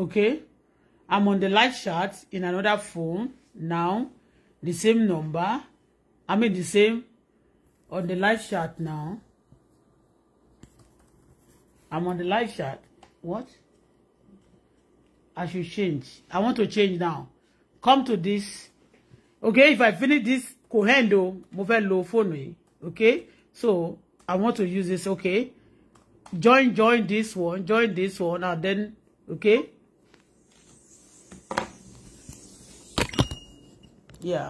okay i'm on the live chat in another phone now the same number i mean the same on the live chat now i'm on the live chat what i should change i want to change now come to this okay if i finish this kò end o mo fẹ́ okay so i want to use this okay join join this one join this one and then okay Yeah.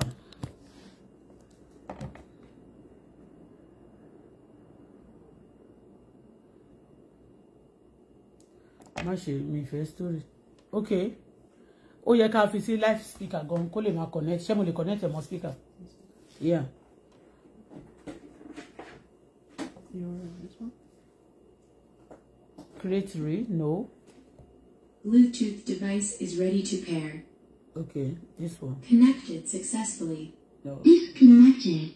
má ṣe mi ìfẹ́ story ok ó yẹ ká fi sí live speaker gan kó lè máa connect ṣé mo lè connect ẹ̀ mọ́ speaker yeah. This create re no. Bluetooth device is ready to pair. Okay, this one. Connected successfully. No. Disconnected.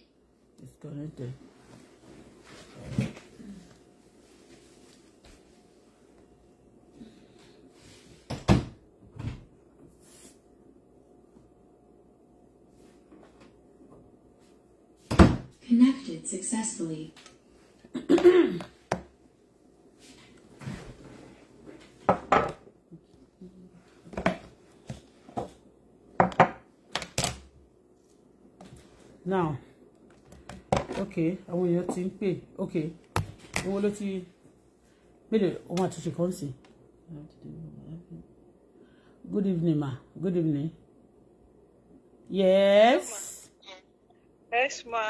Disconnected. Connected successfully. now okay àwọn èèyàn ti ń pè okay owó ló ti gbèdè òun àtúnṣe kan sí. good evening ma good evening yes. yes ma.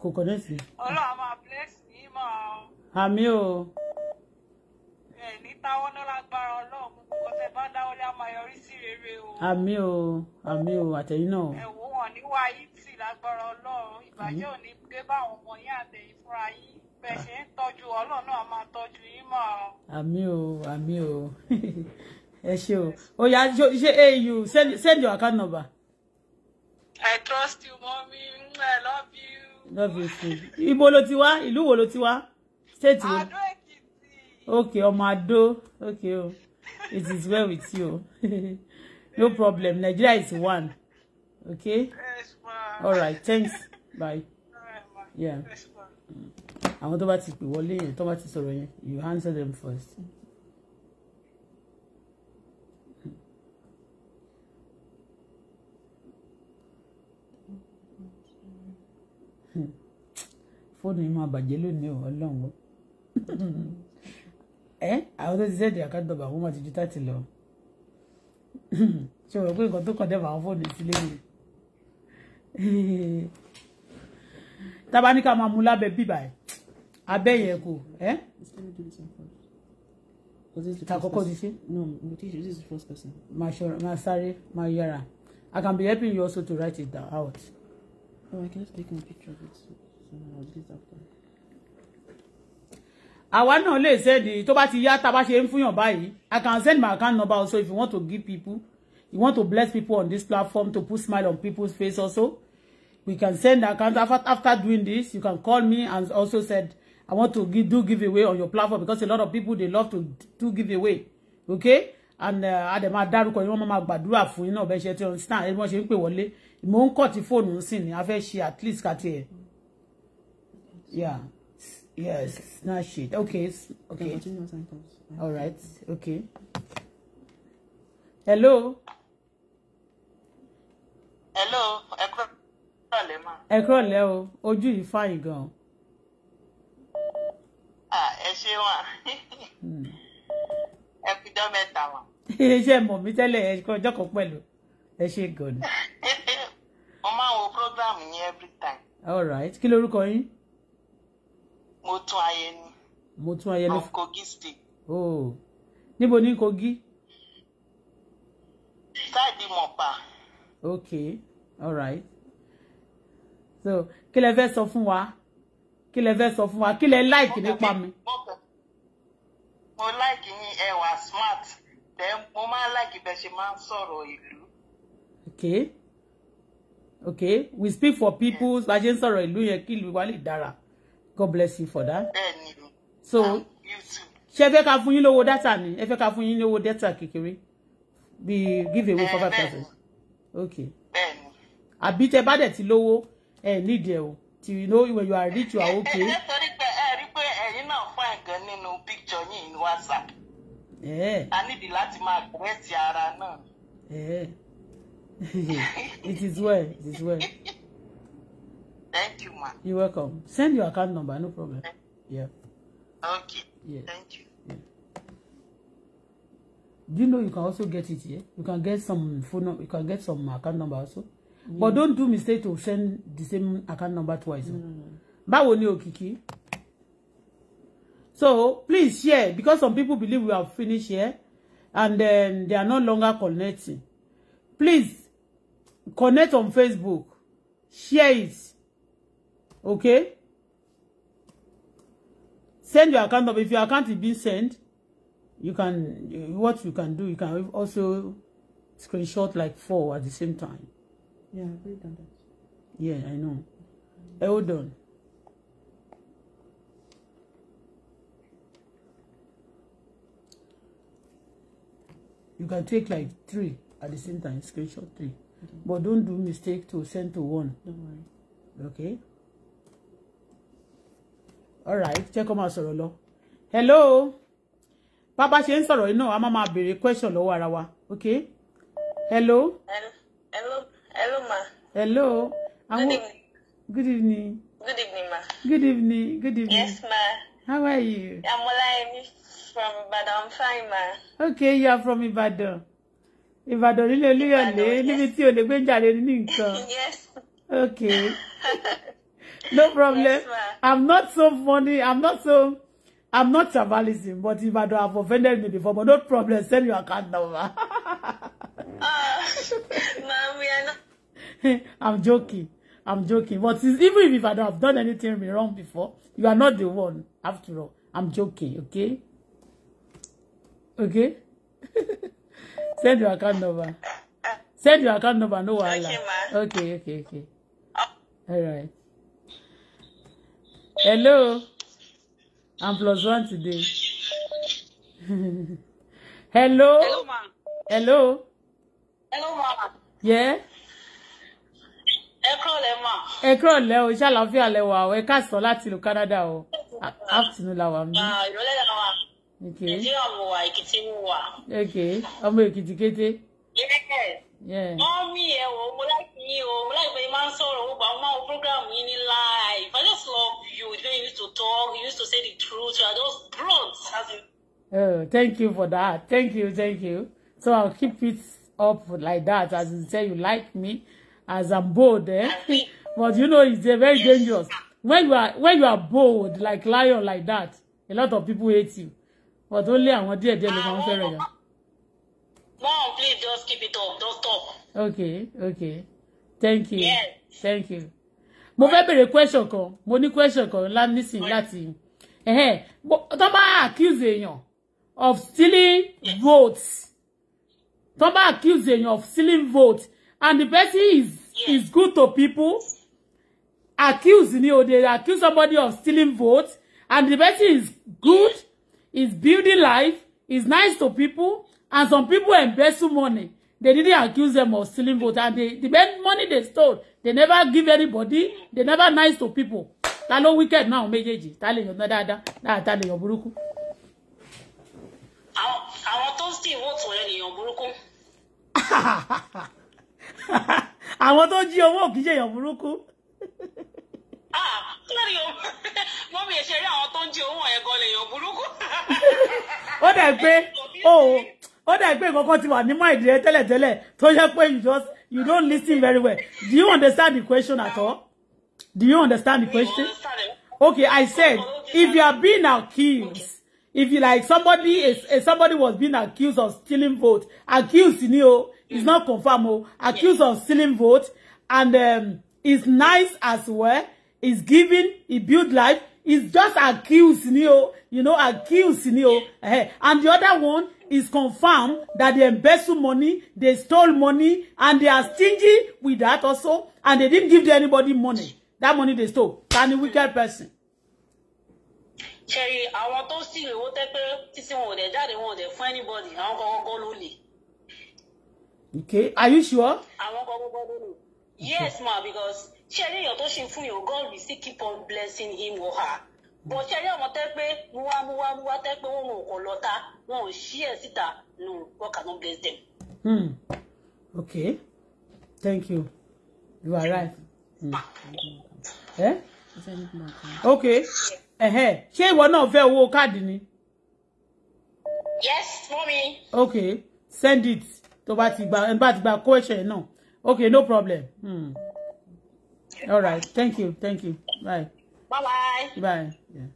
kò kọ́nẹ́sì. ọlọ́run máa bless yín ma. àmì o dáwọ́ náà lágbára ọlọ́run gbogbo kan tẹ bá dáwọ́ lé àmọ́ yọrí sí rere o. àmì o àmì o àtẹ̀yìn náà. ẹ̀wọ̀n wọn ní wá tì lágbára ọlọ́run ìbàjẹ́ ò ní dé bá àwọn ọmọ yín àtẹ̀yìn fúnra yín bẹ́ẹ̀ ṣe ń tọ́jú ọlọ́run náà máa tọ́jú yín mọ́. àmì o àmì o ẹ ṣe o ó ṣe au send your account number. I trust you mommy I love you. love you too. ibo ló ti wá ìlú wo ló ti wá state wo. àdó èkó okay ọmọ okay o it is well with you no problem Nigeria is one okay all right thanks bye yeah àwọn tó bá ti pè wọlé yẹn tó bá ti sọ̀rọ̀ yẹn you answer them first. Hmm. fóònù yìí máa bàjẹ́ lónìí ọ̀ ọlọ́run. eh àwọn tó ti sẹ́ẹ̀dì àkádọ́bà àwọn ọmọ ti ju tààtì lọ ṣe wọ́n pé nǹkan tó kàn dẹ́bà àwọn fóònù sílé mi tábà ní ká máa mú lábẹ́ bíbà ẹ̀ abẹ́ yẹn kò ẹ́. Eh? takọ́kọ́ ti ṣe. no mo ti ṣe this is the first person. máa ṣọ́ra máa sáré máa yára I can be helping you also to write it out. Oh, I can take a picture of it so I'll do it after àwa náà lè send tó bá ti yá tá a bá ṣe ń fúnyàn báyìí i can send my account number also if you want to give people you want to bless people on this platform to put smile on people's face also we can send account after, after doing this you can call me and also said i want to give, do giveaway on your platform because a lot of people they love to do away. okay and uh, adema dárúkọ ni wọn máa gbàdúrà fún yín náà bẹ ṣe tí wọn stand ẹni wọn ṣe ń pè wọlé mò ń kọ ti fóònù ń sìn a fẹ́ ṣe at least kàti ẹ yeah Yes, not shit. Okay, okay. All right, okay. Hello. Hello, ẹ kúrọ̀ lẹ́ o, ojú yìí fàyè gan. Ẹ ṣe wà, hmm. ẹ kújọ́ mẹ́ta wà. Ṣé mọ̀ mí tẹ́lẹ̀ ẹ kọ́ ọjọ́ kan pẹ̀lú? Ẹ ṣe program yẹn every time. All right, kí lorúkọ yín? Motun Ayeni. Motun Ayeni. From Kogi State. Oh. Níbo ní Kogi? Sáàdì Mọ̀pá. Okay, all right. So, kí lẹ fẹ́ sọ fún wa? Kí lẹ fẹ́ sọ fún wa? Kí lẹ like nípa mi? Mo like yín ẹ smart. Then mo máa like bẹ́ẹ̀ ṣe máa ń sọ̀rọ̀ ìlú. Okay. Okay, we speak for people. Bá a ṣe ń sọ̀rọ̀ ìlú yẹn kí ìlú wa lè dára. God bless you for that. So ṣé ẹ fẹ́ ká fún yín lówó dátà ni ẹ fẹ́ ká fún yín lówó dátà kékeré bíi give away for five Okay. Bẹ́ẹ̀ni. Àbí tẹ bá dẹ̀ ti lówó ẹ need ẹ o till you know when you are rich you are okay. Ẹ ẹ sọ pé ẹ rí pé ẹ̀yin náà fún ẹ̀gán nínú picture yín ní WhatsApp. A nídìí láti máa gbẹ́sì It is well, it is well. Thank you, ma. You're welcome. Send your account number, no problem. Yeah. Okay. Yeah. Thank you. Yeah. Do you know you can also get it here? Yeah? You can get some phone number, you can get some account number also. Mm. But don't do mistake to send the same account number twice. Oh. Mm. Báwo ni Okiki. So please share because some people believe we have finished here and then they are no longer connecting. Please connect on Facebook. Share it. Okay? Send your account number. If your account is being sent, you can, what you can do, you can also screenshot like four at the same time. Yeah, I've already done that. Yeah, I know. Hey, hold on. You can take like three at the same time, screenshot three. Okay. But don't do mistake to send to one. Don't worry. Okay? alright jẹ́ kó máa sọ̀rọ̀ lọ hello bàbá ṣe ń sọ̀rọ̀ yìí náà a máa máa béèrè question lọ́wọ́ ara wa ok hello. hello hello ma. hello àwọn good evening. good evening. ma. good evening good evening. yes ma. how are you. I'm Olaemi from Ibadan fine ma. okay you are from Ibadan. Ìbàdàn nílé Olúyọ̀lé níbi tí o lè gbé jáde ní nǹkan. yes. okay. no problem. Yes, I'm not so funny. I'm not so. I'm not tribalism, but if I don't have offended me before, but no problem. Send your account number. uh, ma'am, we are not. I'm joking. I'm joking. But even if I don't have done anything wrong before, you are not the one. After all, I'm joking. Okay. Okay. Send your account number. Uh, uh. Send your account number. No wahala. Okay, okay, okay. Oh. All right. Hello. I'm plus one today. Hello. Hello, Hello. ma. Yeah. Ẹ kúrọ̀lẹ́ ma. Ẹ kúrọ̀lẹ́ o, iṣẹ́ àlàáfíà lẹ wà o, ẹ káàsán láti ìlú Canada o. Afternoon la wà mí. Ìrọ̀lẹ́ la wà. Nàìjíríà mo wà, Èkìtì mo wà. Ok, ọmọ Èkìtì kété. Yes mọ́mí ẹ̀ o mo like yín o mo like bẹ́ẹ̀ máa ń sọ̀rọ̀ o àwọn máa wo program yín ní live I just love you the way you used to talk you used to say the truth you are just blunt as you. Oh, thank you for that thank you thank you so I'll keep it up like that as you say you like me as I'm bold eh but you know it's very yes. dangerous when you are when you are bold like lion like that a lot of people hate you but only àwọn díẹ̀ díẹ̀ ló máa ń fẹ́ràn yẹn. Mom, please just keep it up. Don't stop. Okay, okay. Thank you. Yes. Thank you. Mo fẹ́ bèrè question kan, mo ní question kan lá nísìnyí láti tó bá accuse èèyàn of stealing votes tó bá accuse èèyàn of stealing votes and the person is is good to people accuse ni o dey accuse somebody of stealing votes and the person is good is building life is nice to people And some people embezzle money. They didn't accuse them of stealing votes. And they, the money they stole, they never give anybody. They never nice to people. That's no wicked náà méjèèjì ta lè yàn náà dáadáa náà ta lè yàn burúkú. àwọn tó ń sìn wọ́n tún ẹ lèèyàn burúkú. àwọn tó jí owó kì í ṣe èèyàn burúkú. lórí o wọ́n mi ṣe rí àwọn tó ń jí owó yẹn gan lèèyàn burúkú. ó dẹ̀ pé o ó dà pé nǹkan kan ti wà ní mind rẹ tẹ́lẹ̀tẹ́lẹ̀ tó yẹ pé you just you don't listen very well do you understand the question at all do you understand the question okay I said if you are being accused if you like somebody is, somebody was being accused of stealing vote accused ni o is not confirmed o accused of stealing vote and um, is nice as well is giving he build life is just accused ni o you know accused ni o uh eh, -huh. and the other one is confirmed that they embezzle money, they stole money, and they are stingy with that also, and they didn't give anybody money. That money they stole. Can Tani wicked person. Cherry, I want to see tẹ́ pé títí wọn ò dẹ̀ jáde wọn ò dẹ̀ fún anybody, àwọn kan kọ́kọ́ ló lè. Okay, are you sure? I want kọ́kọ́ go lè. Yes ma, because Cherry you're touching ṣe your God we still keep on blessing him or her bó ṣe rí àwọn tẹ́ pé muwa muwa pé wọn ò kọ̀ lọ́ta wọn ò ṣí ẹ̀ síta no God cannot bless them. Hmm. Okay. Thank you. You are right. Mm. Eh? Okay. Ẹ̀hẹ́ ṣé ìwọ náà fẹ́ owó káàdì ni? Yes, mommy. Okay, send it tó bá ti gba ẹni bá ti gba question náà. Okay, no problem. Hmm. All right, thank you, thank you. Bye bye bye. bye yeah.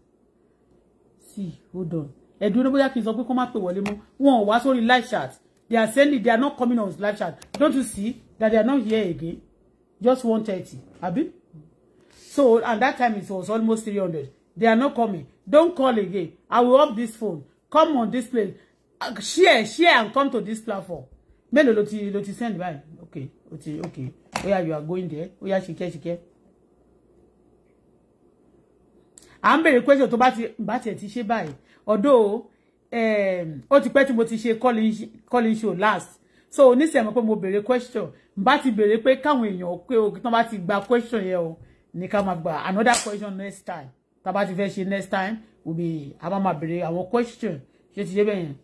see hold on ẹ̀dùn ní bóyá kì í sọ pé kó má pè wọlé mọ́ wọn ò wá live chat they are saying they are not coming on live chat don't you see that they are not here again just one thirty abi so and that time it was almost three hundred they are not coming don't call again i will off this phone come on this place share share and come to this platform mélòó ló ti ló ti send by okay okay okay Where you are going there Where she oya she ṣìkẹ́. à ń béèrè question tó bá ti bá tiẹ̀ ti ṣe báyìí ọ̀dọ́ ehm, ó ti pẹ́ tí mo ti ṣe calling show last so oníṣẹ́ mọ̀ pé mo béèrè question n bá ti béèrè pé káwọn èèyàn pé o tán bá ti gba question yẹn o ní ká máa gba another question next time tá a ti fẹ́ ṣe next time òbí a máa máa béèrè àwọn question ṣé ti yé bẹ́ẹ̀ yẹn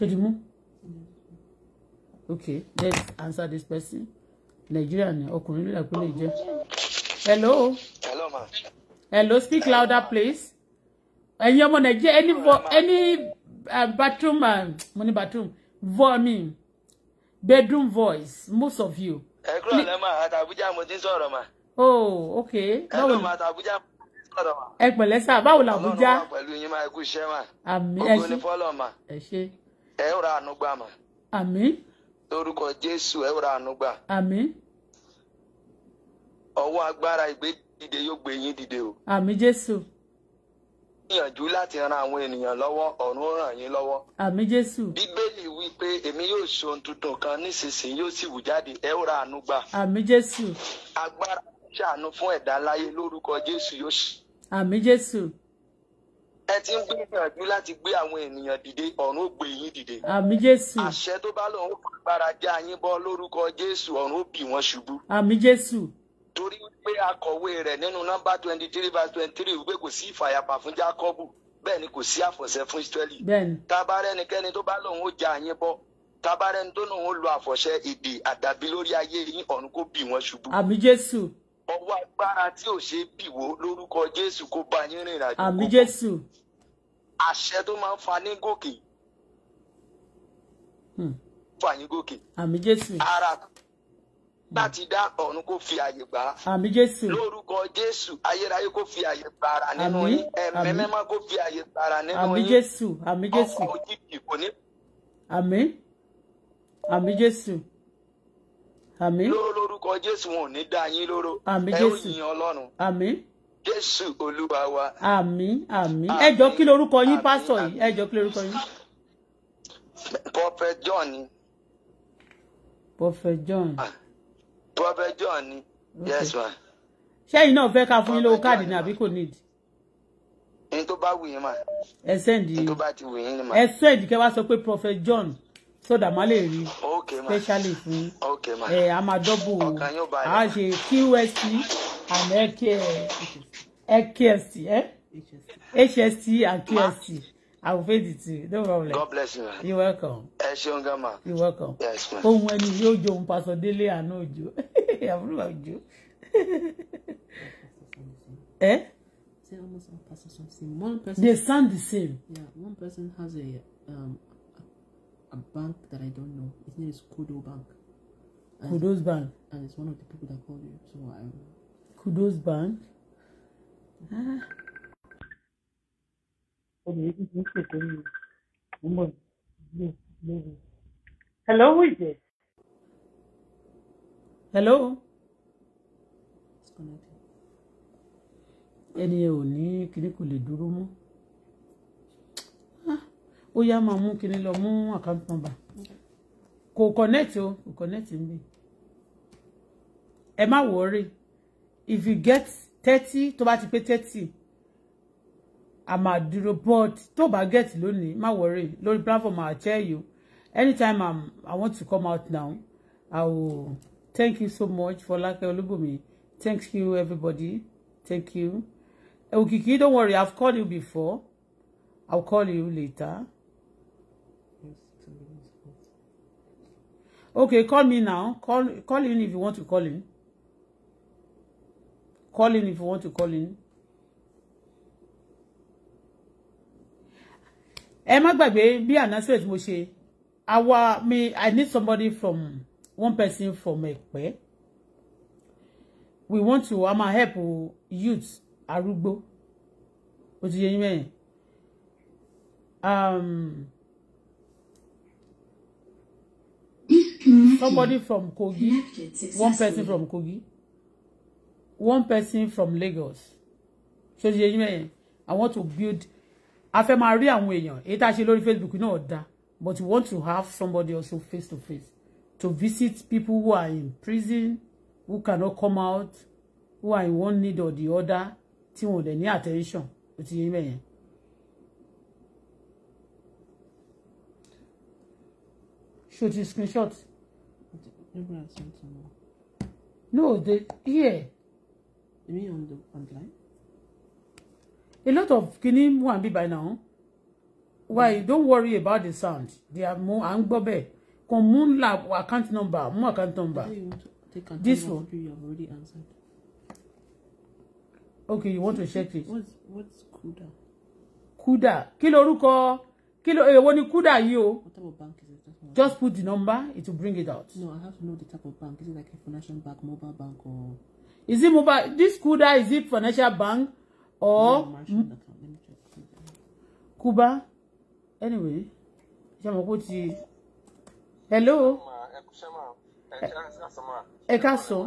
tó ti okay let's answer this person Nigerian ọkùnrin ló dà pé lè jẹ hello. hello ma. Hello, speak louder, please. Ẹ̀yin ọmọ Nàìjíríà, any any uh, bathroom, uh, um, money bathroom, vo me, bedroom voice, most of you. Ẹ kúrò lẹ́mọ̀ àtàbújá Oh, okay. Ẹ lọ́mọ àtàbújá mo ti ń sọ̀rọ̀ mà. Ẹ pẹ̀lẹ́ sá, báwo làbújá? Ọlọ́run wà pẹ̀lú yín máa kú iṣẹ́ mà. Àmín ẹ ṣe. Ògo ni fọ́lọ̀ mà. Ẹ ṣe. Ẹ rà àánú gbà dìde yóò gbé yín dìde o. àmín jésù. gbìyànjú láti ran àwọn ènìyàn lọ́wọ́ ọ̀run ràn yín lọ́wọ́. àmín jésù. bíbélì wí pé èmi yóò ṣe ohun tuntun kan nísinsìnyí yóò sì wù jáde ẹ ó ra àánú gbà. àmín jésù. agbára ṣàánú fún ẹ̀dá láyé lórúkọ jésù yóò ṣe. àmín jésù. ẹ ti ń gbìyànjú láti gbé àwọn ènìyàn dìde ọ̀run ó gbé yín dìde. àmín jésù. àṣẹ tó bá lòun ó fagbára já yín bọ́ lórúkọ jésù ọ̀run ó bì wọ́n ṣubú. àmín jésù torí pé akọ̀wé rẹ̀ nínú nọ́mbà twenty three verse twenty three wípé kò sí ìfàyàpà fún Jákọ́bù bẹ́ẹ̀ ni kò sí àfọ̀ṣẹ fún Ísírẹ́lì tabarẹ́ ẹnikẹ́ni tó bá lòun ó ja yín bọ́ tabarẹ́ ẹni tó lòun ó lo àfọ̀ṣẹ èdè àdàbí lórí ayé yín ọ̀run kó bì wọ́n ṣubú. àmì Jésù. ọwọ́ agbára tí ò ṣe bì lórúkọ Jésù kó bá yín rìnrìn àjò. àmì Jésù. àṣẹ tó máa ń fa ní gòkè. Hmm. fà yín gòkè. àmì Jésù. ara láti dá ọ̀run kó fi àyè gbà á. àmín jésù. lórúkọ jésù ayérayé kó fi àyè gbà ara nínú yín ẹ̀mí mímọ́ kó fi àyè gbà ara nínú yín. àmín jésù àmín jésù. ọkọ̀ òjijì kò ní. àmín àmín jésù. àmín. lóró lórúkọ jésù wọn ò ní dá yín lóró. àmín jésù ẹ ó yin ọlọ́run. àmín. jésù olúwa wa. àmín àmín ẹ kí lorúkọ yín pásítọ̀ yìí ẹ kí lorúkọ yín. prophet john. prophet john. Ah. Prophet John ni. Yes ma. Ṣẹ́yìn náà fẹ́ ká fún yín lówó káàdì ni àbí kò need? Ẹni tó bá wù yín mà. Ẹ sẹ́ndì. Ẹni tó bá ti wù yín ni mà. Ẹ sẹ́ndì kẹ́ wá sọ pé Prophet John sódà má lè rí specially fún ẹ a máa dọ́bù a ṣe QST and HST eh? and QST. I will pay the tea. No problem. God bless you, man. You're welcome. Ẹ ṣeun gama. You're welcome. Yes, man. Ohun ẹni yóò jo ohun Pastor Délé àná òjò. Àbúrò òjò. Eh? They sound the same. Yeah, one person has a um a bank that I don't know. His name is Kudo Bank. And Kudos Bank. And it's one of the people that called you. So I. Um, Kudos Bank. Ah obìnrin tuntun ń pèsè mi ń bọ̀ lò hello is it. hello. ẹni ẹ ò ní kinní kò lè dúró mọ́ ah, ó yá máa mú kinní lọ mú account number kò connect o kò connect ń bì ẹ má wọrí if you get thirty tó bá ti pé thirty a máa dúró but tó bá get lónìí má worry lórí platform I'll tell you anytime I'm, I want to come out now I will thank you so much for Fọlákẹ́ Olúbùnmi thank you everybody thank you eh, Òkìkí don't worry I've called you before I'll call you later okay call me now call call in if you want to call in call in if you want to call in. ẹ má gbàgbé bí announcement mo ṣe àwa mi i need somebody from one person from Ẹ̀pẹ́ we want to ama help youth arúgbó o ti yẹ yín mẹ́rin um, somebody from Kogi one person from Kogi one person from Lagos so ti yẹ yín mẹ́rin i want to build a fẹ́ máa rí àwọn èèyàn èyí tá a ṣe lórí Facebook náà dá but we want to have somebody also face to face to visit people who are in prison who cannot come out who are in one need or the other tí wọn ò dẹ̀ attention ó ti yé mẹ́yẹn. ṣó ti screenshot. no they here. you mean on the online a lot of kini wà ń bí by now why don't worry about the sound they are more. à ń gbọ́ bẹ́ẹ̀ kò mú account number More account number this one okay you want to check it. what's what's kuda. kuda kí lorúkọ kí ló èwo ni kuda you what type of bank is it. Just put the number, it will bring it out. No, I have to know the type of bank. Is it like a financial bank, mobile bank, or? Is it mobile? This Kuda is it financial bank, or Cuba anyway ṣe mọ̀ kó ti hello ẹ ká sọ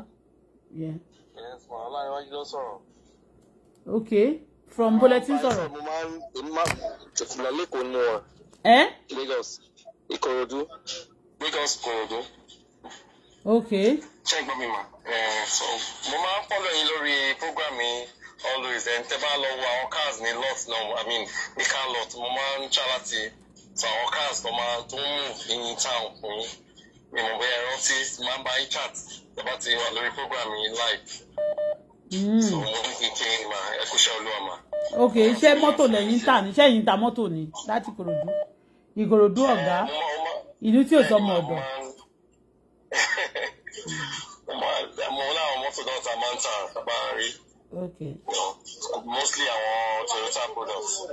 okay from bulletin sọ̀rọ̀. Eh? ẹ. Lagos Ikorodu Lagos Ikorodu. okay. Check ìgbọ́n mi mà eh, So, mama, ń pọ́lọ̀ yín lórí program always ẹ̀ eh, ń tẹ́ bá lọ wo àwọn cars ní lot náà i mean ní car lot mo máa ń ṣá láti sọ àwọn cars tó máa tó ń move in town fún yín mi mo bẹ́ẹ̀ rántí máa ń bá yín chat tẹ́ bá ti wà lórí program yìí live. Hmm. so mo ní kí n kí n máa ẹ kú iṣẹ́ olúwa máa ok iṣẹ́ mọ́tò lẹ́yìn tà ní iṣẹ́ yìí ń ta mọ́tò ni láti ìkòròdú ìkòròdú ọ̀gá eh, ìlú tí ò sọmọ eh, ọ̀dọ̀. mo láwọn mọ́tò náà ta máa ń tà bá a rí okay. mostly àwọn Toyota products.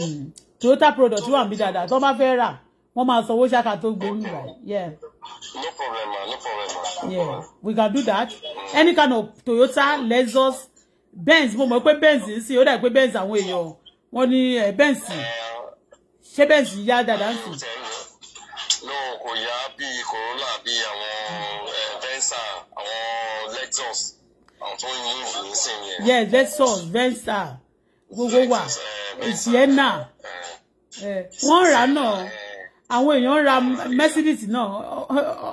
Mm. Toyota products wà níbí dáadáa tó bá fẹ́ rà wọ́n máa sanwó ṣáka tó gbé mi rà. no problem ma no problem ma. Yeah. we can do that mm. any kind of Toyota Lexus Benz mo mọ̀ pé Benz ń sìn ó dà pé Benz àwọn èèyàn wọ́n ní eh, Benz eh, ṣé Benz yá dáadáa ń sìn. no kò yá bíi Corolla bíi àwọn eh, Venza àwọn Lexus àwọn tó ń yín ìròyìn sí yẹn. yes Lexus Venza gbogbo wà Sienna uh, eh, wọ́n rà náà uh, àwọn èèyàn ra Mercedes náà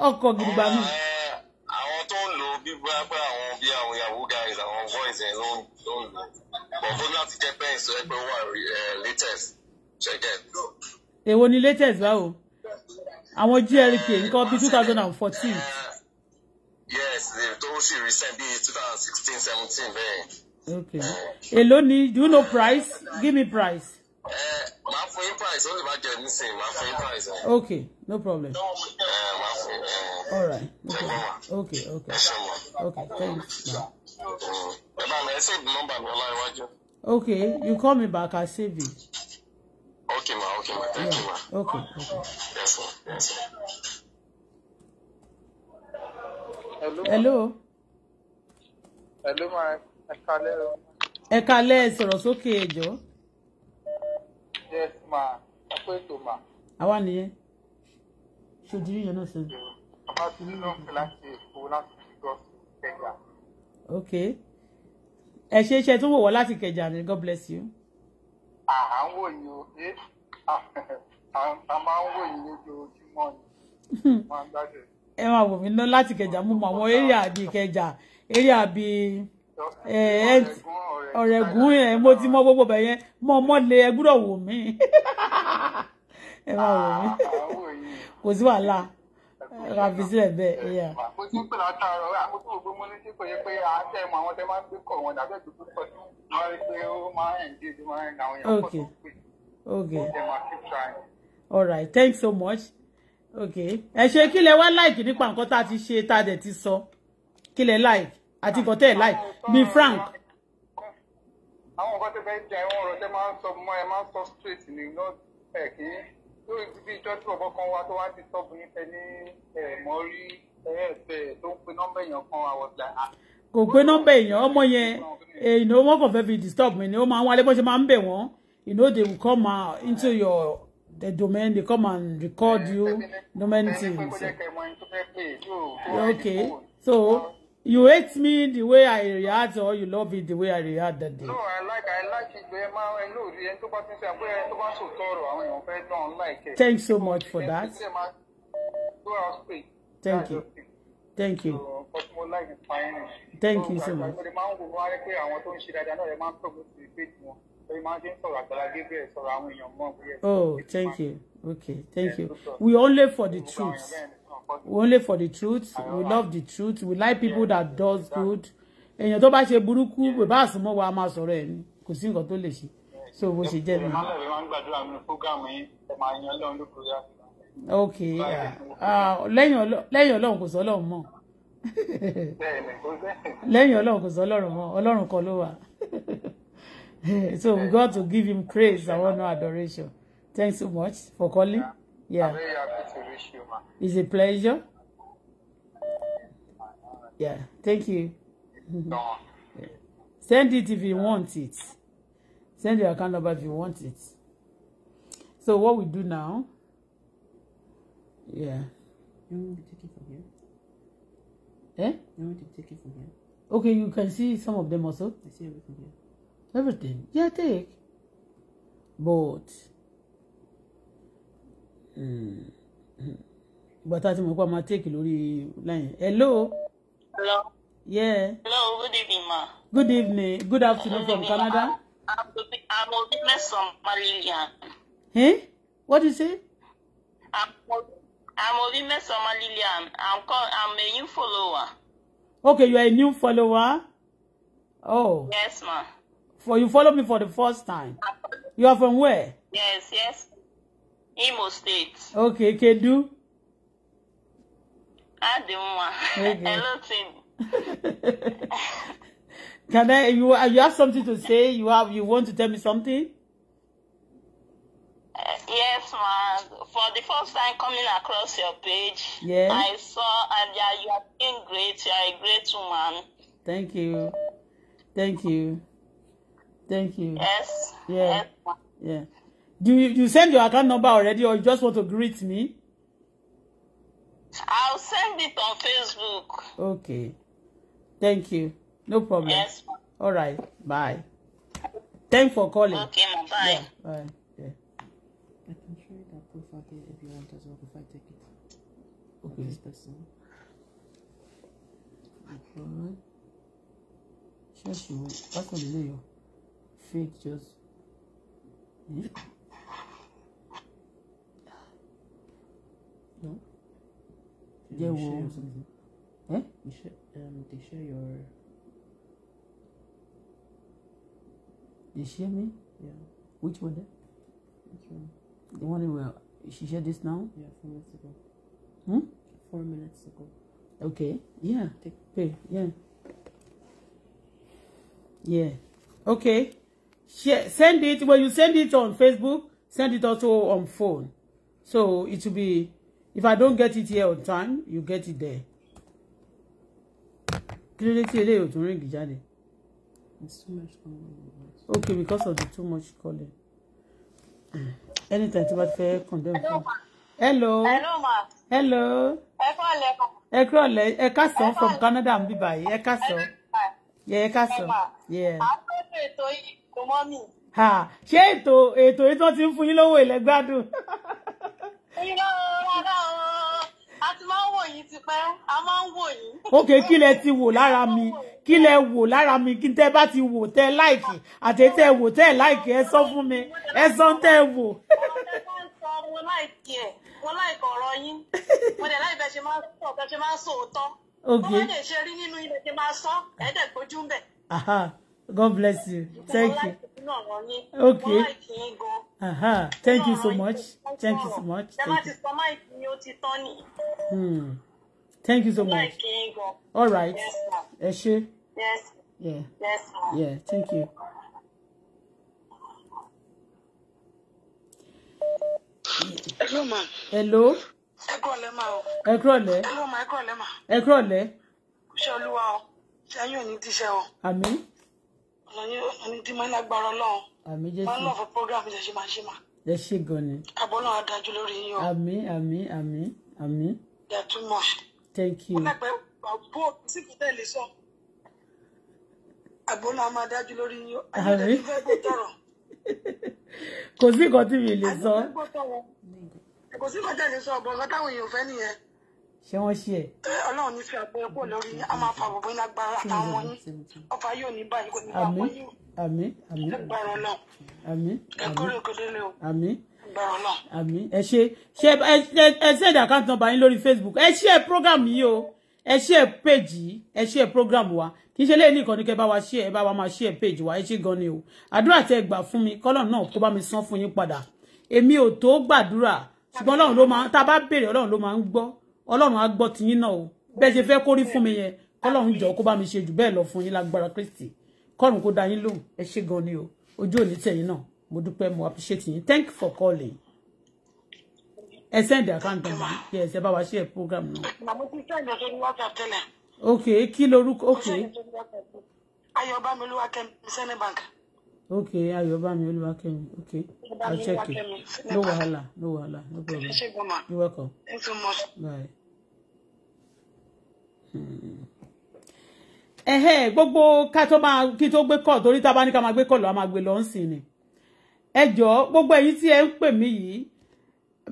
ọkọ̀ gidigba náà. Uh, àwọn tó ń lo bíbá pé àwọn bí àwọn yahoo guys àwọn boys ẹ̀ ló ń lò bọ̀bọ̀ láti jẹ́ pé ìṣọ́ ẹgbẹ́ wà eh, latest check it. èwo ni latest báwo àwọn GLK nǹkan bíi two thousand and fourteen yes the sì recent bíi two thousand sixteen seventeen okay uh, èló ni do you know price give me price. Eh, máa fún yín price ó lè má jẹ nísìnyí máa fún yín price. Eh. okay no problem. ẹ eh, máa fún yín. Eh. all right okay okay okay thanks. Mm. ẹ bá mi ẹ save number mi ọlá iwájú. okay you call me back i save it. Okay, ma. Okay, ma. Thank yeah. you, ma. Okay. okay. Yes, ma. Yes, ma. hello. hello ma ẹ kalẹ́ o. ẹ kalẹ́ ẹ sọ̀rọ̀ sókè ẹ jọ. yes ma ẹ pé ètò ma. àwa nìyẹn ṣojú yíyan náà sẹ́yìn. bàbá tí nínú kíláàsì èkó láti fi gọ́ sí kẹjà. ok ẹ ṣe iṣẹ́ tó wò wọ́ láti kẹjà ni god bless you. à ń wò yín o ẹ eh? a máa ń wò yín lójoojúmọ́ ni wọ́n á gbádùn ẹ máa wò mí ná láti kẹjà mú mọ àwọn eré àbí kẹjà eré àbí ọ̀rẹ́gùn ẹ̀ mo ti mọ gbogbo bẹ̀ yẹn mọ mọ́lẹ̀ ẹ gbúdọ̀ wò mí ẹ máa wò mí kò sí wàhálà ra fi sílẹ̀ bẹ́ẹ̀. mo ti ń pè okay okay all right thanks so much okay ẹ ṣe kí lẹ wá like nípa nǹkan tá a ti ṣe tá a dẹ̀ ti sọ kí lẹ like àti nǹkan tẹ́ like bí frank. àwọn nǹkan tó fẹ́ jẹ àwọn ọ̀rọ̀ tẹ́ máa ń sọ mọ́ ẹ máa ń sọ straight ni lọ́ọ̀tẹ̀ kí lórí bíbí ìjọ tí ọ̀bọ kan wá tó wá ti sọ́ọ̀bù nífẹ̀ẹ́ ní ẹ̀ẹ́mọ́rí ẹ̀ẹ́fẹ̀ tó ń pe nọ́mbà èèyàn kan àwọ̀dà ah. kò pé nọ́mbà èèyàn ọmọ yẹn ìnáwó wọn kàn fẹ́ fi disturb mi ni ó máa ń wálé bó ṣe máa ń bẹ̀ wọ́n you know they will come out uh, into your the domain, they come and record you, domain things. So. Okay, so you hate me the way I react or you love it the way I react that day? No, I like I like it very much. I know the end to I put end to pass I mean, I don't like it. Thanks so much for that. Thank you. Thank you. Thank you so much. Oh, thank you. Okay, thank you. We only for the truth. We only for the truth. We love the truth. We like people that does good. Èèyàn tó bá ṣe burúkú, bàbá àsùnmọ́ wa máa sọ̀rọ̀ ẹ̀ ni. Kò sí nǹkan tó lè ṣe. So bó ṣe jẹ́ nìyẹn. Okay. Lẹ́yìn Ọlọ́run kò sọ Ọlọ́run mọ́. Lẹ́yìn Ọlọ́run kò sọ Ọlọ́run mọ́. Ọlọ́run kan ló wà. so we got to give him praise and honor adoration. Thanks so much for calling. Yeah. I'm very happy to reach you, ma. It's a pleasure. Yeah. Thank you. Send it if you want it. Send your account number if you want it. So what we do now? Yeah. You want me to take it from here? Eh? You want me to take it from here? Okay, you can see some of them also. I see everything here everything. Yeah, hmm, take. But ìgbà But a ti mọ̀ pé take lórí line. Hello. Hello. Yeah. Hello, good evening ma. Good evening, good afternoon good evening, from Canada. I'm I'm Obinna Somalian. Hey, What do you say? I'm I'm Obinna Somalian. I'm call, I'm a new follower. Okay, you are a new follower. Oh. Yes, ma. For you follow me for the first time. You are from where? Yes, yes. Imo State. Okay, Kedu. Adimwa. Okay. Hello, team. Can I? You uh, you have something to say? You have you want to tell me something? Uh, yes, ma'am. For the first time coming across your page, yes. I saw and yeah, you are doing great. You are a great woman. Thank you. Thank you. Thank you. Yes. Yeah. Yes. Yeah. Do you you send your account number already, or you just want to greet me? I'll send it on Facebook. Okay. Thank you. No problem. Yes. All right. Bye. Thanks for calling. Okay, bye. Yeah, bye. Yeah. I can share that profile there if you want as well if I take it. Okay. this person. Okay. Ṣé ṣùgbọ́n bákan lè yọ? fake just hmm? no they will share something eh? you share, um they share your they share me yeah which one then? which one the one where she shared this now yeah four minutes ago hmm four minutes ago okay yeah Take. okay yeah yeah okay share, send it. When you send it on Facebook, send it also on phone. So it will be, if I don't get it here on time, you get it there. Okay, because of the too much calling. Anytime tí wọ́n condemn Hello. Hello ma. Hello. Ẹ kọ́ ọ̀lẹ́ from Canada ń bí báyìí. Ẹ kásán. Ẹ kásán. Ẹ kò mọ́ mi. ṣé ètò ètò yìí ti ń fún yín lówó ilẹ̀ gbádùn. irọ́ rárá a ti máa ń wò yín tipẹ́ a máa ń wò yín. ok kí lẹ ti wò lára mi kí lẹ wò lára mi kí tẹ bá ti wò tẹ láìkì àti tẹ wò tẹ láìkì ẹ sọ fún mi ẹ sọ tẹ wò. mo láìkì ẹ mo láìkì ọ̀rọ̀ yín mo dẹ̀ láì bẹ ṣe máa sọ bẹ ṣe máa sọ òótọ́. mo máa lè ṣe rí nínú ilé ṣe máa sọ ẹ̀ẹ́dẹ̀gbójú ń bẹ̀. God bless you. Thank you. Okay. Uh huh. Thank you so much. Thank you so much. Thank you. Hmm. Thank you so much. All right. Ẹ ṣé. Yes. Yeah. Yes. Yeah. Thank you. Hello ma. Hello. Ẹ kúrọ̀lẹ́ ma o. Ẹ kúrọ̀lẹ́. Hello ma ẹ kúrọ̀lẹ́ ma. Ẹ kúrọ̀lẹ́. Ṣé olúwa o? Ṣé ayé ò ní tíṣẹ́ o? Àmín ẹni tí máa ń lágbára Ọlọ́run máa ń lọ fún program ṣe máa ṣe máa. ẹ ṣe gan ni. àbọ̀ náà á dájú lórí yín o. àmín àmín àmín àmín. they are too much. thank you. wọn lẹgbẹ àbó sí kọtẹ lè sọ àbọ̀ náà máa dájú lórí yín o. àmín kò sí nǹkan tí mi lè sọ. kò sí nǹkan tí sọ ọ̀bọ̀n kan táwọn èèyàn fẹ́ nìyẹn ṣé wọ́n ṣe ẹ̀. ọlọ́run ní fi àgbẹ̀ kúrò lórí a máa fa gbogbo iná gbára àtàwọn ọmọ yín ọba yóò ní báyìí kò ní bá wọn yín. àmín àmín àmín àmín àmín ẹ ṣe ṣe ẹ send account number yín lórí Facebook ẹ ṣe program yìí o ẹ ṣe page yìí ẹ ṣe program wa kì í ṣe léyìn nìkan ní kẹ bá wa ṣe ẹ bá wa máa ṣe page wa ẹ ṣe gan ni o àdúrà tẹ gbà fún mi kọ́lọ̀ náà kó bá mi san fún yín padà èmi ò tó gbàdúrà ṣùgbọ́n ọlọ́run ló máa tá a bá béèrè ọlọ́run ló máa ń gbọ́ ọlọ́run á gbọ́ tiyín náà o bẹ́ẹ̀ ṣe fẹ́ kó rí fún mi yẹn kọ́lọ́run jọ kó bá mi ṣe jù bẹ́ẹ̀ lọ fún yín lágbára Kristi kọ́run kó dá yín lóhùn ẹ ṣé gan ni o ojú òní tẹ̀yìn náà mo dúpẹ́ mo appreciate yín thank you for calling ẹ send account number kí ẹ ṣe bá wa ṣe program náà. màmú ti sẹ́ndì ọ̀sẹ̀ ní tẹ́lẹ̀. ok kí lorúkọ ok. ayọ̀ bámi kẹ́mi sẹ́ni bàǹkà okay ayọ̀bámi olúwakẹ́mi okay i check it no wahala no wahala no problem you welcome bye. ẹ̀hẹ́ hmm. gbogbo ká tó máa kí tó gbé kọ́ torí tá a bá ní ká máa gbé kọ́ lọ́ a máa gbé lọ́ ń sìn ni ẹ jọ̀ọ́ gbogbo èyí tí ẹ ń pè mí yìí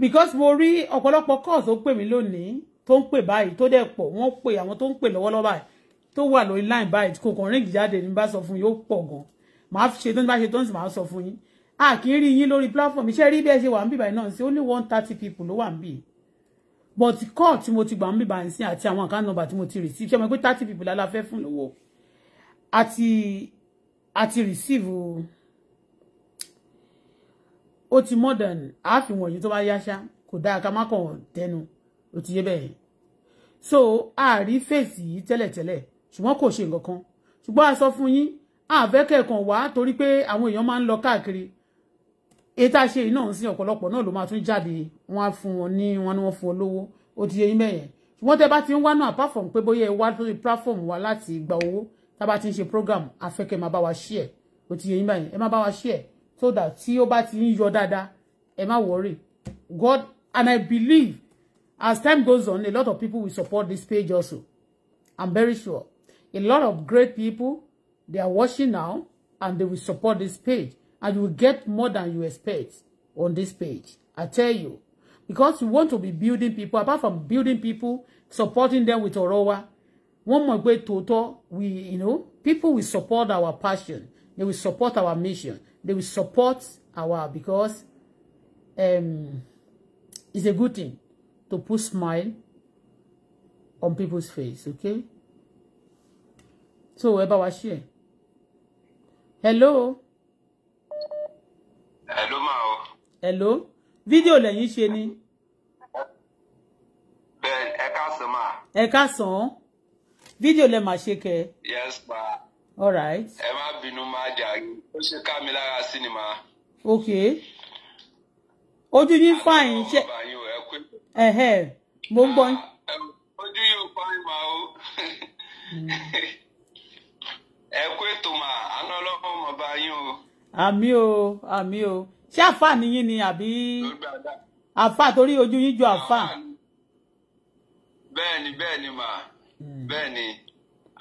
because mo rí ọ̀pọ̀lọpọ̀ kọ́ tó pè mí lónìí tó ń pè báyìí tó dẹ̀ pọ̀ wọ́n pè àwọn tó ń pè lọ́wọ́lọ́wọ́ báyìí tó wà lórí line báyìí kò kàn ríǹgì jáde ní bá sọ fún yóò pọ̀ gan-an màá ṣe tán bá ṣe tán sì màá sọ fún yín a kì í rí yín lórí platform iṣẹ́ rí bí ẹ ṣe wà ń bíbà náà sí only one thirty people ló wà ń bì but call tí mo ti gbà ń bíbà ń sìn àti àwọn account number tí mo ti receive ṣe mọ̀ pé thirty people la la fẹ́ fún lówó àti àti receive o ó ti more than ààfin wọ̀nyí tó bá yáṣá kò dáa ká má kàn tẹnu ó ti yé bẹ́ẹ̀ so a rí fèsì yìí tẹ́lẹ̀tẹ́lẹ̀ ṣùgbọ́n kò ṣe nǹkan kan ṣùgbọ́n a sọ fún yín àfẹ́kẹ̀kàn wá torí pé àwọn èèyàn máa ń lọ káàkiri ètà ṣe iná sí ọ̀pọ̀lọpọ̀ náà ló máa tún jáde wọ́n á fún wọn ní wọn ni wọ́n fún wọn lówó ó ti yẹ yín bẹ́yẹn ṣùgbọ́n tẹ́ bá ti ń wá náà apart from pé bóyá ẹ wá lórí platform wa láti gba owó tá a bá ti ń ṣe program afẹ́kẹ́ máa bá wa share ó ti yẹ yín bẹ́yẹn ẹ máa bá wa share so that tí ó bá ti ń yọ dáadáa ẹ má worry God and I believe as time goes on a lot of people will support this page also I'm very sure a lot of great people They are watching now and they will support this page. And you will get more than you expect on this page. I tell you. Because you want to be building people, apart from building people, supporting them with Orowa, one more way to we, you know, people will support our passion. They will support our mission. They will support our, because um, it's a good thing to put smile on people's face, okay? So, ẹ bá wa hello. hello ma o. hello fídíò lẹ́yìn ṣe ni. bẹ́ẹ̀ ẹ káàsán ma. ẹ káàsán fídíò lẹ máa ṣe kẹ. yes ma. Alright. right. ẹ má bínú máa jà ó ṣe ká mi lára sí ni ma. ok ojú yín fàyín ṣe. ẹ̀hẹ̀ mo ń gbọ́ ah, ojú yóò fàyín ma o. Hmm. ẹ kú ètò mà àná ọlọ́run mọ̀ bá yín o. àmì o àmì o ṣé àfà nìyín ni àbí àfà torí ojú yín ju àfà. bẹ́ẹ̀ni bẹ́ẹ̀ni mà hmm. bẹ́ẹ̀ni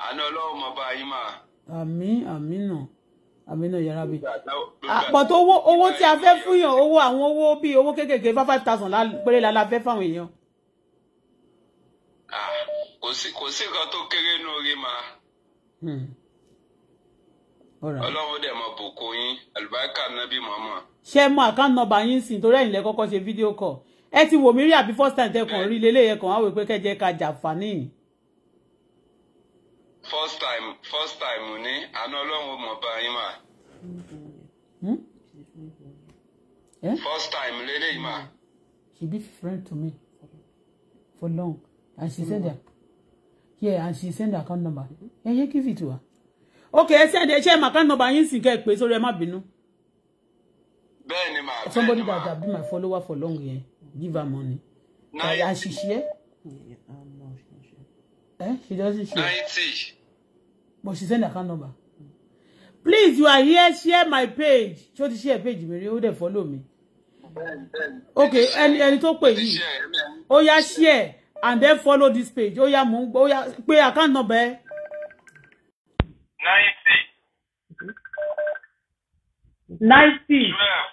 àná ọlọ́run mọ̀ bá yín mà. àmì àmì náà àmì náà yàrá bi àpọ̀tò owó owó tí a fẹ́ fún yàn owó àwọn owó bíi owó kéékèèké five five thousand péré la la fẹ́ fáwọn èèyàn. Ah, kò sí nǹkan tó kéré nù orí ma ọlọ́run dẹ̀ mọ bòkó yín àlùbáríkà nábì mọ́mọ́. ṣé mọ àkáǹtì nọ́mbà yín sí torí ẹ̀yin lẹ kọ́kọ́ ṣe fídíò kọ̀ ẹ ti wò mí rí àbí first time tẹkàn rí lélẹ́yẹ kan wáwé pé kẹjẹ ká jàǹfààní. first time first time ní àná ọlọ́run mọ̀ bá yín mà. Hmm? Eh? first time lélẹ́yìí mà. she be friend to me for long and she send her yeah and she send her account number ẹ yẹ kí fìtì wá. Okay, ẹ sẹ́ndẹ̀ ẹ ṣe my account number yín sì kẹ́ ẹ pé ẹ má bínú. bẹ́ẹ̀ni màá somebody that have been my follower for long yẹn give her money. náírà àṣìṣe. ẹ she doesn't share. ninety. but she send account number. please you are here share my page ṣé o ti share page mi rí o dẹ̀ follow me. ok ẹni ẹni tó pè yìí ó yá share and then follow this page ó yá mò ń gbọ́ ó yá account number ẹ ninety. ninety. twelve.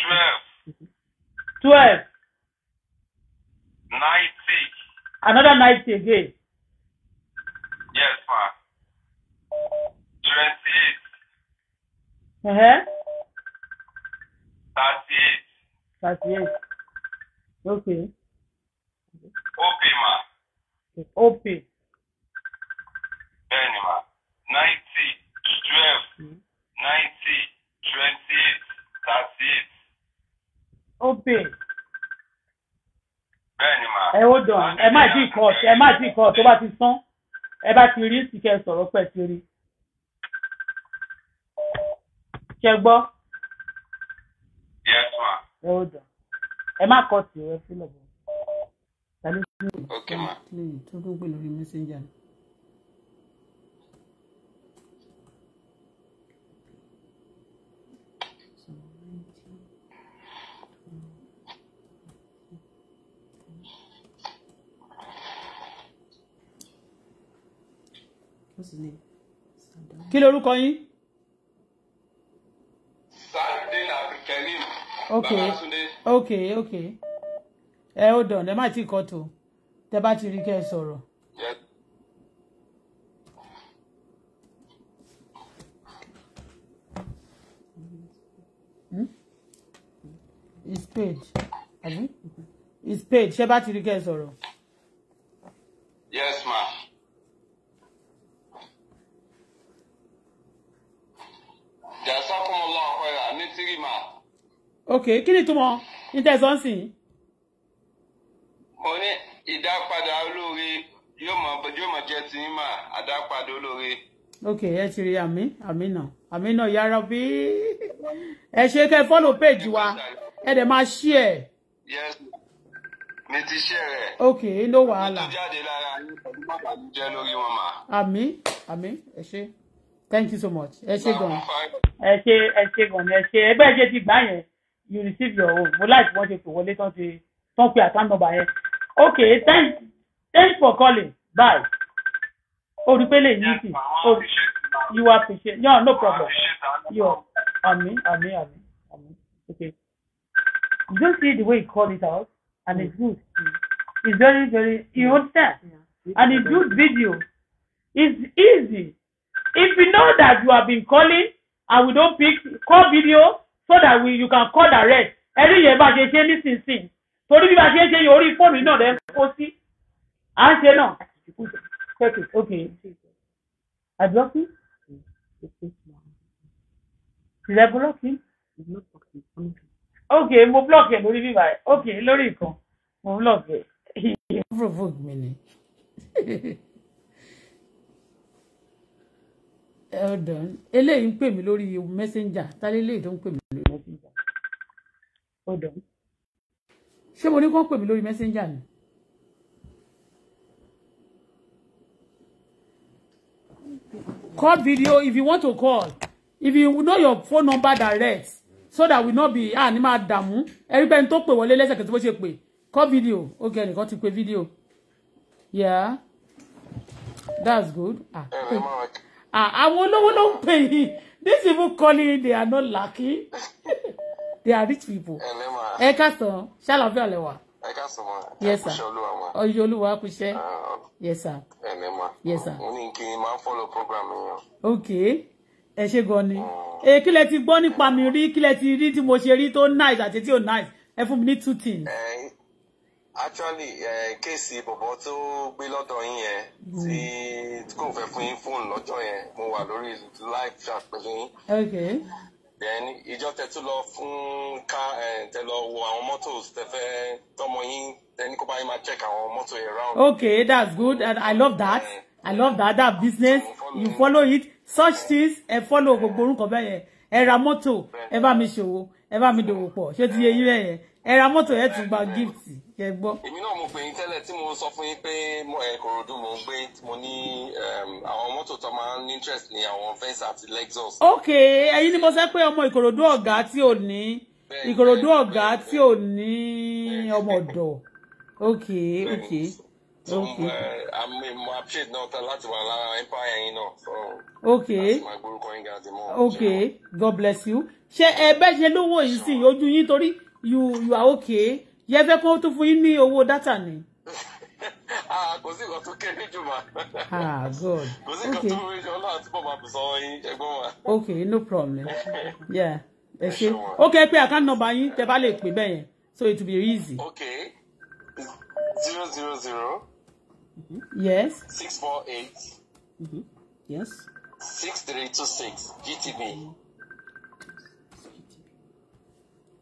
twelve. twelve. ninety. another ninety again. yes ma. twenty Uh-huh. thirty-eight. thirty-eight. okay. okay ma. okay bẹ́ẹ̀ni ninety twelve hmm. ninety twenty thirty eight. ó bè. bẹ́ẹ̀ni ma. ẹ ó dàn ẹ má dín kọ ẹ má dín kọ tó bá ti sán ẹ bá ti rí ìsìnkẹ sọ̀rọ̀ pẹ̀ sí rí. ṣe gbọ́. yes ma. ẹ ó dàn ẹ má kọ tì ẹ sílẹ̀ bọ̀. ok ma. tó what's his name. kí lorúkọ yín. sardine abdulkareem Okay. Okay. Okay. ok ẹ ó dàn ẹ má tí ì kọ́ tó tẹ bá ti rí kẹ́ ẹ sọ̀rọ̀. is paid paid ṣé bá ti rí kẹ́ ẹ sọ̀rọ̀. ok kí ni túmọ̀ ní tẹ̀sán sí i. mo ní ìdápadà olóore yóò mọ yóò mọ jẹ tí mà àdápadà olóore. ok ẹ ti rí àmì àmì náà àmì náà yára bí ẹ ṣe kẹ fọlọ péjì wa ẹ dẹ máa ṣí ẹ. yes mi ti ṣe rẹ. ok no wàhálà. mo ti jáde lára yín pẹ̀lú bàbá mi jẹ́ lórí wọn mà. àmì àmì ẹ ṣe thank you so much ẹ ṣe gan ẹ ṣe ẹ ṣe gan ẹ ṣe ẹgbẹ́ ẹ ṣe ti gbá yẹn you receive your own mo láì wọ́n ṣe pè wọlé tán ti tán pé account number yẹn okay thanks thanks for calling bye o rí pé lè yí you are patient no no problem you are àmì àmì àmì àmì okay you don see the way he called it out and mm. it's good mm. it's very very you yeah. understand and it's good video it's easy if you know that you have been calling and we don pick call video so that we you can call direct ẹrí yẹn bá ṣe ṣe nísinsìnyí torí bí bá ṣe ṣe yẹn orí fóònù náà lẹ́ kó sí à ń ṣe náà. Okay, okay. I block him. Did Okay, mo block yẹn lórí bíbá ẹ̀. Okay, lórí ìkan, mo block yẹn. Provoke mi ni. Hold on. Eléyìí ń pè mí lórí messenger. Ta lélẹ́yìí tó ń pè mí? hold ṣé mo ní kán pè mí lórí messenger ni. call video if you want to call if you know your phone number direct so that we no be ah ni máa dààmú everybody tó pè wọlé lẹ́sẹ̀kẹ́ tó bó ṣe pè call video ok ẹnìkan ti pè video yeah that's good ah ah àwọn olówó ló ń pè yìí this people calling they are not lucky. they are rich people. ẹ káàsán ṣàlàfíà lẹ́wà. ẹ káàsán ma ẹ kúṣẹ́ olúwa ma. ọyọ olúwa kúṣẹ́. yes sir. Ah, ah. yes sir. mo ní follow program yẹn. ok ẹ ṣe ni. ẹ hmm. eh, kí lẹ ti gbọ́ nípa mi rí kí lẹ ti rí tí mo ṣe rí tó nice àti tí ò nice ẹ fún mi ní two things. ẹ eh, actually eh, kéèsì bọ̀bọ̀ tó gbé lọ́dọ̀ yín yẹn hmm. tí kò fẹ́ fún yín fóònù lọ́jọ́ yẹn mo wà lórí live chat pẹ̀lú yín then ìjọ tẹ lọ fún ká tẹ lọ wo àwọn mọ́tò tẹ tọmọ yín then kó bá yín máa check àwọn mọ́tò yẹn round. okay that's good and i love that i love that that business you follow it such things ẹ follow gbogbo orúkọ bẹ́ẹ̀ yẹn ẹ ra mọ́tò ẹ bá mi ṣòwò ẹ bá mi dòwò pọ̀ ṣé ti yẹ yín bẹ́ẹ̀ yẹn ẹ ra mọ́tò ẹ tún gba gift kẹ gbọ́. èmi náà mo pè yín tẹ́lẹ̀ tí mo sọ fún yín pé Ìkòròdú mo gbé mo ní àwọn mọ́tò tó máa ń interest ní àwọn Venza àti Lexus. ok ẹ̀yin ni mo sọ pé ọmọ Ìkòròdú ọ̀gá tí ò ní Ìkòròdú ọ̀gá tí ò ní ọmọ ọ̀dọ̀ ok ok ok. mo appreciate náà láti wà lára empire yín náà. ok ok God bless you ṣe ẹ bẹ́ẹ̀ ṣe lówó yìí sí ojú yín torí you you are okay yẹ fẹ́ kó tún fún yín ní owó dátà ni. Ah, kò sí nǹkan tó kéré jù mà. Ah, kò sí nǹkan tó kéré jù ọlọ́run àti bọ̀mọ̀ àbùsọ yín ẹgbọ́n wa. ok no problem yeah ẹ ṣe ok pé account number yín tẹ bá lè pè bẹ́ẹ̀ so it will be easy. ok zero zero zero. Mm-hmm. yes. six four eight. Mm-hmm. yes. six three two six GTB.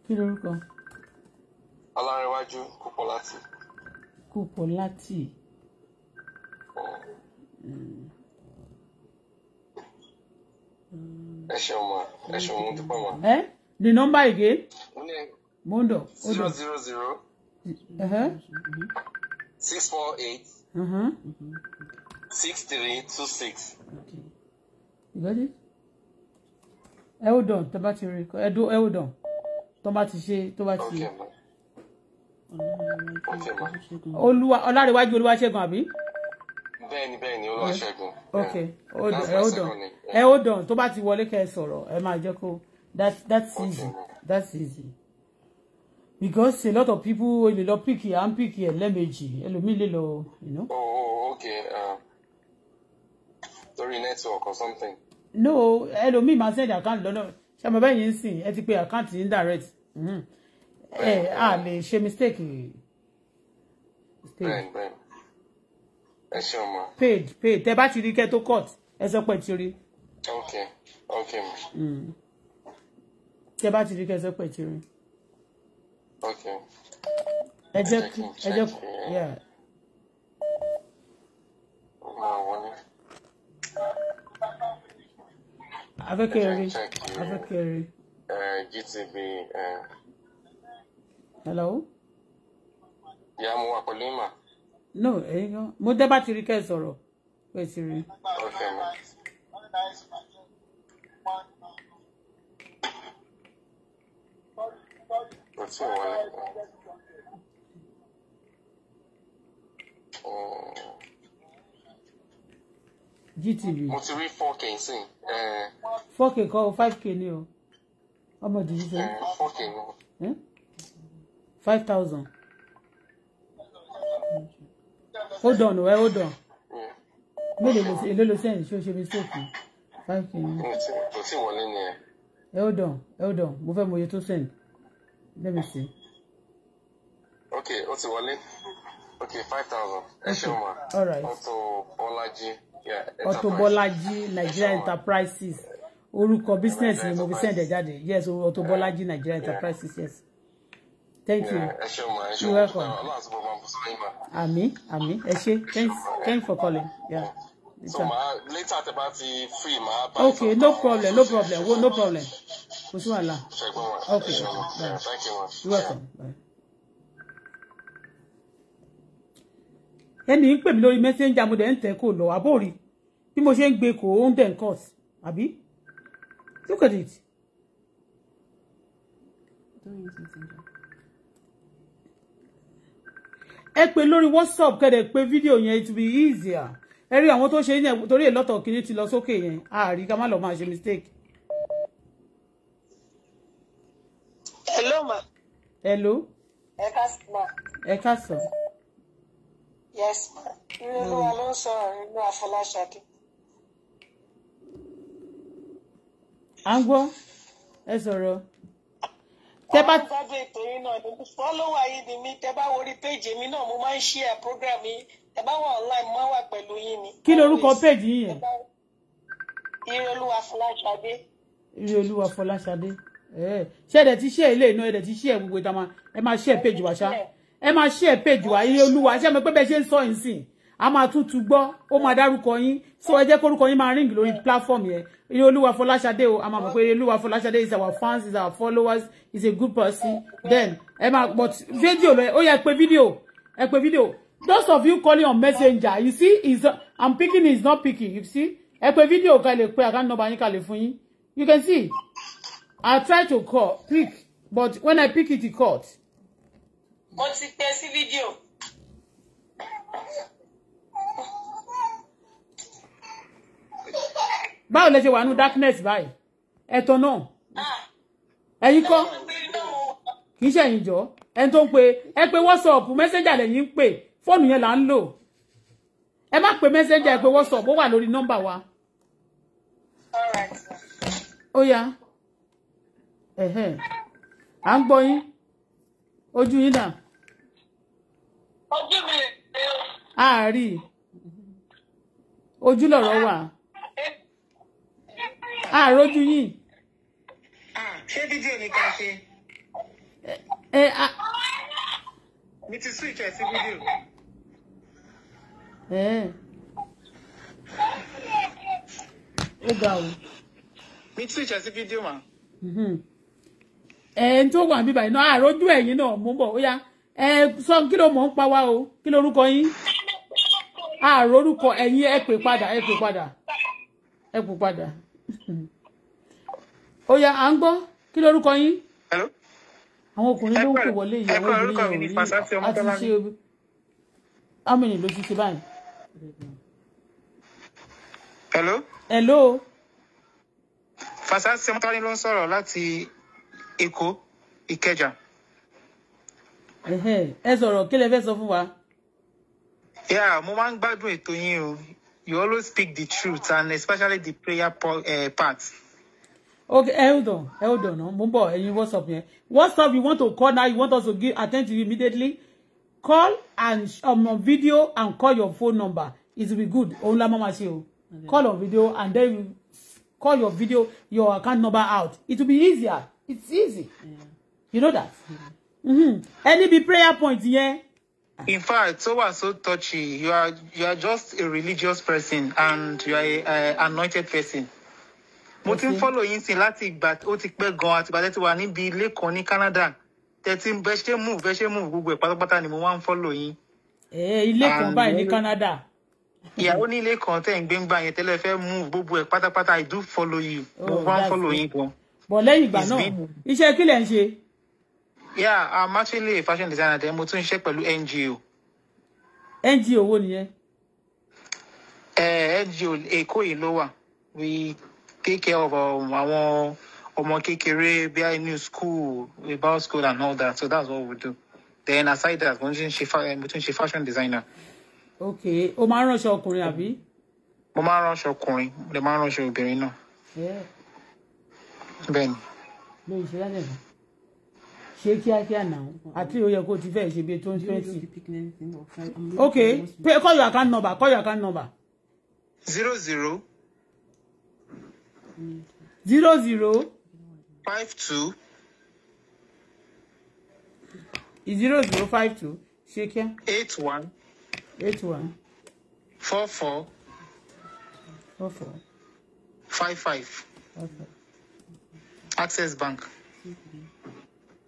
kí lorúkọ. Alárẹ̀wájú Kúpọ̀látì. Kúpọ̀látì. ẹ ṣeun ma ẹ ṣeun mo dúpẹ́ ma. ẹ the number again. mondo. zero zero zero. six four eight. six three two six. you got it? ẹ ó dàn tó bá ti rí ẹ ó dàn tó bá ti ṣe tó bá ti. okay olúwa ọlárẹ̀wájú olúwaṣẹ́gun àbí. bẹ́ẹ̀ni bẹ́ẹ̀ni olúwaṣẹ́gun. ok hold on ẹ hold on tó bá ti wọlé kẹ́ ẹ sọ̀rọ̀ ẹ máa jẹ́ kó that's easy that's easy because a lot of people lè lọ píkì à ń píkì ẹ lẹ́ẹ̀mejì ẹlòmíì lè lọ. Oh, oh oh okay um, lórí network or something. no ẹlòmíì máa send account lọ́nà ṣé ọmọ bẹ́ẹ̀ yìí ń sìn ẹ ti pe account yìí direct. Mm -hmm ẹ a lè ṣe mistake. bẹ́ẹ̀ bẹ́ẹ̀ ẹ ṣe ọmọ. paid paid tẹ bá ti rí kẹ tó cut ẹ sọ pé ti rí. ok ok ma. Mm. tẹ bá ti rí kẹ sọ pé ti rí. ok. ẹ jẹ́ ẹ jẹ́ yeah. Avec Kerry. Avec Kerry. GTB. Uh, hello. ìyá mo wà pẹ̀lú ìmọ̀. no ẹ̀yin eh, gan mo dé bá ti rí kẹ́ ẹ sọ̀rọ̀ pé ti rí. GTV. mo ti rí four k eh four k kọ́ o k ni o ọmọ ìdílé sẹ́yìn. Eh, four k ni o. Eh? five thousand. hold on ẹ hold on mélòó ló èló ló sẹ́yìn ṣé o ṣe mistake five kìíní. kò tí wọlé ni ẹ. hold on hold on mo fẹ́ mọ iye to send let me see. Okay, ó ti wọlé ok five thousand ẹ ṣe mọ Auto Bọ́lájí. Auto Bọ́lájí Nigeria Enterprises orúkọ business ni mo fi send ẹ jáde yes Auto Bọ́lájí Nigeria Enterprises yes thank you you're welcome àmì àmì ẹ thanks thanks for calling yeah. so ma later tẹ bá ti free ma bá ok no problem no problem wo no problem Okay. sí wàhálà ok bye you're welcome bye. ẹni ń pè mí lórí messenger mo dẹ̀ ń tẹ̀ kó lọ àbórí bí mo ṣe ń gbé kó ń dẹ̀ ń cut àbí look at it. don't use messenger. ẹ pè lórí whatsapp kẹ́dẹ̀ pé fídíò yẹn it will be easier ẹ rí àwọn tó ṣe é yẹn torí èlọ́tọ̀ kìíní ti lọ sókè yẹn àárí ká má lọ máa ṣe mistake. hello ma. hello. ẹ ká sọ ẹ ká sọ. yes ma. irú wa ló ń sọ̀rọ̀ inú àfọláṣadé. à ń gbọ́ ẹ sọ̀rọ̀ tẹ bá. ọ̀sán ètò yìí náà ni fọ́lọ́wà yìí ni mí tẹ bá orí péjì mi náà mo máa ń ṣe program yìí tẹ bá wà online mo máa wà pẹ̀lú yín ni. kí lorúkọ péjì yìí yẹn. Ireolúwa Fọláṣadé. Ireolúwa Fọláṣadé ṣé ẹ̀dẹ̀ ti ṣe ilé iná ẹ̀dẹ̀ ti ṣe gbogbo ìtàmà ẹ máa ṣe péjì wá ṣá ẹ máa ṣe péjì wá Ireolúwa ṣé ẹ mọ̀ pé bẹ́ẹ̀ ṣe ń sọ yín sìn a máa tún tu gbọ́ ó máa dárúkọ yín so ẹ jẹ́ kórúkọ yín máa ring lórí platform yẹn iye olúwa fọláṣadé o a máa mọ̀ pé iye olúwa fọláṣadé is our fans is our followers is a good person then ẹ máa but fídíò lọ ó yẹ pé fídíò ẹ pé fídíò those of you calling on messenger you see is i'm picking is not picking you see ẹ pé fídíò ká lè pé àkáńtì nọ́mbà yín ká lè fún yín you can see i try to call pick but when i pick it e cut. mo ti tẹ sí fídíò. ba le je wa nu darkness bayi e to no eyin ko ki se yin e to npe e pe whatsapp messenger le yin pe phone yen la nlo e ma pe messenger e pe whatsapp o wa lori nọmba wa all right oh yeah oju yin na ojumi ah ri oju wa àròjù yìí. ṣé fídíò ni ká ṣe. mi ti switch ẹ sí fídíò. ó ga mi ti switch ẹ sí fídíò mhm. tó wà bíbá iná ẹ̀yìn náà mú bọ̀ ó yá sọ kí ló mọ̀ ń o kí lorúkọ yín àròrúkọ ẹ̀yìn ẹ padà padà ó yá à ń gbọ́ kí lórúkọ yín. àwọn ọkùnrin ló ń kó wọlé ìyàwó ìbílẹ̀ òní àti ṣe amini ló ti ṣe báyìí. hello. hello. Fasasi Ọmọ́tọ́lá ló ń sọ̀rọ̀ láti Èkó Ìkẹjà. ẹ sọ̀rọ̀ kí lẹ fẹ́ sọ fún wa. yà mo máa ń gbádùn ètò yín o you always speak the truth and especially the prayer uh, part. Okay, hold on, hold on. Mo ń what's up here? What's up you want to call now? You want us to give attend to you immediately? Call and um, on video and call your phone number. It will be good. Òun mama máa o. Call on video and then call your video, your account number out. It will be easier. It's easy. Yeah. You know that? Yeah. Mm-hmm. Any be prayer point here? Yeah? In fact, so was so touchy. You are you are just a religious person and you are an anointed person. Mo ti ń follow yín sí láti ìgbà ó ti pẹ́ gan-an àti ìgbà tẹ́tí wà níbi kan ní Canada. Tẹ́tí bẹ́ ṣe move bẹ́ ṣe move gbogbo ẹ̀ pátápátá ni mo wá ń follow yín. Ẹ ilé kan báyìí ní Canada. Ìyàwó ní ilé kan tẹ̀ ń gbé ń gbà yẹn tẹ́lẹ̀ fẹ́ move gbogbo ẹ̀ pátápátá I do follow you. Oh, mo wá ń follow yín gan. Bọ̀ lẹ́yìn ìgbà náà, iṣẹ́ kí ń ṣe? yeah i'm actually a fashion designer then mo tún ń ṣe ngo. ngo wo nìyẹn. ẹ eh, ngo èkó yìí ló we take care of our um, àwọn ọmọ kékeré bíi new school about school and all that so that's what we do then aside that mo tún eh, ṣe fashion designer. Okay. o máa ń ránṣọ ọkùnrin àbí. mo máa ń ránṣọ ọkùnrin mo dẹ̀ máa ń ránṣọ ṣe kíákíá náà àti ó yẹ kó ti fẹ́ ṣe bíi twenty twenty. okay pay call your account number call your account number. zero zero. zero zero. five two. zero zero five two ṣe kíá. eight one. eight one. four four. four four. five five. Okay. Access Bank. Mm-hmm.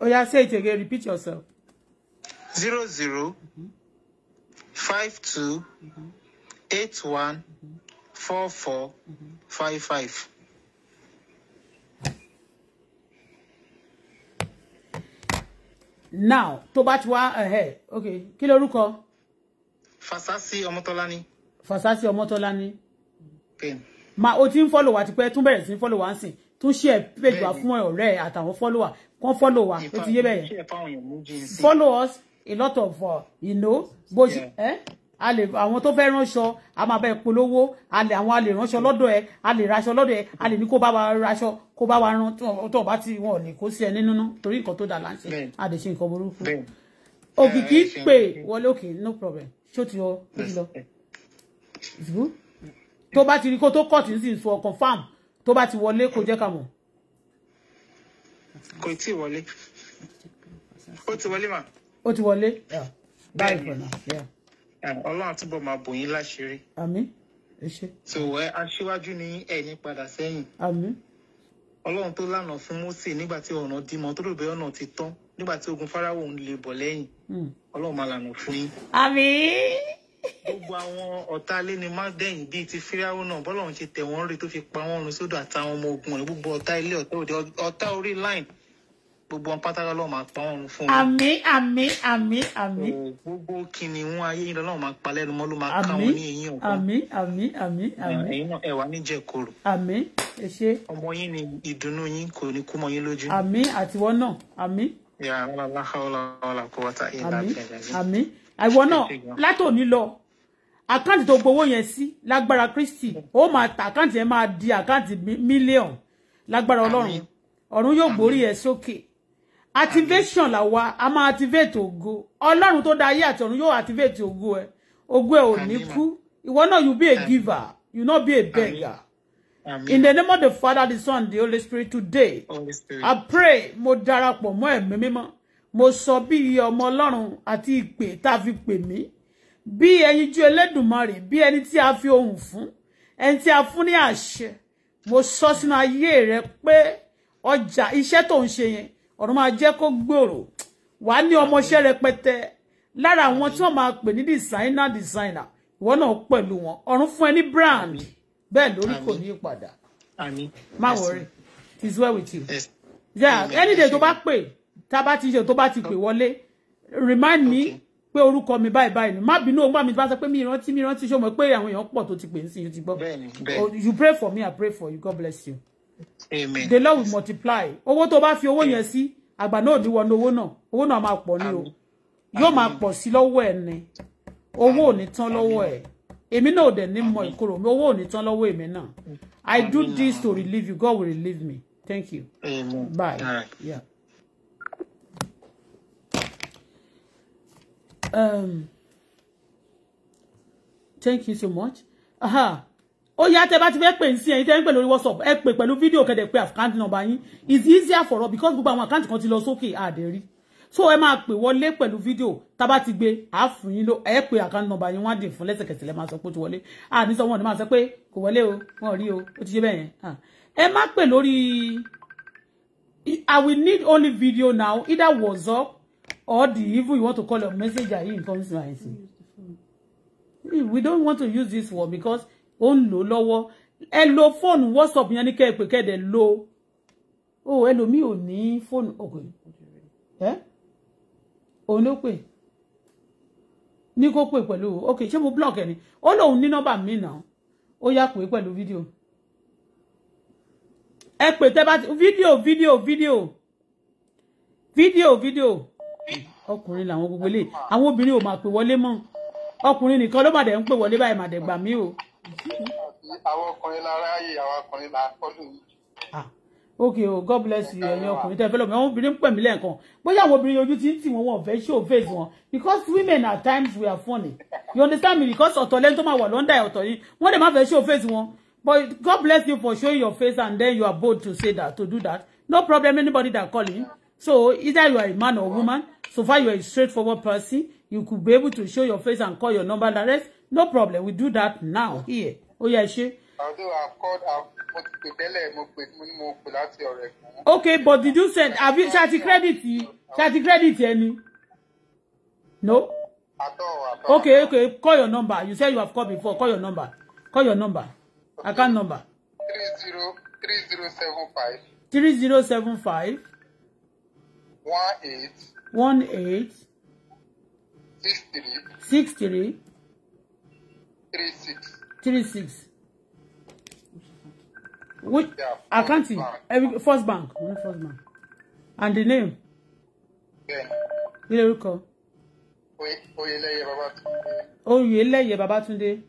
Oh yeah, say it again. Repeat yourself. Zero zero five two eight one four four five five. Now, tó bá ti ahead. Okay. Kí lorúkọ? Fasasi omotolani. Fasasi omotolani. Pain. Ma o follow wa tipẹ́ tún bẹ̀rẹ̀ follow one thing tún ṣe page wa fún ọ̀rẹ́ àtàwọn follower kan follow wa ó ti yé bẹ́ẹ̀ yẹn follow us a lot of uh, you know bó ṣe ẹ́ eh? a lè àwọn tó fẹ́ ránṣọ a máa bẹ́ẹ̀ polówó a lè àwọn a lè ránṣọ lọ́dọ̀ ẹ a lè raṣọ lọ́dọ̀ ẹ a lè ní kó bá wa raṣọ kó bá wa rán tó bá ti wọn ò lè kó sí ẹ nínú torí nǹkan tó dà láǹṣẹ a lè ṣe nǹkan burúkú òkìkí pè wọlé òkè no problem ṣó ti lọ tó bá ti rí kó tó kọ̀tì sí ìsọ confam tó bá ti wọlé kò jẹ́ ká mọ̀. kò tí ì wọlé ó ti wọlé mà. ó ti wọlé báyìí for now. ọlọ́run túbọ̀ máa bò yín láṣìírí. àmín ẹ ṣé. so aṣíwájú ni ẹ̀yin padà sẹ́yìn. àmín. ọlọ́run tó lànà fún Mósè nígbà tí ọ̀nà dímọ̀ tó dòbẹ́ ọ̀nà ti tán nígbà tí ogun Fáráò ń le bọ̀ lẹ́yìn hmm. ọlọ́run máa lànà fún yín. àmín gbogbo àwọn ọ̀tá alé ni mádẹ́yìn bíi ti fíráwó náà bọ́lọ́run ti tẹ̀ wọ́n rí tó fi pa wọ́n run sódò àtàwọn ọmọ ogun rẹ̀ gbogbo ọ̀tá ilé ọ̀tá òde ọ̀tá orí line gbogbo wọn pátá lọ́wọ́ máa pa wọ́n run fún wọn. àmín àmín àmín àmín. gbogbo kìnìún ayé yín lọ́wọ́ máa pa lẹ́nu mọ́ ló máa ká wọn ní eyín ọ̀gbọ́n. àmín àmín àmín àmín. ẹ̀yin náà ẹ̀wà ní jẹ̀kọ̀rọ̀. ẹ ṣé. ọmọ yín ni ìdùnnú yín kò ní kú mọ́ yín lójú. àmín àtiwọ́ náà àmín. yàrá wàlá wàlá wàlá kó wàtá yín láti ẹ̀yà yín àìwọ náà látòní lọ àkáǹtì tó gbowó yẹn sí lágbára Kristi ó máa ta àkáǹtì yẹn máa di àkáǹtì mílíọ̀n lágbára Ọlọ́run ọ̀run yóò gbórí ẹ sókè activation là wá a máa activate ògo Ọlọ́run tó dá ayé àti ọ̀run yóò activate ògo ẹ ògo ẹ ò ní kú ìwọ náà you be a giver you no be a beggar. Amen. In the name of the Father, the Son, the Holy Spirit, today, Holy Spirit. I pray, mo darapọ̀ mọ́ ẹ̀mí mímọ́ mo sọ bí ọmọ ọlọ́run àti ìpè tá a fi pè mí bí ẹyinjú Elédùmarè bí ẹni tí a fi ohùn fún ẹni tí a fún ní àṣẹ mo sọ sínú ayé rẹ pé ọjà iṣẹ́ tó ń ṣe yẹn ọ̀run máa jẹ́ kó gbòòrò wà á ní ọmọọṣẹ́ rẹpẹtẹ lára àwọn tí wọ́n máa pè ní designer designer ìwọ náà pẹ̀lú wọn ọ̀run fún ẹ ní brand bẹ́ẹ̀ lórí kò ní ìpadà má wọrí it is well with you yeah any day tó bá pè tá bá ti ṣe tó bá ti pè wọlé remind me pé orúkọ mi báyìí báyìí ni má bínú òun bá mi bá sọ pé mi ìrántí mi ìrántí ṣé o mọ̀ pé àwọn èèyàn pọ̀ tó ti pè ń sìn yóò ti gbọ́ oh, you pray for me I pray for you God bless you Amen. the Lord will multiply owó tó bá fi owó yẹn sí àgbà náà ò ní wọnú owó náà owó náà máa pọ̀ ní o yóò máa pọ̀ sí lọ́wọ́ ẹ̀ ni owó ò ní tán lọ́wọ́ ẹ̀ èmi náà ò dẹ̀ ní mọ ìkorò mi owó ò ní tán lọ́wọ́ èmi náà I do this to relieve you God will relieve me thank you Amen. bye. yeah. um, thank you so much ó yá tẹ́ bá ti fẹ́ pè ń sí ẹ̀yin tẹ́ ń pè lórí whatsapp ẹ pè pẹ̀lú fídíò kẹ́dẹ̀ pé account number yín it's easier for us because gbogbo àwọn account kan ti lọ de ri. so ẹ máa pè wọlé pẹ̀lú fídíò tá bá ti gbé àáfùn yín ló ẹ pè account number yín wọ́n á dì fún lẹ́sẹ̀kẹsẹ̀ lẹ́ máa sọ pé ó ti wọlé àní sọ wọn ni máa sọ pé kò wọlé o wọn ò rí o ó ti ṣe bẹ́ẹ̀ yẹn ẹ má pè lórí i will need only video now either whatsapp or the evil you want to call your messenger in comes my we don't want to use this word because ó ń lò lọ́wọ́ ẹ lo fóònù whatsapp yẹn ní kẹ́ẹ̀pẹ́ kẹ́ẹ̀dẹ̀ lo ó ẹlòmíì ò ní fóònù ọ̀gbìn ẹ́ òun ló pè ní kó pè pẹ̀lú ok ṣé mo block ẹ ni ó lóun ní nọ́mbà mi nà ó yá pè pẹ̀lú video ẹ pè tẹ́ bá ti fídíò fídíò fídíò fídíò fídíò ọkùnrin làwọn gbogbo eléyìí àwọn obìnrin ò máa pè wọlé mọ́ ọkùnrin nìkan ló bàdẹ̀ ń pè wọlé báyìí màdẹ̀ gbà mí o. àwọn ọkùnrin la ráàyè àwọn ọkùnrin la kọlù. Ah, ok o oh, god bless you ẹ̀yin ọkùnrin tẹ́ fẹ́ lọ àwọn obìnrin ń pè mí lẹ́ẹ̀kan bóyá àwọn obìnrin ojú ti ń tì wọ́n wọ́n fẹ́ show face wọn because women at times we are funny you understand me because ọ̀tọ̀ lẹ́ni tó máa wà lọ́ndà ọ̀tọ̀ yìí wọ́n dẹ̀ máa fẹ́ show face wọn but god bless you for showing your face and then you are bold to say that to do that no problem anybody that call in so either you are a man or woman. So far, you're a straightforward person. You could be able to show your face and call your number and No problem. We do that now here. Oh, yeah, she. Okay, but did you send? Have you? Shall credit you? Shall credit any? No. Okay, okay. Call your number. You said you have called before. Call your number. Call your number. Okay. Account number. Three zero three zero seven five. Three zero seven five. One eight one eight. six three. six three. six. three six. which yeah, account every first bank only first bank and the name. ilé orúkọ. oyeleye babatunde. oyeleye babatunde.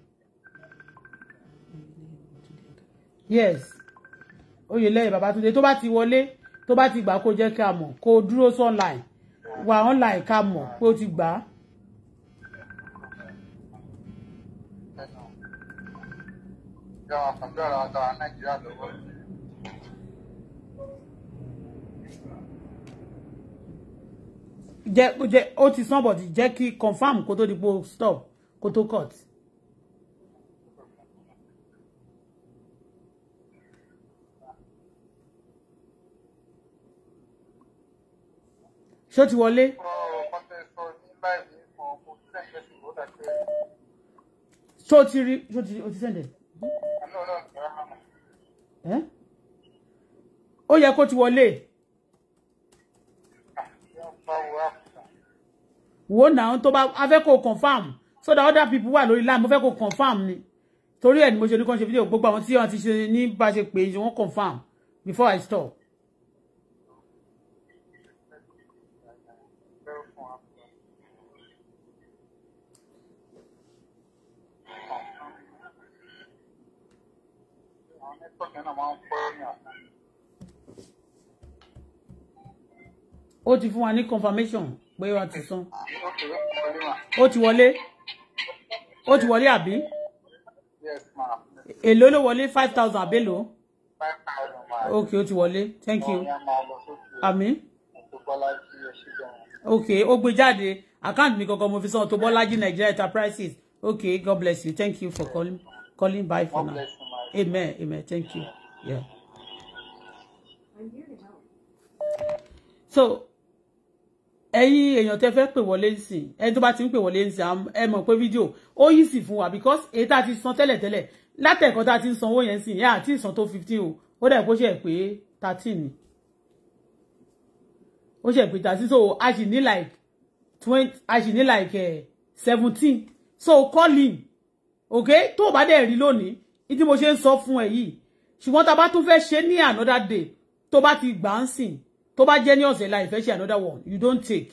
yes oyeleye babatunde tó bá ti wọlé tó bá ti gbà kó jẹ́ kí a mọ̀ kó dúró sí online wà online ká mọ̀ pé ó ti gbà á. jẹ́ ó ti sanbọ̀dì jẹ́ kí confam kó tó di po stop kó tó cut. ṣó ti wọlé. ṣó ti rí ṣó ti rí o ti sẹ́ndẹ̀. ó yẹ kó ti wọlé. wo náà tó bá a fẹ́ kó confam so that other people wà lórí line mo fẹ́ kó confam ni torí ẹ̀ ni mo ṣe ní kàn ṣe fídíò gbogbo àwọn tí wọ́n ti ṣe ní bá ṣe pé wọ́n confam before I stop. ó ti fún wa ní confirmation pé wọ́n ti san ó ti wọlé ó ti wọlé àbí èló ló wọlé five thousand àbí èló ok ó ti wọlé thank you àmì ok ó gbé jáde account mi kankan mo fi san Otobolaji Nigeria enterprises ok God bless you thank you for calling calling bye for now. Amen. Amen. Thank you. Yeah. So, ẹ̀yin èèyàn tẹ́ fẹ́ pè wọlé nsìn ẹni tó bá ti ń pè wọlé nsìn ẹ mọ̀ pé fídíò ó yìí sì fún wa because èyí tá a ti san tẹ́lẹ̀tẹ́lẹ̀ látẹ̀kọ́ tá a ti ń sanwó yẹn sìn yẹn àti ìsan tó fifteen o ó dẹ̀ kó ṣe é pé thirteen ni ó ṣe é pé thirteen so a sì ní like twenty a sì ní like eh, seventeen so call him okay tó o bá dẹ̀ rí lónìí ìdí mo ṣe ń sọ fún ẹ yìí ṣùgbọ́n tá a bá tún fẹ́ another day To bá ti gbà ń sìn tó bá jẹ́ ní la ìfẹ́ ṣe another one you don't take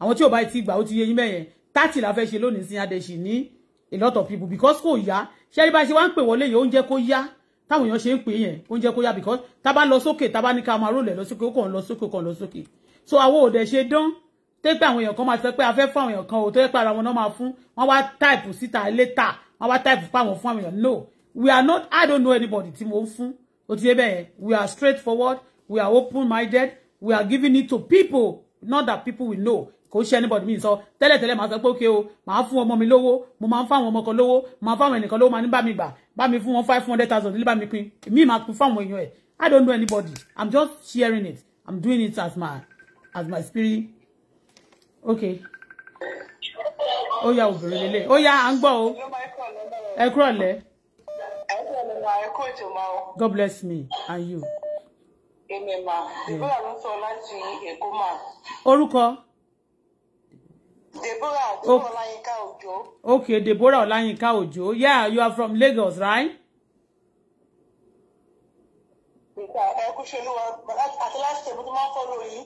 àwọn tí ò bá ti gbà ó ti yé yín mẹ́yẹn tátì la fẹ́ ṣe lónìí sin adẹ̀ṣì ní a lot of people because kò yá ṣé ẹni bá ṣe wá ń pè wọlé yẹn oúnjẹ kó yá táwọn èèyàn ṣe ń pè yẹn oúnjẹ kó because tá a bá lọ sókè tá a bá ní ká máa rólẹ̀ lọ sókè ó kàn lọ sókè ó so àwọn ò dẹ̀ ṣe dán tẹ́ pé àwọn èèyàn kan máa sọ pé a fẹ́ fún àwọn èèyàn kan ò to yẹ pé ara wọn náà máa fún wọn wá táìpù síta létà wọn wá táìpù pàwọn fún àwọn èèyàn no we are not i don't know anybody we are straightforward we are open minded we are giving it to people not that people will know kò ṣe anybody mi sọ tẹ́lẹ̀tẹ́lẹ̀ máa sọ pé okay. Oh, máa fún ọmọ mi lówó mo máa ń fáwọn ọmọ kan lówó máa fáwọn ẹnìkan lówó máa ní bá mi gbà bá mi fún wọn five hundred thousand nílé bá mi pín mi máa pín fáwọn èèyàn ẹ̀ i don't know anybody i'm just sharing it i'm doing it as my as my spirit okay Oh yeah, oh yeah, ó yá à ń ma ẹ kó ètò ma o. God bless me and you. èmi ma Deborah ló ń sọ láti Èkó ma. orúkọ. Deborah Deborah Ọláyínká Òjó. okay Deborah Ọláyínká Òjó yeah you are from Lagos right. Okay, ẹ kú ṣe olúwa àti láti ṣe mo ti máa ń fọ́ lóyún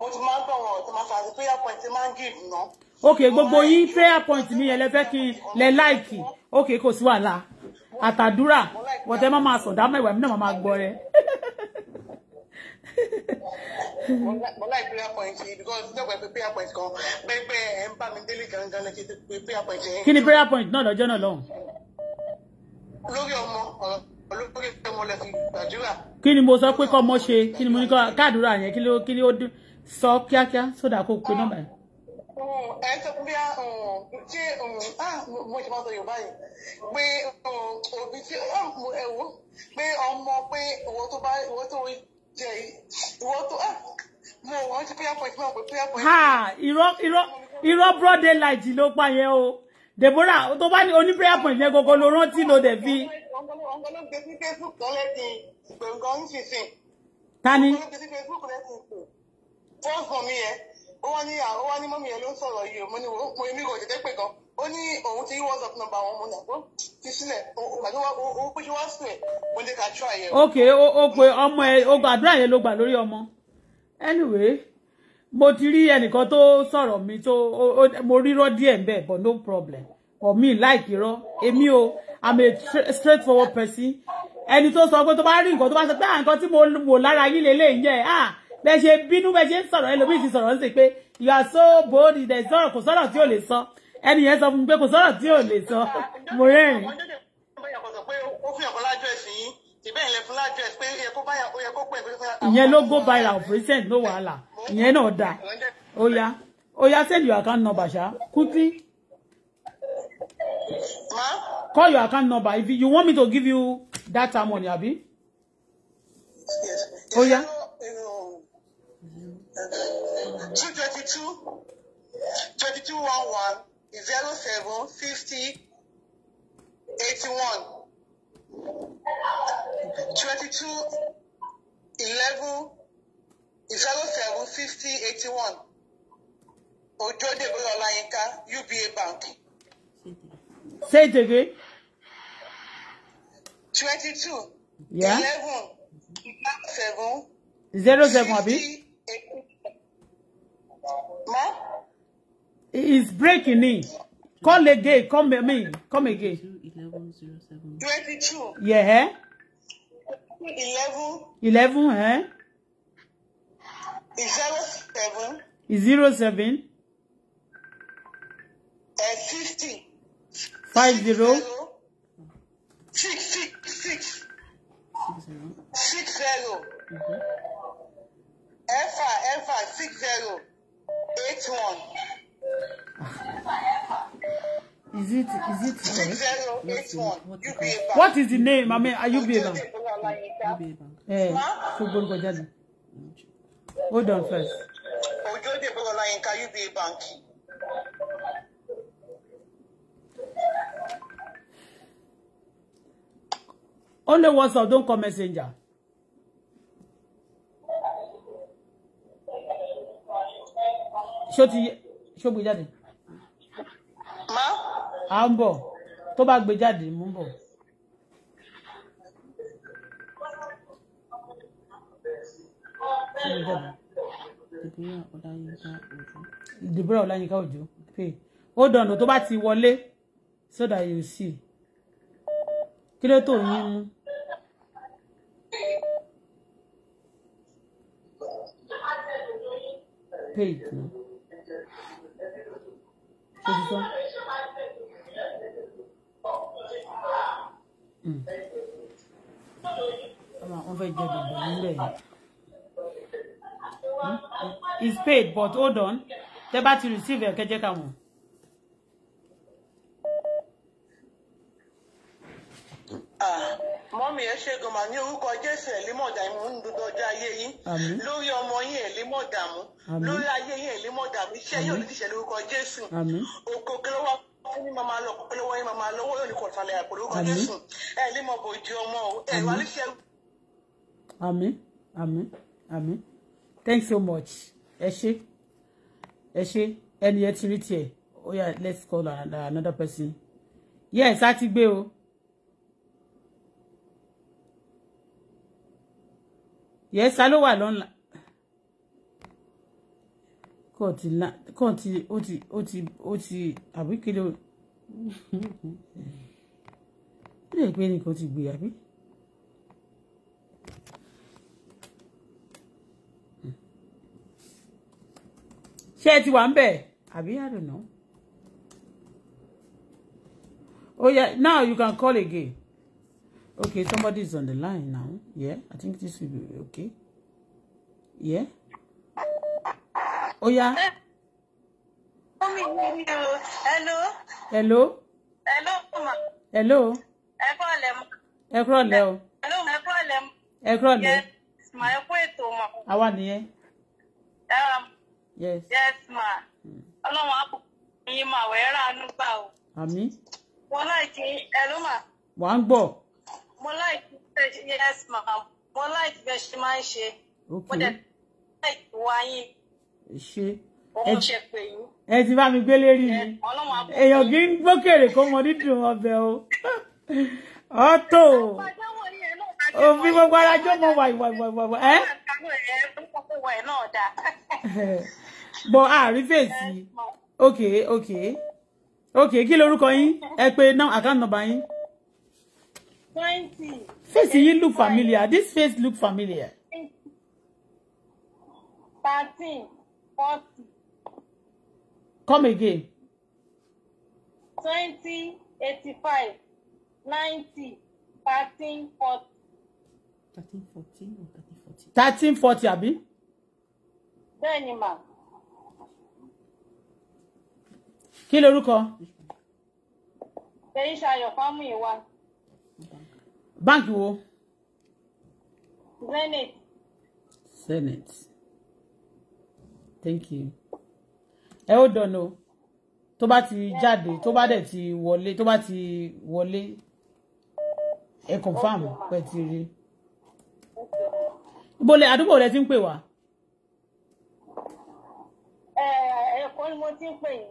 mo ti máa ń gbọ̀wọ̀ ọ̀tí máa ṣàti prayer point ti máa ń give ná. ok gbogbo yín prayer point mi yẹn lẹ fẹ́ kí n lẹ láìkì Okay, kò sí wàhálà àtàdúrà wọ̀tẹ́ má máa sọ̀dá mẹ́wàá mi náà má máa gbọ́ rẹ. mo láì prayer point yìí because nígbà pé prayer point kan pẹ́pẹ́ ẹ̀ ń bá mi délé gangan lẹ́kí pé prayer point yẹn. kí ni prayer point náà lọ́jọ́ náà lọ́hùn. lórí ọmọ olórí ọmọ lẹ fi gbàdúrà. kí ni mo sọ pé kọ́ ọmọ ṣe kí ni mo ní káàdúrà yẹn kí ló kí sọ kíákíá sódà kó pe nọ́mbà yẹn. Mm, ẹ ń sọ fún bí mm, ṣé mm, ah, mo ṣe máa sọ Yorùbá yìí pé òbí tí ah, ẹwọ pé ọmọ pé ìwọ tó bá ìwọ tó jẹ ìwọ tó ah, mo wọn ti prayer point náà pé prayer point. irọ́ irọ́ irọ́ broad daylight ló pa yẹn o Deborah tó bá ní oní prayer point yẹn gbogbo ló rántí ló dẹ̀ fi. ọ̀gọ́ ló gbé sí Facebook kan lẹ́sìn gbọ̀ngàn ń ṣiṣẹ́. ta ni. ọ̀gọ́ ló gbé sí Facebook lẹ́sìn fún fún mi yẹn ó wá ní ó wá ní mọ́mí yẹn ló ń sọ̀rọ̀ yìí mo ní mo èmi kò tètè pè gan ó ní òun ti whatsapp number àwọn ọmọ náà ó ti sílẹ̀ ó pé kí wá sílẹ̀ mo lè ka try ẹ̀. ok ó pe ọmọ ẹ ó gbàdúrà yẹn ló gbà lórí ọmọ anyway mo ti rí ẹnìkan tó sọ̀rọ̀ mi tó mo rírọ́ díẹ̀ ń bẹ̀ but no problem for me like irọ́ èmi o i'm a straightforward person ẹni tó sọ pé tó bá rí nǹkan tó bá sọ pé à nǹkan tí mo wò lára yín lélẹ́yìn yẹn ah bẹ́ẹ̀ ṣe bínú bẹ́ẹ̀ ṣe ń sọ̀rọ̀ ẹlòmíì ti sọ̀rọ̀ ń sè pé you are so bold there is sọ̀rọ̀ kò sọ̀rọ̀ tí ò lè sọ ẹni yẹn sọ fún mi pé kò sọ̀rọ̀ tí ò lè sọ mo rẹ́rìn. ìyẹn ló go viral present no wàhálà ìyẹn náà dà ó yá ó yá send your account number Call your account number if you want me to give you data money abi. Yes. Oya. Oh, yeah two twenty two twenty two one one zero seven fifty eighty one twenty two eleven zero seven fifty eighty one Ojodebola Olayinka UBA Bank. Say it again. two Yeah. seven zero 07 abi. It's breaking in. Call again. Come me. come again. 22. Yeah. 11. Eh? 11, eh? Is 07. Is 07. Uh, 50. 50. 60. 66. 60. 60. Mm-hmm. Alpha, alpha, 60 eight one. Is it is it six zero eight one What is the name? I mean, are UBA Bank? UBA Bank. Eh, Fúgbóngbò jáde. Hold on first. Ojode Bololayinka UBA Bank. Only WhatsApp, don't call messenger. ṣó ti ṣó gbé jáde. má. à ń bọ̀ tó bá gbé jáde mú bọ̀. Deborah Olayinka Ojo pay hold on tó bá ti wọlé so that you see kí ló tó yín mú. page. No? ti sọ. Hmm. wọ́n fẹ́ jẹ gbogbo hmm? paid but hold on tẹ́ bá ti receive ẹ̀ kẹ́jẹ́ káwọn. mọ́mí ẹ ṣe gan ní orúkọ jésù ẹ̀límọ̀dàmú ń ayé yín lórí ọmọ yín ẹ̀límọ̀dàmú lórí ayé yín ẹ̀límọ̀dàmú iṣẹ́ yóò ní ìṣẹ̀lẹ̀ orúkọ jésù òkò kẹlẹ́ fún mi máa lọ kókó yín máa yóò ní yẹsà ló wà lọ́nà kàn ti la kàn ti ó ti ó ti ó ti àbí kí ló lè pé nìkan ti gbé àbí. ṣé ẹ ti wà ń bẹ̀ àbí I don't know. Oh yeah, now you can call again. Okay, somebody is on the line now. Yeah, I think this will be okay. Yeah. Oh yeah. Oh. Hello. Hello. Hello Hello. Hello. Hello. Hello. Hello. Hello. Hello. Hello. Hello. Hello. Hello Hello. Hello. Hello. Hello. Hello. Ẹ kúrọ̀ lẹ́. Yes ma Hello. kú ètò ma. Àwa nìyẹn. Yes. Yes ma. Ọlọ́run á kò Hello. ma wẹ̀ ẹ́ rà ánú gbà o. Àmín. Wọ́n láì kí ẹ ló mà. Wà á ń gbọ́ mo like yes ma mo like bẹ ṣe máa ń ṣe mo dẹ̀ like wá yín. ṣé ẹ ti bá mi gbé lérí mi èèyàn kì í gbókèrè kó mọ dídùn ọbẹ̀ o ọtò òfin gbogbo ara jó mọ wàì wàì wàì wàì ẹ. bọ àárín fèsì ok ok ok kí lorúkọ yín ẹ pé náà àkáǹtì nọ́mbà yín. Twenty. Face you look familiar. This face look familiar. Thirteen. Forty. Come again. Twenty. Eighty-five. Ninety. Thirteen. Forty. Thirteen, fourteen, or thirteen, forty. Thirteen, forty, àbí? Bẹ́ẹ̀ni mà. Kí lorúkọ? Fèyí Ṣayọ̀ Fámúyìwá báńkì wo. Senate. zenith thank you. ẹ ó dọ̀nà tó bá ti jáde tó bá dẹ̀ ti wole. tó bá ti wole. E confirm. pẹ̀ ti rí. ibo lẹ àdúgbò rẹ ti ń pè wá. ẹ̀ẹ́dẹ̀kọ́ ni mo ti ń pè yín.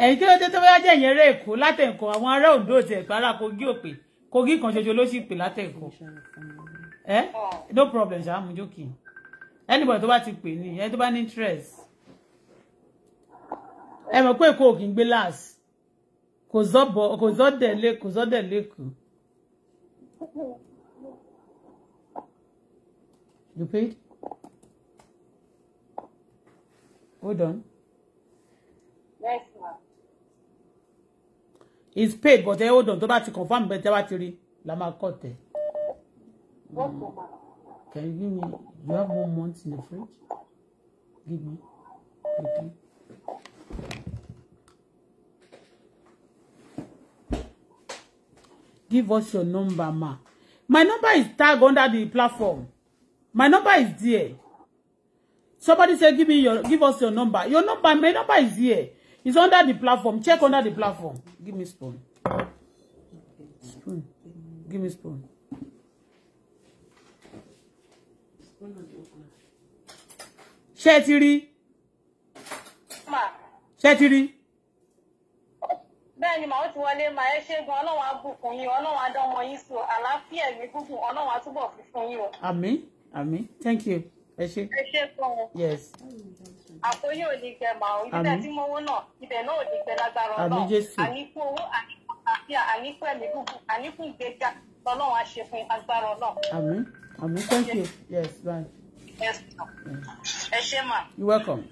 ẹ̀yin kí ló dé tó bá jẹ́ ìyẹn eré èkó látẹ̀kọ́ àwọn ará Oǹdó tẹ̀ pàrà Kogi òpè kogi kan ṣoṣo ló sì pè látẹ̀kọ́ ẹ no problem ṣáà mú jókì anybody tó bá ti pè ní ẹ tó bá ní interest ẹ mọ̀ pé èkó kì í gbé láàs kò zọ́bọ̀ kò zọ́dẹ̀ lé kò zọ́dẹ̀ lẹ́kọ̀ọ́. You paid? Hold on. Yes, ma'am is paid but ẹ hold on tó bá ti confam bẹ́ẹ̀ tẹ́ bá ti rí la máa kọ́ tẹ̀. can you give me you have one month in the fridge give me okay. give us your number ma my number is tag under the platform my number is there somebody say give me your give us your number your number my number is here It's under the platform. Check under the platform. Give me spoon. Spoon. Give me spoon. Ṣé ti rí? Ṣé ti rí? bẹ́ẹ̀ ni màá ti wọlé máa ẹ ṣẹ́gun ọlọ́run á bùkún yín ọlọ́run á dánwọ yín so àlàáfíà ẹ̀mí gúngùn ọlọ́run á túbọ̀ fi fún yín o. àmín àmín thank you ẹ ṣé. ẹ ṣé fún wọn. yes àpò yìí ò ní gbẹ màá o ibẹ̀ tí mo wó náà ibẹ̀ náà ò ní gbẹ lágbára náà àníkú owó àníkú àfíà àníkú ẹ̀mí gúgú àníkú ìgbéga lọ́lọ́run á ṣe fún agbára náà. àmín àmín thank you yes bye. yes ẹ ṣé mà. you welcome.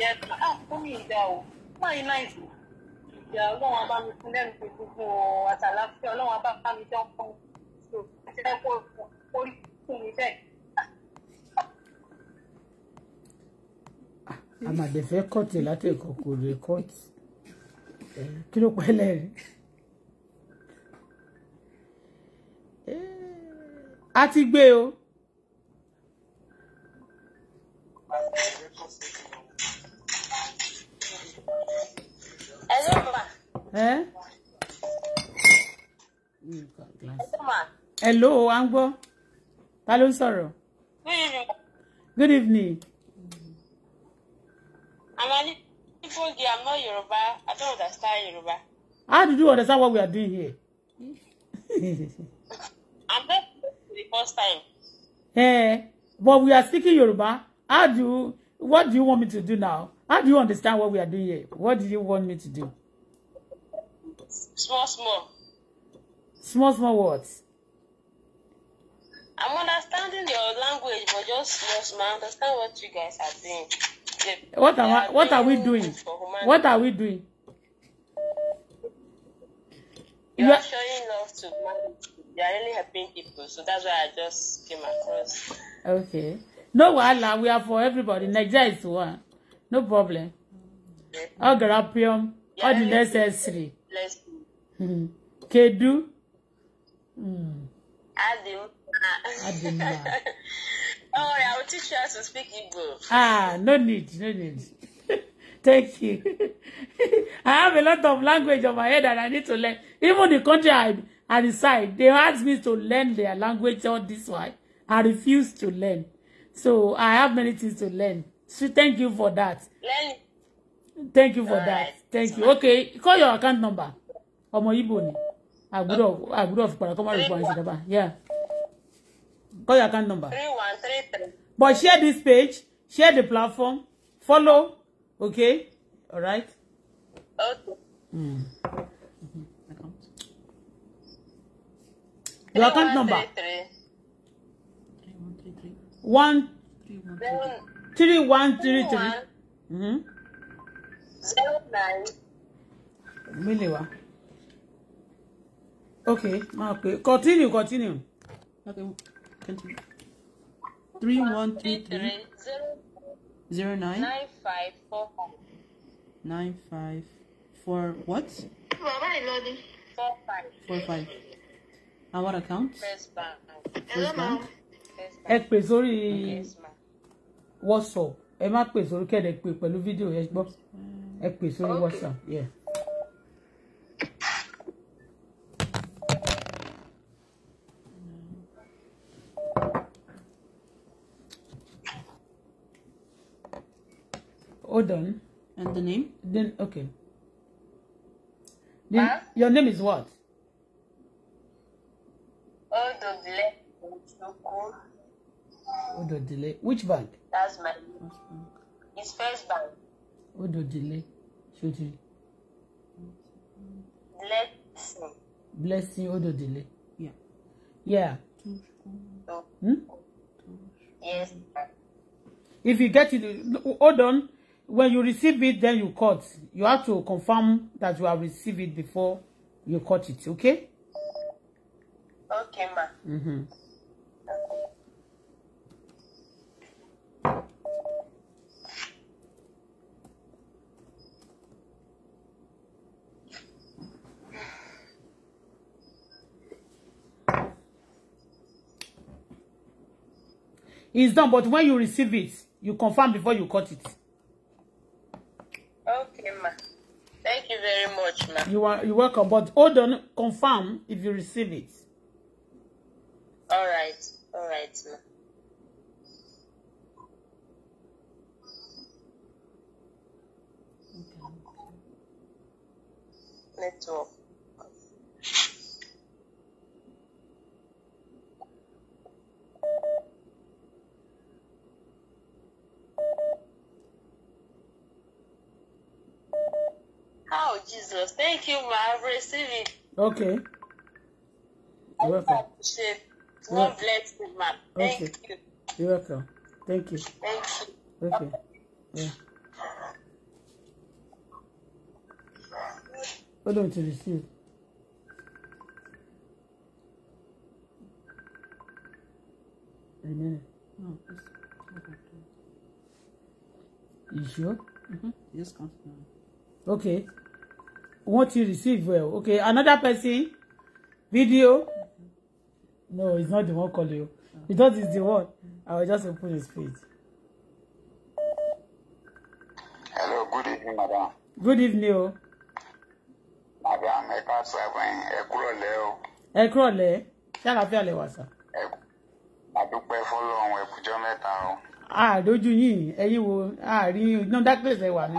yes ma ah fún mi ìgbà o máa yín náà ìgbà ìyá ọlọ́run abá mi fún lẹ́nu pé gbogbo àtàlàfíà ọlọ́run abá mi jẹun fún mi. ṣe é kó orí fún mi àmàdé fẹ́ kọ́ọ̀tì látẹ̀kọ̀ kò lè kọ́ọ̀tì kí ló pẹ́ lẹ́rìn. a ti gbé o. hello ma. Eh? hello à ń gbọ́ ta ló ń sọ̀rọ̀. Mm. good evening. And I people I'm not Yoruba. I don't understand Yoruba. How did you understand what we are doing here? I'm not the first time. Hey, eh, but we are speaking Yoruba. How do you, what do you want me to do now? How do you understand what we are doing here? What do you want me to do? Small, small. Small, small words. I'm understanding your language, but just small, small. understand what you guys are doing. What am I, what are we doing? What are we doing? You are, showing love to humanity. You are really helping people, so that's why I just came across. Okay. No wahala, we are for everybody. Nigeria is one. No problem. All grapium, all the necessary. Hmm. Kedu. Mm. Adima. Oh, right, I will teach you how to speak Igbo. Ah, no need, no need. Thank you. I have a lot of language on my head that I need to learn. Even the country I, I reside, they ask me to learn their language all this while. I refuse to learn. So I have many things to learn. So thank you for that. Learn. Thank you for all that. Right. Thank so you. Okay, call your account number. Ọmọ Igbo ni. I would I would have, but come out with Yeah. Call your account number. 3133. But share this page, share the platform, follow. Okay? All right? Okay. Mm. Mm-hmm. Account. Your account number. 3133. 1 3133. Mm-hmm. 09. Milewa. Okay, okay. Continue, continue. Okay continue. 3133 09 9541. 954 what? 45. 45. And what account? First bank. First bank. Ẹ pè sórí WhatsApp. Ẹ má pè sórí kẹ́ẹ̀dẹ̀ pè pẹ̀lú fídíò yẹn gbọ́. Ẹ pè sórí WhatsApp. Yeah. Hold on. And the name? Then okay. Then huh? your name is what? Ododile. Ododile. Which bank? That's my name. It's first bank. Ododile. Shoti. Blessing. Blessing Ododile. Yeah. Yeah. Hmm? hmm? Yes. If you get it, hold on. when you receive it then you cut you have to confirm that you have received it before you cut it okay okay ma mm-hmm. It's done, but when you receive it, you confirm before you cut it. much, ma'am. You are you welcome, but hold on, confirm if you receive it. All right, all right, ma'am. Okay. Network. Jesus. Thank you, ma. I receive it. Okay. You're welcome. I appreciate God bless you, ma. Thank okay. you. You're welcome. Thank you. Thank you. Okay. Yeah. Hold on to receive. Amen. No, it's okay. You sure? Mm-hmm. Just continue. Okay. wọ́n you receive well okay another person video no it's not the one call you you thought it's the one I will just open his page. hello good evening madam. good evening oh. madam ẹ ká sẹ́fún ẹ kúrò lẹ́ o. ẹ kúrò lẹ́ ṣé àlàáfíà lẹ wà sá. ẹ àdúpẹ́ fọlọ́run ẹ̀kújọ́ mẹ́ta o. àdójú yìí ẹ̀yin wo àárín iná dákìlẹ̀sẹ̀ wà ní.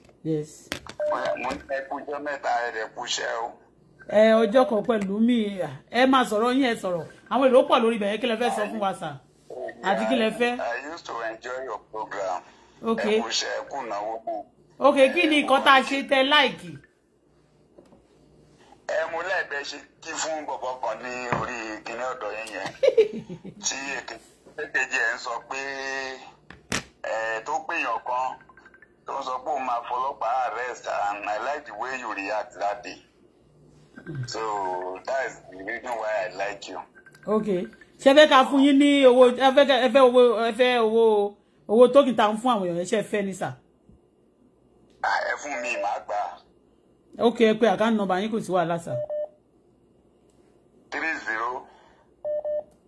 yes. mo ẹ ọjọ́ kan pẹ̀lú mi ẹ máa sọ̀rọ̀ yín ẹ sọ̀rọ̀ àwọn èrò pọ̀ lórí ibẹ̀ kí lẹ fẹ́ sọ fún wa sà oh, àti kí lẹ fẹ́. I used to enjoy your program. okay ẹ kú iṣẹ́ ẹ kú náwó kù. okay kí ni nǹkan tá a ṣe tẹ láìkì. ẹ mo lẹ́ẹ̀bẹ̀ ṣe kí fún bọ̀bọ̀ kan ní orí kíní ọ̀dọ̀ yẹn yẹn tí èkejì ẹ̀ ń sọ pé ẹ̀ tó pèèyàn kan tó ń sọ pé òun máa fọlọ́pàá arrest and I like the way you react that day so that is the reason why I like you. okay ṣe fẹ́ ká fún yín ní owó ẹ fẹ́ owó ẹ fẹ́ owó owó tókì tá à ń fún àwọn èèyàn ṣe fẹ́ ní sà. Ah, ẹ fún mi màá gbà. ok ẹ pé àkáǹtì nọ́mbà yín kò sí wàhálà sà. three zero.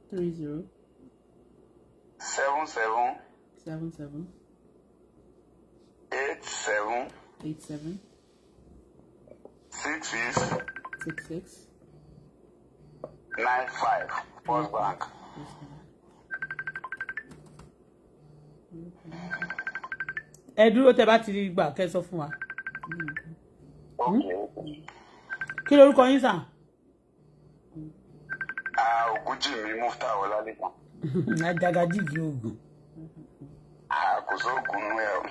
three zero. seven seven. seven seven eight seven. eight seven. six six. six six. nine five. First bank. ẹ dúró tẹ bá ti rí gbà kẹ́ sọ fún wa. Hmm? kí lorúkọ yín sàn. ògúnjì ah, mi mufta ọlálẹ́kan. ajagajì di oògùn kò sóògùn nú ẹ o.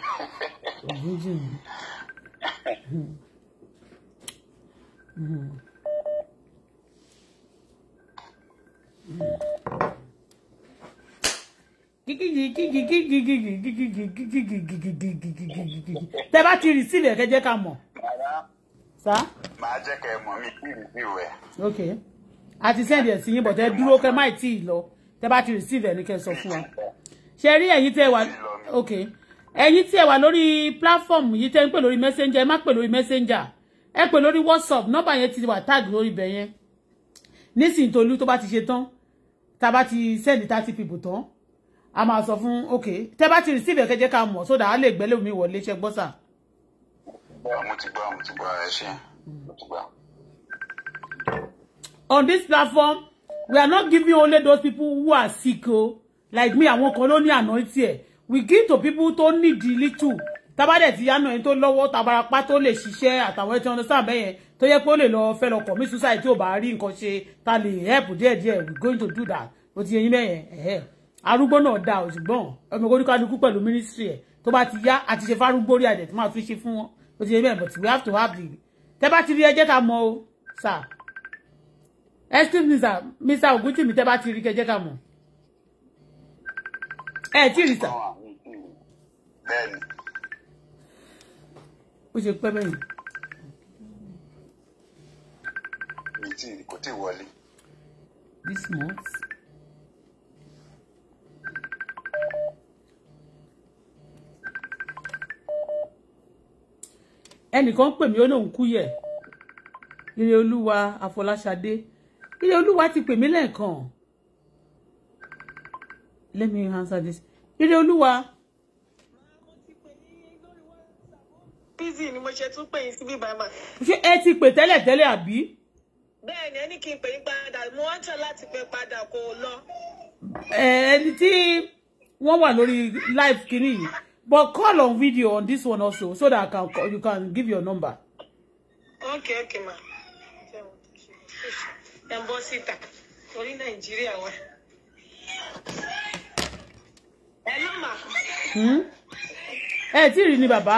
tẹ bá ti receive ẹ kẹ́ jẹ́ ká mọ̀. màá jẹ́ kẹ́ mọ̀ mi kí receive ẹ. ok àti send ẹ̀ sí yín bọ̀ tẹ dúró kẹ́ máì tí ì lọ tẹ bá ti receive ẹ ní kẹ́ sọ fún wa ṣe rí ẹ̀yin tẹ́ wà ok ẹ̀yin tí ẹ wà lórí platform yìí tẹ́ ń pè lórí messenger ẹ má pè lórí messenger ẹ pè lórí whatsapp nọ́mbà yẹn ti wà tag lórí ibẹ̀ yẹn nísìnyí tolú tó bá ti ṣe tán tá a bá ti send thirty people tán a máa sọ fún ok tẹ́ bá ti receive ẹ̀kẹ́jẹ́ ká mọ̀ sódà á lè gbẹ́lẹ́ mi wọlé ṣe gbọ́ sà. mo ti gbà mo ti gbà ẹ ṣe mm. on this platform we are not giving only those people who are sick o. Oh like me àwọn kan ló ní anointing ẹ̀ we give to people tó need little tabadẹ ti yánu ẹni tó lọ́wọ́ tabarapá tó lè ṣiṣẹ́ àtàwọn ẹtí ọdún bẹ́yẹn tó yẹ pé ó lè lọ fẹ́ lọ commit suicide tí ò bá rí nǹkan ṣe ta lè help díẹ̀díẹ̀ we going to do that o ti yẹn yín bẹ́yẹn ẹ̀hẹ́ arúgbó náà da òṣùgbọ́n ọmọ ogun oníkanukú pẹ̀lú ministry ẹ̀ tó bá ti yá àti ṣe fárúgbó rí àdẹ̀ tó máa tún ṣe fún wọn o ti yẹn bẹ́yẹn but we have to have the tẹ́ bá ti rí ẹjẹ́ ká mọ̀ o sir excuse me sir mr ogunjimi tẹ́ bá ti rí kẹjẹ́ ká mọ̀ ẹ tí rí sà. pè mí ó lóun kú yẹ ire olúwa àfọláṣadé ire olúwa ti pè mí lẹ́ẹ̀kan let me answer this ire olúwa. busy ni mo ṣe tún pè yín síbí bàmà. ṣé ẹ ti pè tẹ́lẹ̀ tẹ́lẹ̀ àbí. bẹ́ẹ̀ni ẹni kí n pè yín padà mo wá ń tọ́ láti pè padà kò lọ. ẹni tí wọ́n wà lórí live kiri but call on video on this one also so that I can call, you can give your number. okay okay ma ẹ ń bọ́ síta torí wa. Hello hmm? ma. ẹ tí rí ni bàbá.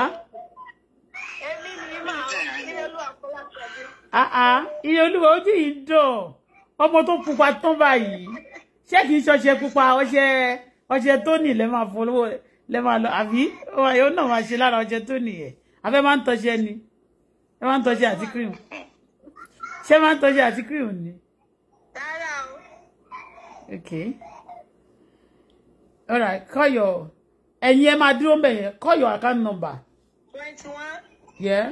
èmi ni màá ilé olúwa kọ́lá pẹ̀lú. Ah, ah. ilé olúwa ó dì í dùn ọmọ tó pupa tán báyìí ṣé kìí ṣọṣẹ pupa ọṣẹ ọṣẹ tóní lẹ máa fọlọwọ lẹ máa lọ àbí ó náà máa ṣe lára ọṣẹ tóní yẹ abẹ máa ń tọṣẹ ni ẹ máa ń tọṣẹ àti cream ṣé máa ń tọṣẹ àti cream ni. rárá o. okay all right call your ẹ̀yin ẹ máa dúró mbẹ̀ call your account number. twenty one. yeah.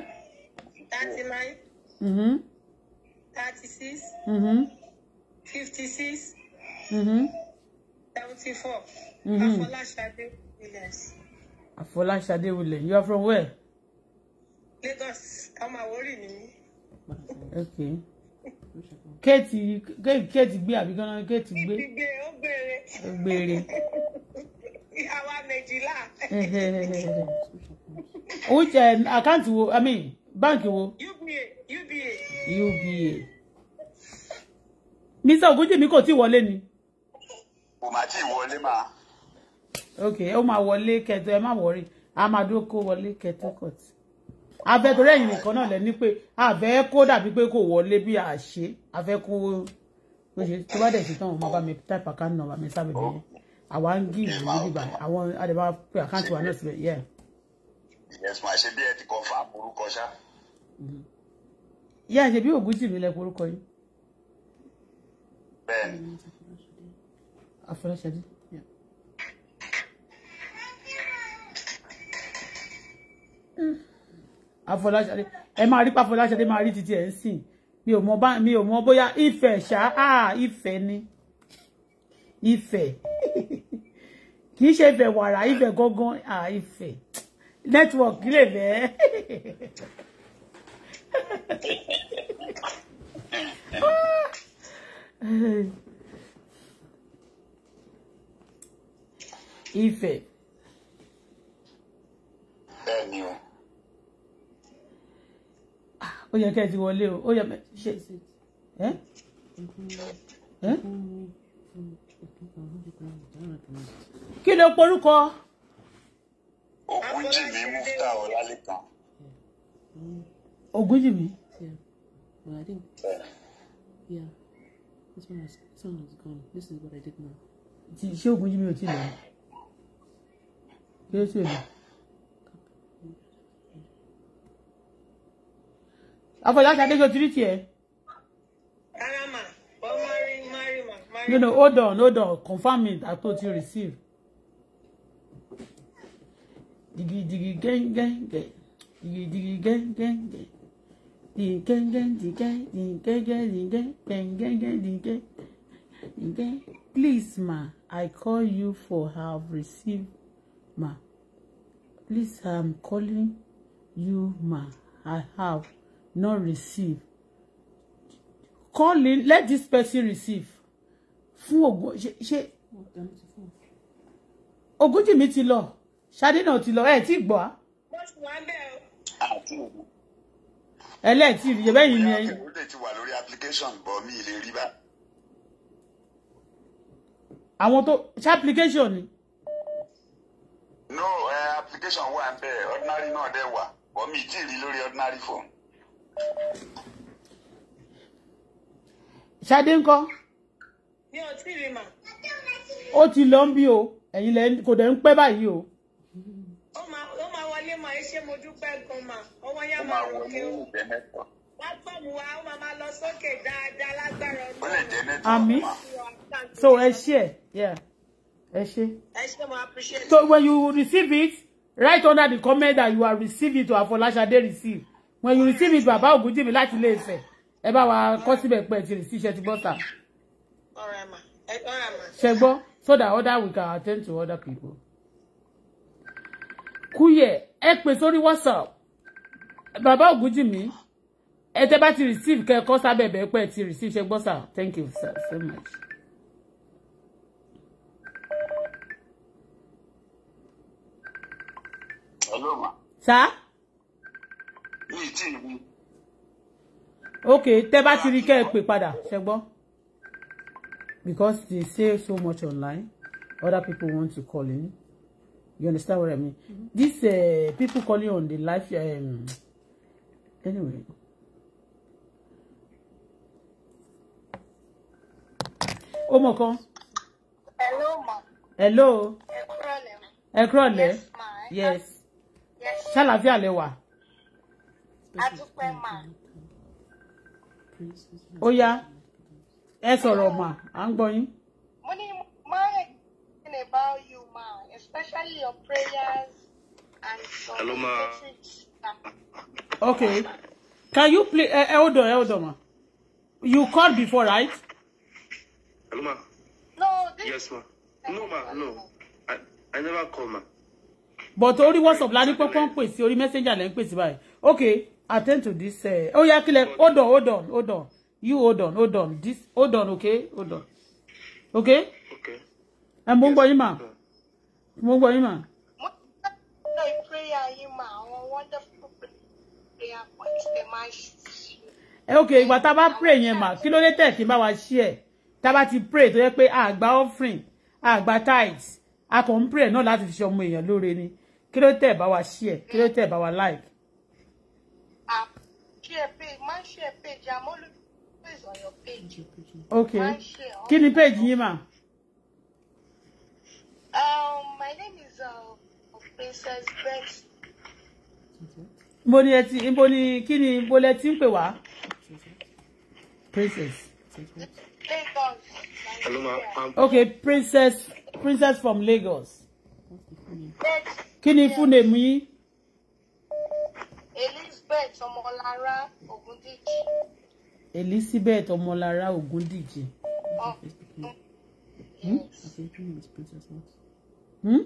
thirty nine. Mm-hmm. thirty six. Mm-hmm. fifty six. Mm-hmm. seventy four. Mm-hmm. Afolasade Williams. Afolasade Williams you are from where. Lagos ọmọ Àwórì ni mí. okay kéètì kéètì gbé àbí gánà kéètì gbé. gbé ó gbére. ó gbére. àwa méjìlá. which um, account wo i mean bank wo. uba uba. uba. mr ogunjimi kò tí wọlé ni. kò má tí wọlé máa. ok ó máa wọlé kẹtọ ẹ má wọrí a máa dúró kó wọlé kẹtọ kọtì afẹ́ torí ẹ̀yìn nìkan náà lẹ́ni pé afẹ́ kó dàbí pé kò wọlé bí àṣẹ afẹ́ kó o ṣe tó bá dẹ̀ ṣe tán ọmọ bá mi type account number mi sábẹ̀ bẹ́ẹ̀ àwa ń gíìmù níbi ìgbà àwọn àdèbá pé àkáǹtì wa náà síbẹ̀ yẹ́ yes ma bí ẹ ti kọ fa orúkọ ṣá. ìyá ṣe bí Ògúnjìmí lẹ porúkọ yìí. bẹ́ẹ̀ni. àfọlọ́ṣadé. Mm-hmm. Afọláṣadé ẹ máa rí pàfọláṣadé máa rí títí ẹ̀ ń sìn mi ò mọ bá mi ò mọ bóyá Ifẹ̀ ṣá à Ifẹ̀ ni Ifẹ̀ kì í ṣe Ifẹ̀ wàrà Ifẹ̀ gangan à Ifẹ̀ nẹ́tíwọ̀kì lè bẹ́ẹ̀. Ifẹ̀. bẹ́ẹ̀ ni o ó yẹ kẹ́ ti wọlé o ó yẹ ṣe ẹ ẹ kí O porúkọ. Ògúnjìmí mufta ọlálẹ́kan. Ògúnjìmí. Well, I think, yeah, this one was, this one was gone. This is what I did now. Ṣé Ògúnjìmí ò tí ì lọ? Kí ló ṣe lọ? Afọláṣadé ṣe tiri tiẹ̀. Rárá mà, ọ mari mari No no hold on hold on confirm it I thought you received. àti o ti receive. Digi digi gẹ́ngẹ́ngẹ́ digi digi gẹ́ngẹ́ngẹ́ di gẹ́ngẹ́ di gẹ́ di gẹ́gẹ́ di gẹ́ gẹ́ngẹ́ngẹ́ di gẹ́ di gẹ́. Please ma, I call you for have received ma. Please I'm calling you ma, I have not receive Calling. let this person receive fún ogun ṣe ṣe ogójì mi ti lọ ṣadé náà ti lọ ẹ ti gbọ́ á. ẹlẹ́ẹ̀tì rí ẹ bẹ́yìn ni ẹyin. àwọn tó ṣe application ni. no uh, application wà ń bẹ ordinary náà dẹ̀ wà bọ́mí ìtì rí lórí ordinary phone. Ṣadé ńkọ́. mi ò tí ì rí mà. ó ti lọ ń bí o ẹ̀yin lẹ kò dẹ̀ ń pẹ́ báyìí o. ó máa ó máa wọlé mà ṣé mo dúpẹ́ gan mà ọwọ́ yá máa rò kí o. wá wa ó máa máa lọ sókè dáadáa lágbára ọdún. ó lè jẹ́ mẹ́ta. àmín so ẹ ṣe ẹ ẹ ṣe. ẹ ṣe mo appreciate. so when you receive it write under the comment that you are receiving to or Afolasade receive when you receive it Baba, ògúnjìmí láti ilé Ifẹ̀ ẹ bá wa kọ síbẹ̀ pé ẹ ti rì sí ma, ti gbọ́ sà. ṣe gbọ́ so that other we can attend to other people. kúyẹ̀ ẹ pè sórí WhatsApp bàbá ògúnjìmí ẹ tẹ́ bá ti receive kẹ́ ẹ kọ sábẹ́ bẹ́ẹ̀ pé ẹ ti rì sí iṣẹ́ gbọ́ thank you sir so much. Hello, ma. Sir? ní ìtì ìwé. ok tẹ́ bá ti rí kẹ́ ẹ pè padà ṣe gbọ́ because they say so much online other people want to call in you understand what I mean mm -hmm. these uh, people calling on the live um, anyway. ó mọ̀ kan. hello ma. hello. ẹ kúrọ̀lẹ́. ẹ kúrọ̀lẹ́. yes ma. yes. ṣàlàfíà lẹ wà adúpẹ́ mà. ó yá ẹ sọ̀rọ̀ mà à ń gbọ́ yín. mo ní máa ń rìn about you ma especially your prayers and some Hello, okay can you play uh, hold on eh, hold on ma you called before right. Hello, ma. no this yes ma no ma no I, I never call ma but orí WhatsApp la ní pé kán orí messenger lẹ́ ń pè báyìí okay attend to this. Uh, oh yeah, kill Hold on, hold on, hold on. You hold on, hold on. This hold on, okay, hold on. Okay. Okay. And mo ń gbọ́ yín mà. Mo ń Okay, eh, But tá praying, bá pray yẹn mà kí ló dé tẹ̀ kí n bá wa share tá a ti pray tó yẹ pé àgbà offering àgbà tithes I kò pray náà láti fi ṣe ọmọ èèyàn lóore ni kí ló tẹ̀ bá wa share kí ló tẹ̀ bá wa like share page máa share page I'm always on your page. Okay. Give me page yín mà? Um, my name is uh, Princess Bex. Ibo ni ẹ ti ibo ni kí ni Princess. Lagos. Hello, ma. Okay, Princess Princess from Lagos. Kí ni full name Elizabeth. Elizabeth Ọmọlára Ògúndíjì. Elizabeth Ọmọlára Ògúndíjì. Hmm?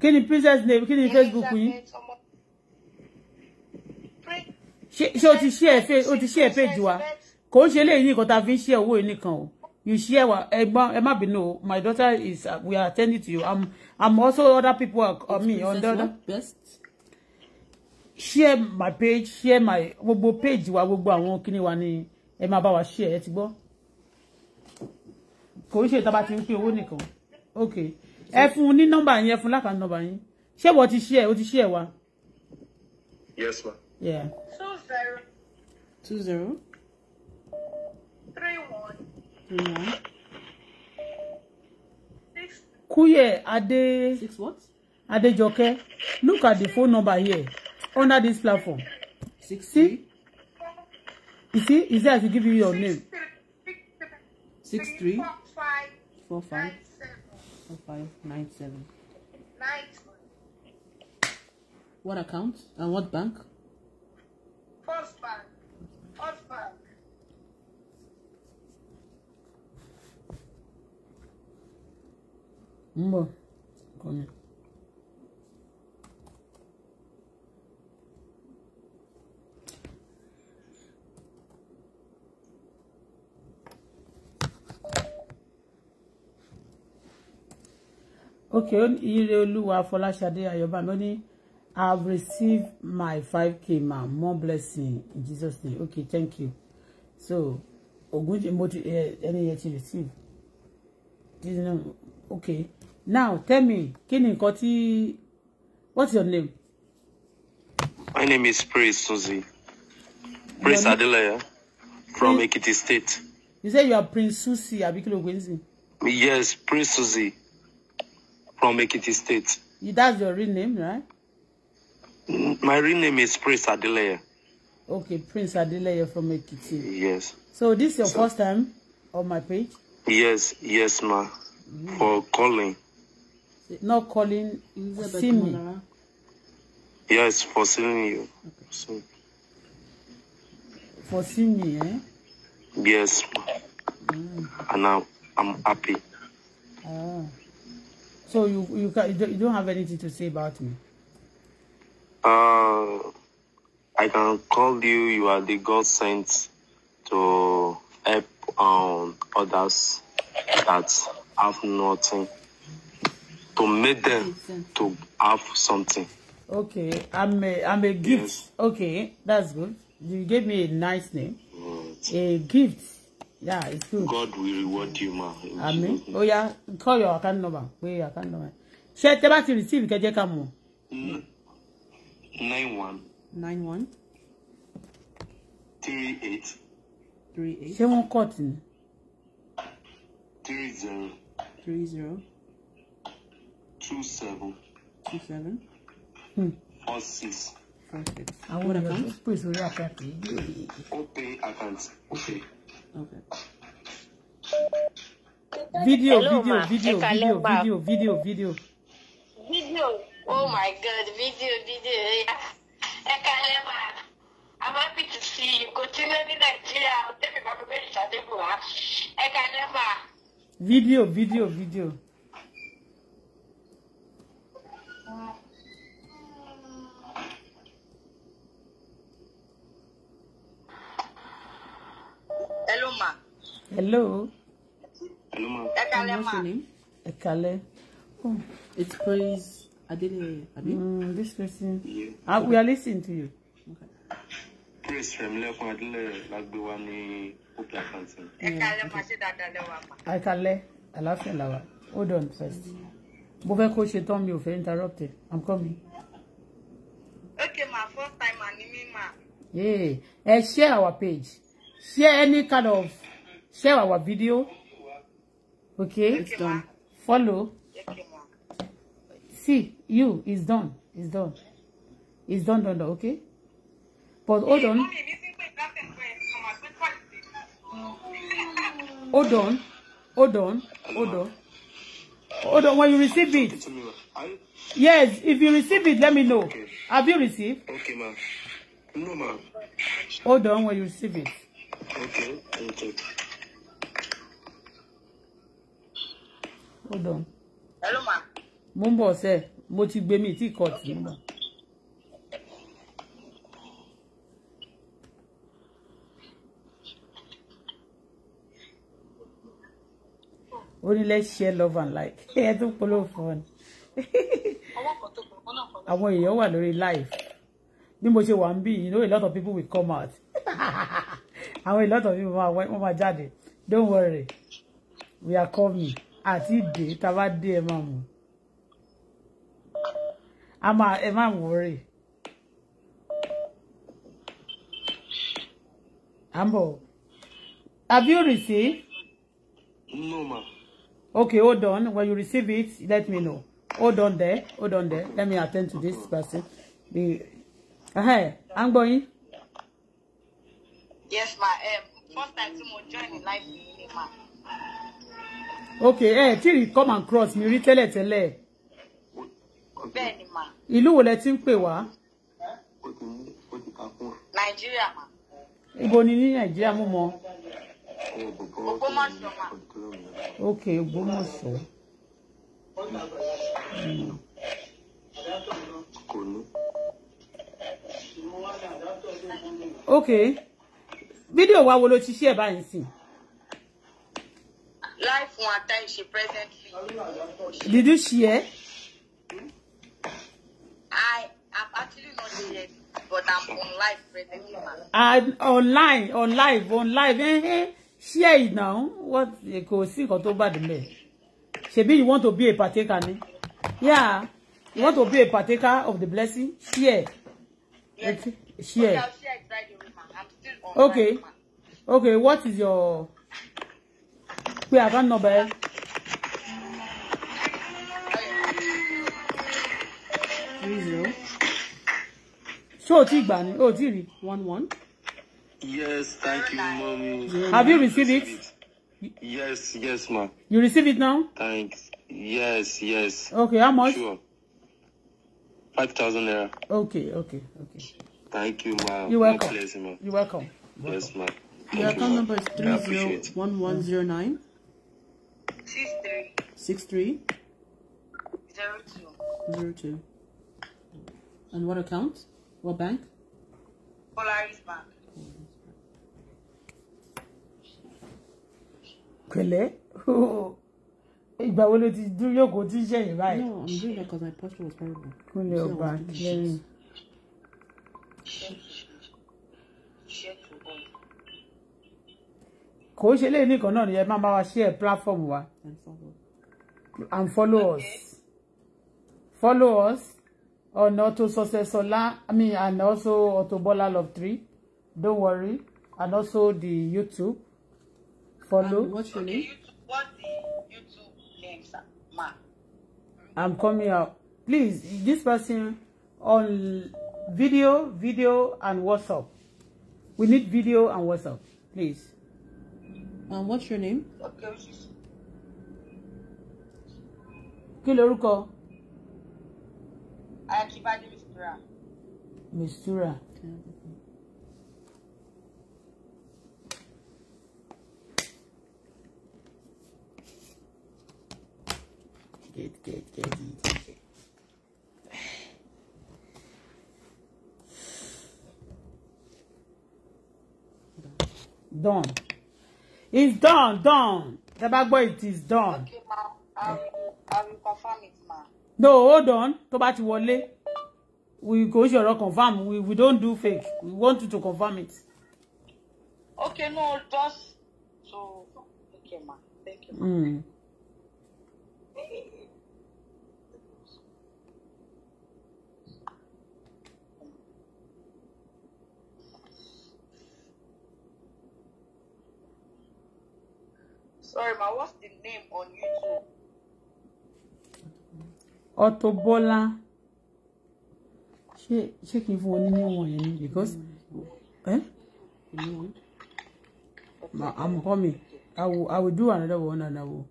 Kí ni princess name? Kí ni Facebook yín? Ṣé o ti ṣí ẹ̀ péjì wa? Kò ń ṣe eléyìí nǹkan tá a fi ń ṣe owó yìí nìkan o. you share wa ẹ̀gbọ́n ẹ má bínú o my daughter is uh, we are attending to you i'm i'm also other people are, are me on the other best share my page share my gbogbo page wa gbogbo àwọn kíní wa ni ẹ máa bá wa share ẹ ti gbọ́ kò ń ṣe ìta bá ti ń pín owó nìkan ok ẹ fún un ní nọ́mbà yín ẹ fún lákà nọ́mbà yín ṣé wọ́n ti share ó ti share wa. yes ma. yeah. two zero. two zero. three one. three one. six. Kuye Ade. six what? Adejoke look at the phone number here. under this platform. 60. See? You see, is that to give you your name? Six three four five four five nine seven. What account and what bank? First bank. First bank. come here. okay ire olúwa fọláṣadé ayọ̀bámi ó ní i have received my five k ma more blessing in jesus name okay thank you so ogun mo ti ẹni yẹn receive this name okay now tell me kí ni nǹkan what's your name. my name is praise suzy praise adelaya from ekiti state. you say you are prince susi abikilo gwenzi. yes Prince suzy from Ekiti State. That's your real name, right? Mm, my real name is Prince Adelaya. Okay, Prince Adelaya from Ekiti. Yes. So this is your so, first time on my page? Yes, yes, ma. Mm. For calling. Not calling, seeing me. Yes, for seeing you. Okay. So. For seeing me, eh? Yes, ma. Mm. And now I'm happy. Ah. So you you can, you, don't, you don't have anything to say about me. Uh, I can call you. You are the God sent to help um, others that have nothing to make them to have something. Okay, I'm a I'm a gift. Yes. Okay, that's good. You gave me a nice name. Mm. A gift. Yeah, it's good. God will reward you, ma. Amen. Oh yeah, call your account number. your account number. Ṣé the bá ti receive kẹ́ jẹ́ ká mọ̀. Nine one. Nine one. Three eight. Three eight. Seven wọ́n Three zero. Three zero. Two seven. Two seven. Hmm. Four six. Four six. Àwọn èèyàn tó pèsè orí àkáǹtì yìí. Ó pe àkáǹtì. Ó Video, video, video, video, video, video, video. Video. Oh my God, video, video. Yeah, Ekalema. I'm happy to see you. Continue ní Nàìjíríà. Tẹ́lifí bàbá bẹ́ẹ̀ ṣàdébùwá. Ẹ kálẹ́ ma. Video, video, video. Hello. Hello, ma'am. Hello, what's your name? Ekale. Oh, it's Praise Adele. Mm, this person. Yeah. Ah, we are listening to you. Okay. Praise Remilekun Adele Lagbewa ní Ope Accounting. Ekale ma ṣe dáadáa lẹ́wà pa. Ekale, àlàáfíà làwà. Hold on first. Mo fẹ́ kó ṣe tán mi ò fẹ́ I'm coming. Okay, ma first time ma ni ma. Yeah. Uh, share our page. Share any kind of share our video okay it's done follow see you it's done it's done it's done done done okay but hold on hold on hold on hold on hold on when you receive it yes if you receive it let me know have you received okay ma'am no ma'am hold on when you receive it okay I'll hold on. hello ma. mo ń bọ̀ sẹ́ mo ti gbé only let's share love and like Hey, tún polówó fún ọ àwọn èèyàn wà lórí live bí mo ṣe wà ń you know a lot of people will come out I want a lot of people wọ́n my daddy, don't worry we are coming àti ìdè tá a bá dé ẹ máa mú a máa ẹ máa wọ rè à ń bọ̀ have you received. no ma. okay hold on when you receive it let me know hold on there hold on there let me attend to this person. Eh, à ń gbọ́ yín. yes ma um, eh, first time tí mo join in life yìí ni ma okay eh, tí ì come and cross mi rí tẹ́lẹ̀ tẹ́lẹ̀. bẹ́ẹ̀ ni mà. Ilu wo lẹ ti ń pè wá. nàìjíríà mà. ibo ni ní nàìjíríà mú mọ. ògbómọ̀ṣọ́ mà. okay ògbómọ̀ṣọ́. kò ní. okay Video wa wo ló ti ṣe ẹ̀ báyìí life one time she presently. Did you share? Hmm? I am actually not there yet, but I'm on live presently. And ah, online, on live, on live. Eh, eh. Share it now. What eh, kò sí nǹkan tó bá dé ńbẹ̀. Ṣebí you want to be a partaker ni? Yeah. You want to be a partaker of the blessing? Share. Yes. Share. Okay, okay, what is your pe account number ẹ. three zero. So, o ti gbà ni o ti rí one one. yes thank you mommy. have you received it. yes yes ma. you receive it now. thanks yes yes. okay how much. sure five thousand naira. okay okay okay. thank you ma. you're welcome you're welcome. yes ma. Your account number is three zero one one zero nine. Six three. Six three. Zero two. Zero two. And what account? What bank? Polaris Bank. Pẹ̀lẹ́. Oh. No, I'm doing that because my posture was terrible. Kúnlẹ̀ ọba back. Ṣé kò ṣe lè nìkan náà nìyẹn máa bá wa share platform wa and follow us follow us on Auto Success I mean and also Auto Bola Love 3 don't worry and also the YouTube follow um, what's your name okay, the YouTube name sir ma I'm coming out please this person on video video and WhatsApp we need video and WhatsApp please Um, what's your name? Kí lorúkọ? Ayakibade Mistura. Mistura. Get get get. Done. It's done, done. The bag boy, it is done. Okay, ma. I will, I will confirm it, ma. No, hold on. Tó bá ti wọlé. We go sure confirm. We, we don't do fake. We want you to confirm it. Okay, no, just so. Okay, ma. Thank you. Ma. Mm. Sorry, ma, what's the name on YouTube? Auto She Ṣé ṣé kí n fún because eh? Ma, I'm coming. I will, I will do another one and I will.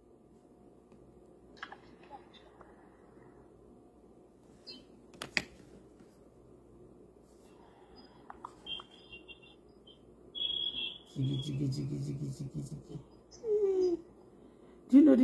Jiggy, jiggy, jiggy, jiggy, jiggy, jiggy.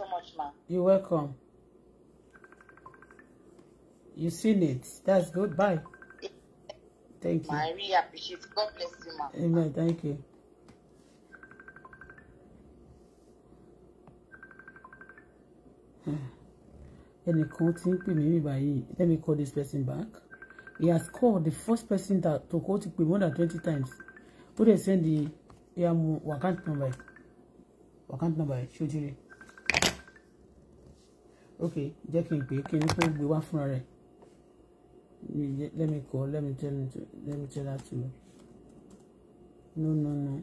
so much, ma. You're welcome. You seen it. That's good. Bye. Thank you. I really appreciate it. God bless you, ma. Amen. Thank you. ẹnìkan tí ń pè mí bíbá let me call this person back he has called the first person that to call to pè more than twenty times Who they send the ìyàmú account number account number ṣojúre ok jẹ́ kí n pè é kí n kó gbé wá fúnra rẹ̀ let me call let me tell let me tell her to no no no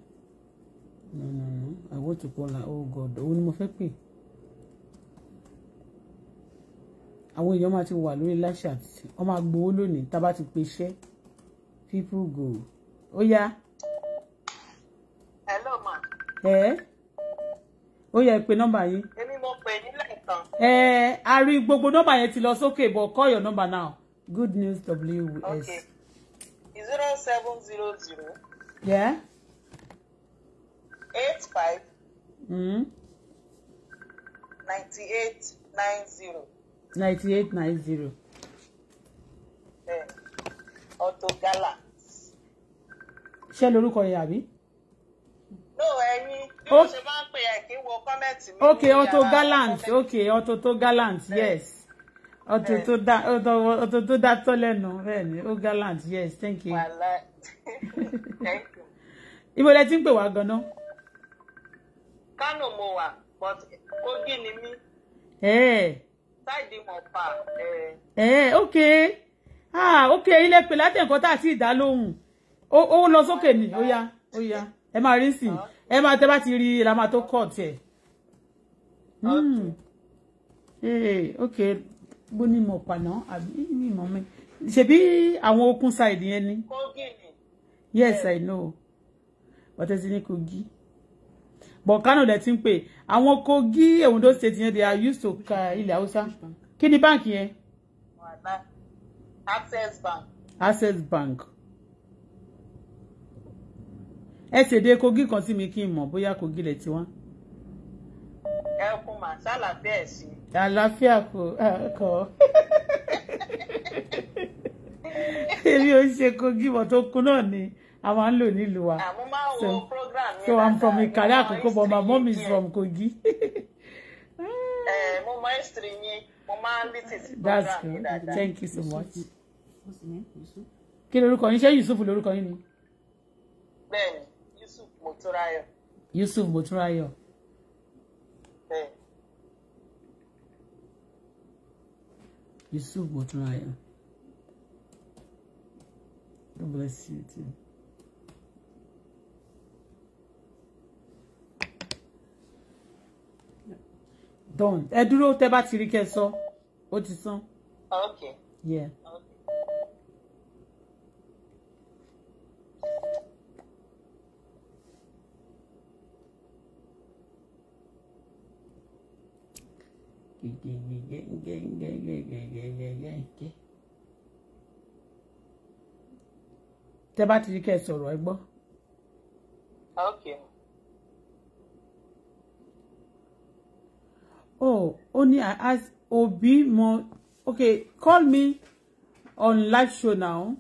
no no no I want to call her oh God òun ni mo fẹ́ pè àwọn èèyàn máa ti wà lórí lashat wọ́n máa gbowó lónìí tá a bá ti pe iṣẹ́ people go ó yá. hello ma. ẹ ó yẹ pé nọ́mbà yín tán. ẹ a rí gbogbo nọ́mbà yẹn ti lọ sókè but call your number now good news ws. okay zero seven zero zero. yeah. eight five. Mm. ninety eight nine zero. ninety eight nine zero. Auto Gallant. ṣé lórúkọ yẹn àbí no ẹ̀yin ok Auto Gallant ok Auto tó Gallant yes Auto tó dá Auto tó dá tọ́ lẹ́nu bẹ́ẹ̀ ó Gallant yes thank you. ibo lẹ ti ń pè wá ganan. Kánò mo wà but Kogi ni mí. sáìdì eh. mọ̀pá. Eh. Eh, ok ah ok ilé pè látẹ̀kọ́ tá a ti dá lóhùn ó lọ sókè ni ó yá ó yá ẹ máa rí sí ẹ máa tẹ́ bá ti rí la máa tó hmm. kọ̀ tiẹ̀. ok bó ní mọ̀ pàná àbí ní mọ̀ mi ṣebí àwọn okun side yẹn ni. Kogi ni. yes i know but ẹ ti ní Kogi but Kano dẹ̀ ti ń pè àwọn Kogi Ondo state yẹn they are used to ilẹ̀ Haúsá kí ni báǹkì yẹn. Access Bank. Access Bank ẹ ṣèdè kogi kan sí mi kí n mọ̀ bóyá kogi lẹ̀ tiwọn. ẹ kú mà sálàfíà ẹ sí. àlàáfíà kò kọ èmi ò ń ṣe kogi mọ̀ tó kún náà ni a máa ń lò nílùú wa so so i'm from Ìkàrẹ́ Àkókò but my mom is from Kogi. Eh, mo mọ history yín mo máa ń visit program yín dáadáa. thank you so much. kí lorúkọ yín ṣé Yusuf lorúkọ yín ni. bẹ́ẹ̀ni. Motúnráyọ̀. Yusuf Motúnráyọ̀. bẹ́ẹ̀. Yusuf Motúnráyọ̀. God bless you too. done ẹ dúró tẹ bá ti rí kẹ sọ okay. yeah. tẹ bá ti rí kẹ sọ̀rọ̀ ẹ gbọ́. oh only I ask obi more. okay call me on live show now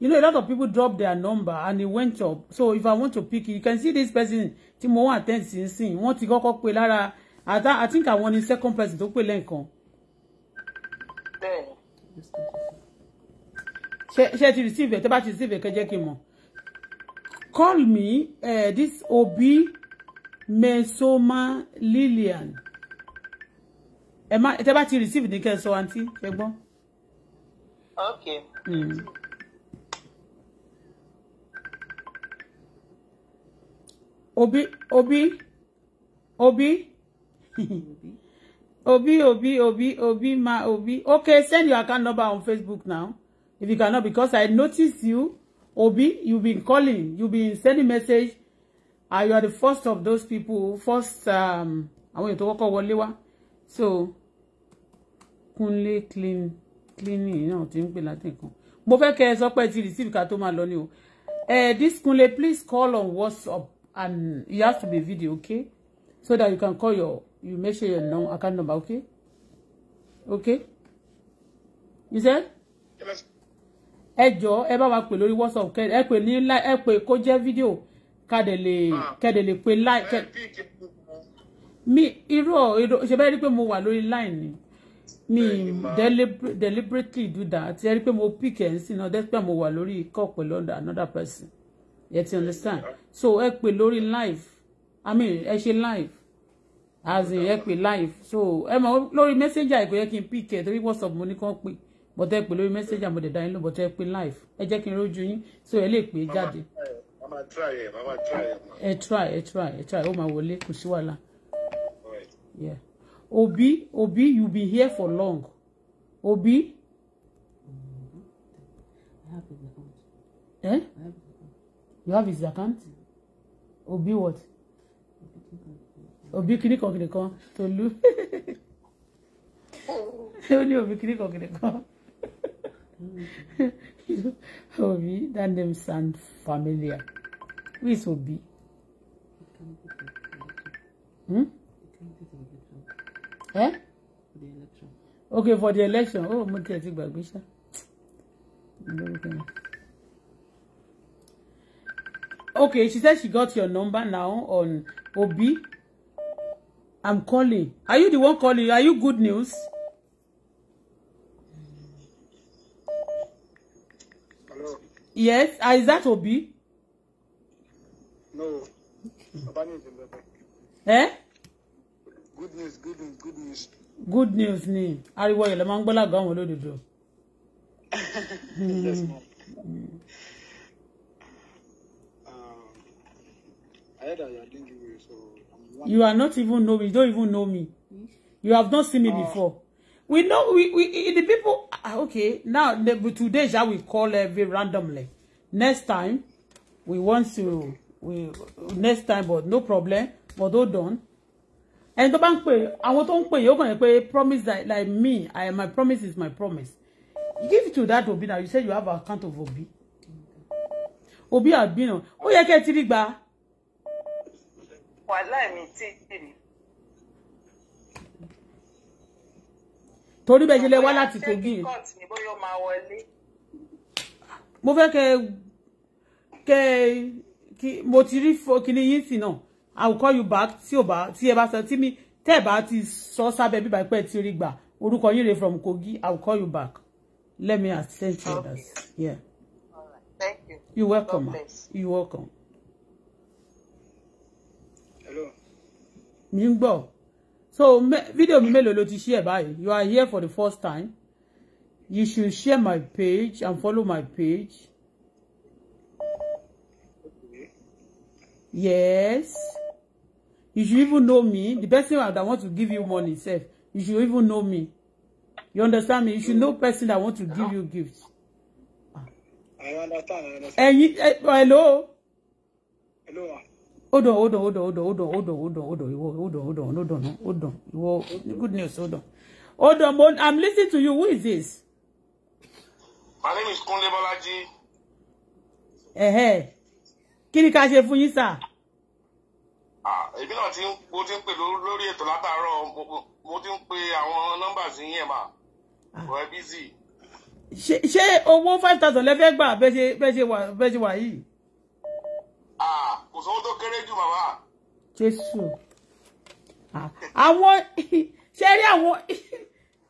you know a lot of people drop their number and it went up so if i want to pick it you can see this person tí mo wan attend sí sí wọn ti kọ́kọ́ àtà I think I àwọn in second person tó pè lẹ́ǹkan. bẹ́ẹ̀ni. ṣe ṣe ti receive ẹ tẹ bá ti receive ẹ kẹ jẹ́ kí n mọ̀ call me uh, this Obi Mesoma Lillian ẹ má tẹ bá ti receive ní kẹ́ sọ àǹtí ẹ gbọ́. Hmm. Obi Obi Obi. Obi, Obi, Obi, Obi, ma Obi. Okay, send your account number on Facebook now. If you cannot, because I noticed you, Obi, you've been calling, you've been sending message. Uh, you are the first of those people, first, um, I want you to walk over Walewa. So, Kunle clean, cleaning, you know, tí ń pè láti nǹkan. Mo fẹ́ kẹ́ ẹ sọ pé ti receive ká tó o. Eh, this Kunle, please call on WhatsApp and it has to be video, okay? So that you can call your you make sure your num account number, okay? Okay? You said? Yes. Ẹ jọ̀ọ́ ẹ bá wa pè lórí WhatsApp kẹ ẹ pè ní láì ẹ pè kó jẹ́ fídíò kàdé lè ah. kẹdẹ lè pè láì kẹ. Mi irú ọ̀ ṣe bẹ́ẹ̀ rí pé mo wà lórí line ni mi deliberately do that ẹ rí pé mo pick ẹ̀ ń sìn náà despite mo wà lórí ikọ̀ pẹ̀lú another person you understand so ẹ pè lórí live I mean ẹ ṣe live as in ẹ pè live so ẹ mọ lórí messenger ẹ kò yẹ kí n pick ẹ torí whatsapp mo ní kàn pè bọ́tẹ́ pè lórí messenger mo dẹ̀ dá yín lò bọ́tẹ́ pè live ẹ jẹ́ kí n rójú yín so ẹ lè pè é jáde. ẹ try ẹ try ẹ try try. ó máa wọlé kò sí wàhálà. Obi Obi you be here for long Obi. Eh? You have his account? Obi what? òbí kìíní kan kìíní kan tolú ó ní òbí kìíní kan kìíní kan òbí that name sound familiar who is òbí. Hmm? Eh? Okay, for the election. Oh, mo tẹ̀ ti gbàgbé ṣá. Okay, she said she got your number now on Obi. I'm calling. Are you the one calling? Are you good news? Hello. Yes. Uh, is that Obi? No. eh? Good news, good news, good news. Good news ni. Are you lọ máa ń gbọ́ lágọ̀ọ́ Yes, ma'am. Mm. I heard that you are doing so. You are not even know me. You don't even know me. You have not seen me oh. before. We know we, we the people ah, ah, okay now the, today shall we call every randomly. Next time we want to we next time but no problem but hold on. And the bank pay. I want to pay. pè yóò kàn ní promise that like me I, my promise is my promise you give it to that Obi now you said you have account of Obi Obi Albino been. yẹ kẹ́ ẹ ti it, gba wàhálà mi tí tèmi. torí bẹ́ẹ̀ ṣe lè wá láti Kogi. mo fẹ́ kẹ́ kẹ́ kí mo ti rí kíní yín sí náà I will call you back tí ò bá tí ẹ bá sọ tí mi tẹ́ ẹ̀ bá ti sọ sábẹ́ bíbá pẹ́ tí rí gbà orúkọ yín rè from Kogi I will call you back let me assist you okay. that yeah. Thank you. You're welcome. You welcome. mi ń gbọ́ so fídíò mi mélòó lo ti share báyìí you are here for the first time you should share my page and follow my page yes you should even know me the best person that want to give you money sef you should even know me you understand me you should know person that want to give you gifts. I understand. I understand. Ẹyin hello. Hello hold on hold on hold on hold on hold on hold on hold on hold on hold on hold on hold on hold on good news hold on hold on I'm listening to you who is this. my name is Kunle Bolaji. ẹ̀hẹ́ kí ni ká ṣe fún yín sà. Ah, èmi náà ti ń mo ti ń pè lórí ètò látàárọ̀ mo ti ń pe àwọn nọ́mbà sí yẹn mà wọ́n ah. ẹ bí zì. ṣé owó five thousand lẹ́fẹ̀ẹ́ gbà bẹ́ẹ̀ ṣe wà yìí. Ah, kò sówó tó kéré jù bàbá. jésù ah, àwọn ṣe rí àwọn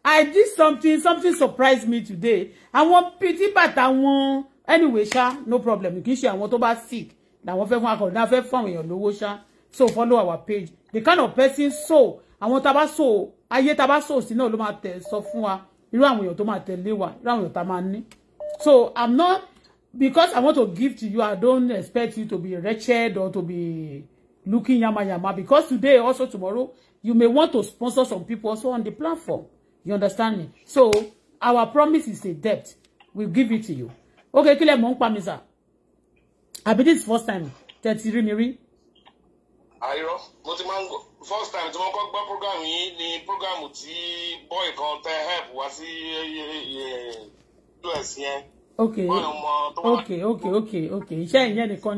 i did something something surprised me today àwọn pití bàtà wọn anyway ṣá no problem kì í ṣe àwọn tó bá sick làwọn fẹ́ fún akọ̀ròdá fẹ́ fún àwọn èèyàn lówó ṣá so follow our page the kind of person so àwọn tá a so ayé tá a so sí náà ló máa tẹ̀ sọ fún wa irú àwọn èèyàn tó máa tẹ̀lé wa irú àwọn èèyàn tá a máa ní so i'm not because I want to give to you, I don't expect you to be wretched or to be looking yama yama. Because today, also tomorrow, you may want to sponsor some people also on the platform. You understand me? So, our promise is a debt. We'll give it to you. Okay, kile lẹ mọ̀ ń pa mi sà. Àbí this first time tẹ́ ti miri. mi rí. Àìrọ̀, mo ti máa First time tí mo kọ́ gbọ́ program yìí ni program tí boy kan tẹ help wá sí eh, eh, eh, US okay okay okay okay okay iṣẹ́ ìyẹn nìkan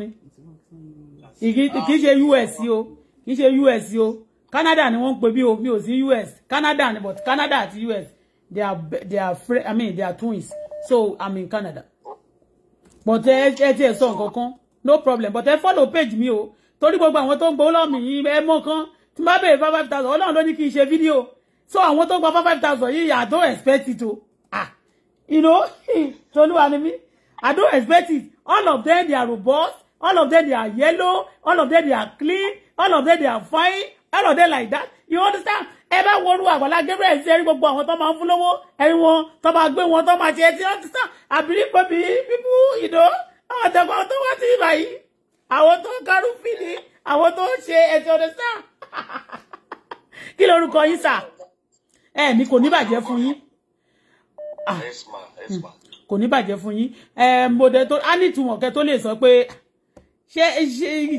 ni kì í ṣe US o kì í ṣe US o Canada ni wọ́n ń pè bí o mi ò sí US Canada ni but Canada àti US they are they are I mean they are twins so I'm in Canada but ẹ ẹ ti ẹ sọ nǹkan kan no problem but ẹ follow page mi o torí gbogbo àwọn tó ń gbowó lọ́mì yìí ẹ mọ̀ kan tí n bá five five thousand ọlọ́run ló ní kí n ṣe fídíò so àwọn tó ń gba five five thousand yìí I don't expect it o you know toluwa ni mi i don't expect it all of them they are robust all of them they are yellow all of them they are clean all of them they are fine all of them like that you understand ẹ bá wọnú Àgbàlá Gabriel ṣe rí gbogbo àwọn tó máa ń fún lówó ẹ̀rí wọn tó máa gbé wọn tó máa ṣe ẹtí understand àbílí pẹ̀lú bíbú ìdó àwọn tẹ̀kọ́ tó wá sí ibà yìí àwọn tó kárú fìlì àwọn tó ṣe ẹtí understand kí lorúkọ yín sà ẹ ní kò ní bàjẹ́ fún yín Ah. Hmm. kò ní bàjẹ́ fún yín eh, mo dẹ tó á ní ìtumọ̀ kẹ tó lè sọ pé ṣé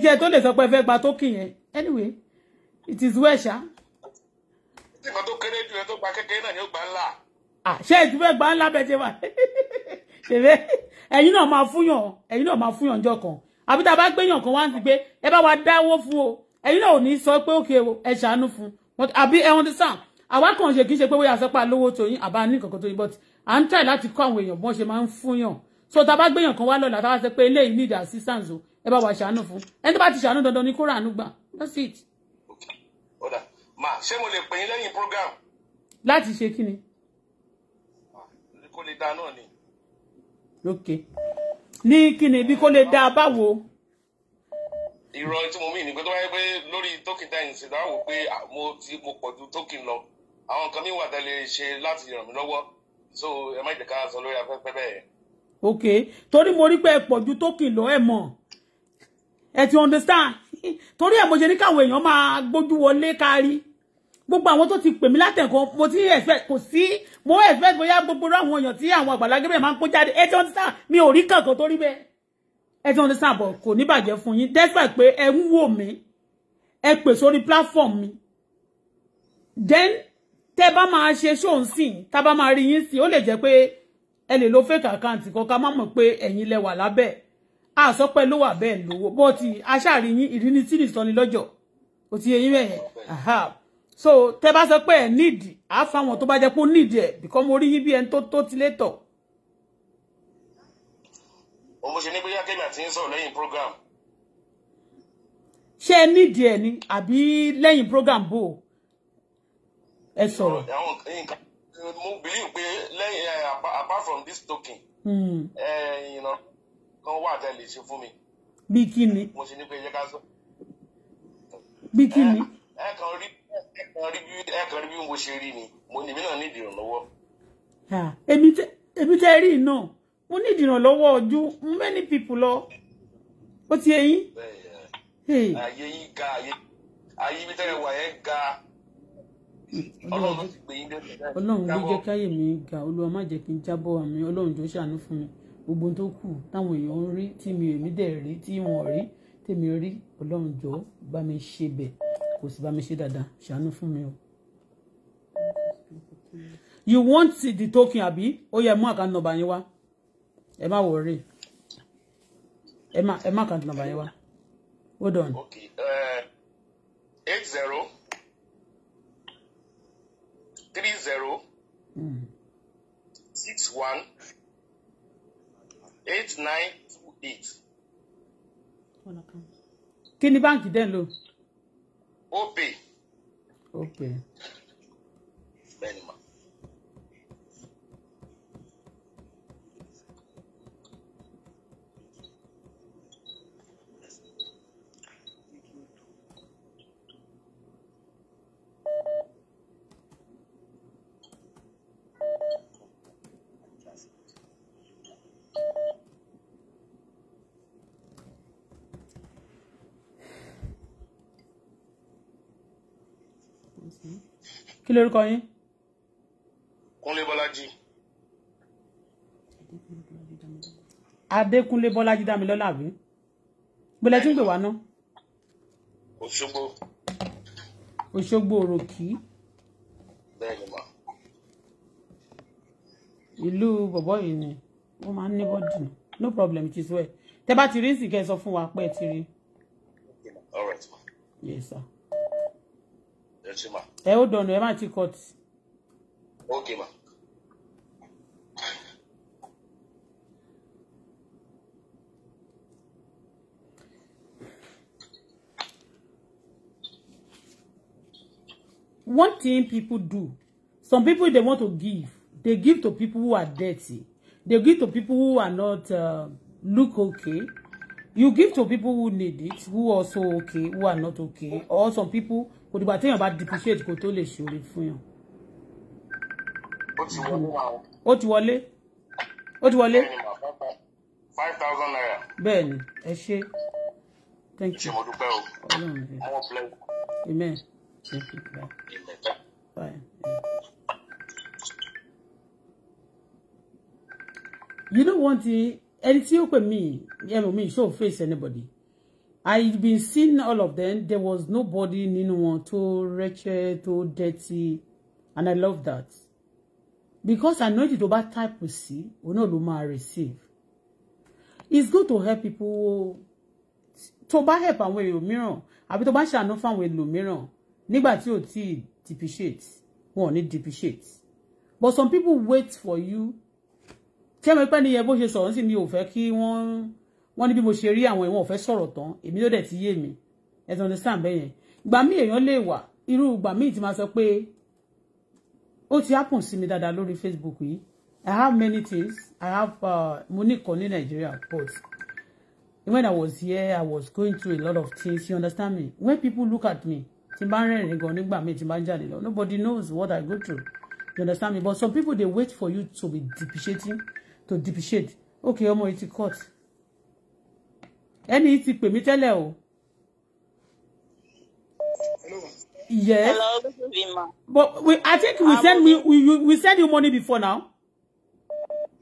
ṣe tó lè sọ pé fẹ́ gba tókì yẹn anyway it is well ṣá. nígbà tó kéré jù ẹ tó gba kékeré náà ni ó gbà ńlá. ṣé ìdúpẹ́ gbà ńlá bẹ́ẹ̀ ṣe wà ṣèlè ẹ̀yin náà máa fúnyàn ẹ̀yin náà máa fúnyàn jọ kan àbí tá a bá gbéyàn kan wá ń ti gbé ẹ bá wa dáwó fún o ẹ̀yin náà ò ní sọ pé òkè o ẹ ṣàánú fún un àbí ẹ understand àwa kàn ṣe kì í ṣe pé wọ́n yà sọ́pà lówó tó yín àbá ní kankan tó yín bọ́tì à ń try láti kọ́ àwọn èèyàn bọ́n ṣe máa ń fúnyàn so tá a bá gbéyàn kan wá lọ́la tá a bá ṣe pé eléyìí need assistance o ẹ bá wa ṣàánú fún ẹni tó bá ti ṣàánú dandan ni kó ràánú gbà that's it. ọ̀dà máa ṣé mo lè pè yín lẹ́yìn program. láti ṣe kí ni. kó lè dáa náà ni. ok ní kí ni ibi kó lè dáa báwo. ìrọ̀ tí mo mí ní pé tó wáyé pé lórí token time ṣe dáwọ́ pé ah, mo pọ̀ ju token lọ àwọn kan mi wà tẹ́lẹ̀ ṣe láti ràn mí lọ́wọ́ so ẹ má jẹ́ ká sọ lórí afẹ́fẹ́ bẹ́ẹ̀. ok torí mo rí pé ẹ pọ̀ ju tókì lọ ẹ mọ̀ ẹ ti understand torí ẹ mo ṣe ní káwọn èèyàn máa gbójú wọlé kárí gbogbo àwọn tó ti pè mí látẹ̀kọ́ mo ti ẹ̀fẹ́ kò sí mo ẹ̀fẹ́ bóyá gbogbo àwọn èèyàn tí àwọn àgbàlagbé bẹ́ẹ̀ máa ń kó jáde ẹ ti understand mi ò rí kankan torí bẹ́ẹ̀ ẹ ti understand bọ̀ kò ní bàjẹ́ fún yín despite pé ẹ ń wò mí ẹ pè sórí platform mi then tẹ́ bá máa ṣe ṣóun sìn tá bá máa rí yín sìn ó lè jẹ́ pé ẹ lè lo fake account kan ká má mọ̀ pé ẹ̀yin lẹ wà lábẹ́ a sọ pé ló wà bẹ́ẹ̀ lówó bọ́ọ̀tì aṣáàrí yín ìrínití nìsọ́ni lọ́jọ́ kò ti yẹ yín bẹ́ẹ̀ yẹn so tẹ́ bá sọ pé ẹ níìdì á fáwọn tó bá jẹ́ pé ó níìdì ẹ̀ bìkọ́ mo rí yín bí ẹni tó tó ti létọ̀. òun mo ṣe ní bóyá kẹ́mi àti ń sọ̀rọ̀ lẹ́yìn program. ṣé ẹ níìdì ẹ ni àbí lẹ́yìn program bò ó ẹ sọ̀rọ̀. mo believe pé lẹ́yìn eh, apart from this token ìrìnà hmm. eh, kan wà tẹ́ lè ṣe fún mi. bí kí ni. mo ṣe ní pé yẹ ká sọ. bí kí ni. Eh, ẹ kàn rí ẹ kàn rí bí ẹ kàn rí bí mo ṣe rí ni mo ní náà ní ìdìrànlọ́wọ́. èmi tẹ́ rí náà mo ní ìdìrànlọ́wọ́ ojú many people lọ ó ti eyín. ayé yìí ga ayé ibi tẹ́lẹ̀ wà yẹn ga ọlọ́run ti gbé yín dẹ́sẹ̀ dáì. ọlọ́run ló jẹ́ káyè mi ga olúwa má jẹ́ kí n jábọ́ àmì ọlọ́run jọ ṣàánú fún mi gbogbo tó kù táwọn èèyàn ń rí tí mi ò mí rí tí wọn rí tèmi rí ọlọ́run jọ bá mi ṣe bẹ̀ kò sì bá mi ṣe dáadáa ṣàánú fún mi o. you want the token àbí ó yẹ mú àkáǹtì nọ́mbà yín wá ẹ má wọrí ẹ má àkáǹtì nọ́mbà yín wá hold on. okay uh, eight uh, zero three zero hmm. six one eight nine two eight. kí ni báǹkì dẹ́n lò. opay. opay. bẹ́ẹ̀ ni ma. lórúkọ yín. Kúnlé Bọ́lájí. Adékúnlé Bọ́lájí Dámilọ́lá àbí gbọlẹ tí ń pè wá ná. Òṣogbo. Òṣogbo òròkì. Bẹ́ẹ̀ni mà. Ìlú bọ̀bọ̀ yìí ni wọ́n máa ń ní bọ́dì no problem it is well tẹ bá ti rí sì kẹ́ ẹ sọ fún wa pé ẹ ti rí. All right. Yes sir. Yes, sir ẹ ó dọ̀nà ẹ má ti cut. ok ma. one thing people do some people they want to give they give to people who are dirty they give to people who are not uh, look okay you give to people who need it who also okay who are not okay or some people kò dìgbà téèyàn bá depreciate kó tó lè ṣòro fún yàn. ó ti wọlé ó ti wọlé. five thousand naira. bẹ́ẹ̀ni ẹ ṣe thank you. ọlọ́run rẹ amen. thank you bye. bye. you know one thing ẹni tí ó pè mí ẹnu mi show face anybody. I've been seeing all of them. There was nobody nínú wọn too wretched, too dirty, and I love that. Because I know the tó bá type We òun náà ló máa receive. It's good to help people. to buy help and àwọn ẹlòmíràn, àbí tó bá ṣàánú fun with nígbà tí ò tíì depreciate, wọn ò ní depreciate. But some people wait for you. Ṣé mo pẹ́ ní iye bó ṣe sọ̀rọ̀ sí mi ò fẹ́ wọ́n ní bí mo ṣe rí àwọn ẹ̀wọ̀n ọ̀fẹ́ sọ̀rọ̀ tán èmi ló dẹ̀ ti yé mi ẹ̀ tán understand yẹn ìgbà míì èèyàn lè wà irú ìgbà míì ti máa sọ pé ó ti happen sí mi dáadáa lórí Facebook yìí I have many things I have uh, mo ní kan ní Nigeria but when I was here I was going through a lot of things you understand me when people look at me tí bá ń rẹ̀rìn gan nígbà míì tí bá ń jáde lọ nobody knows what I go through you understand me but some people dey wait for you to be depreciating to depreciate okay ọmọ yìí ti cut ẹni tí pè mí tẹ́lẹ̀ o. yes Hello, but we i think we send me we, we send you money before now.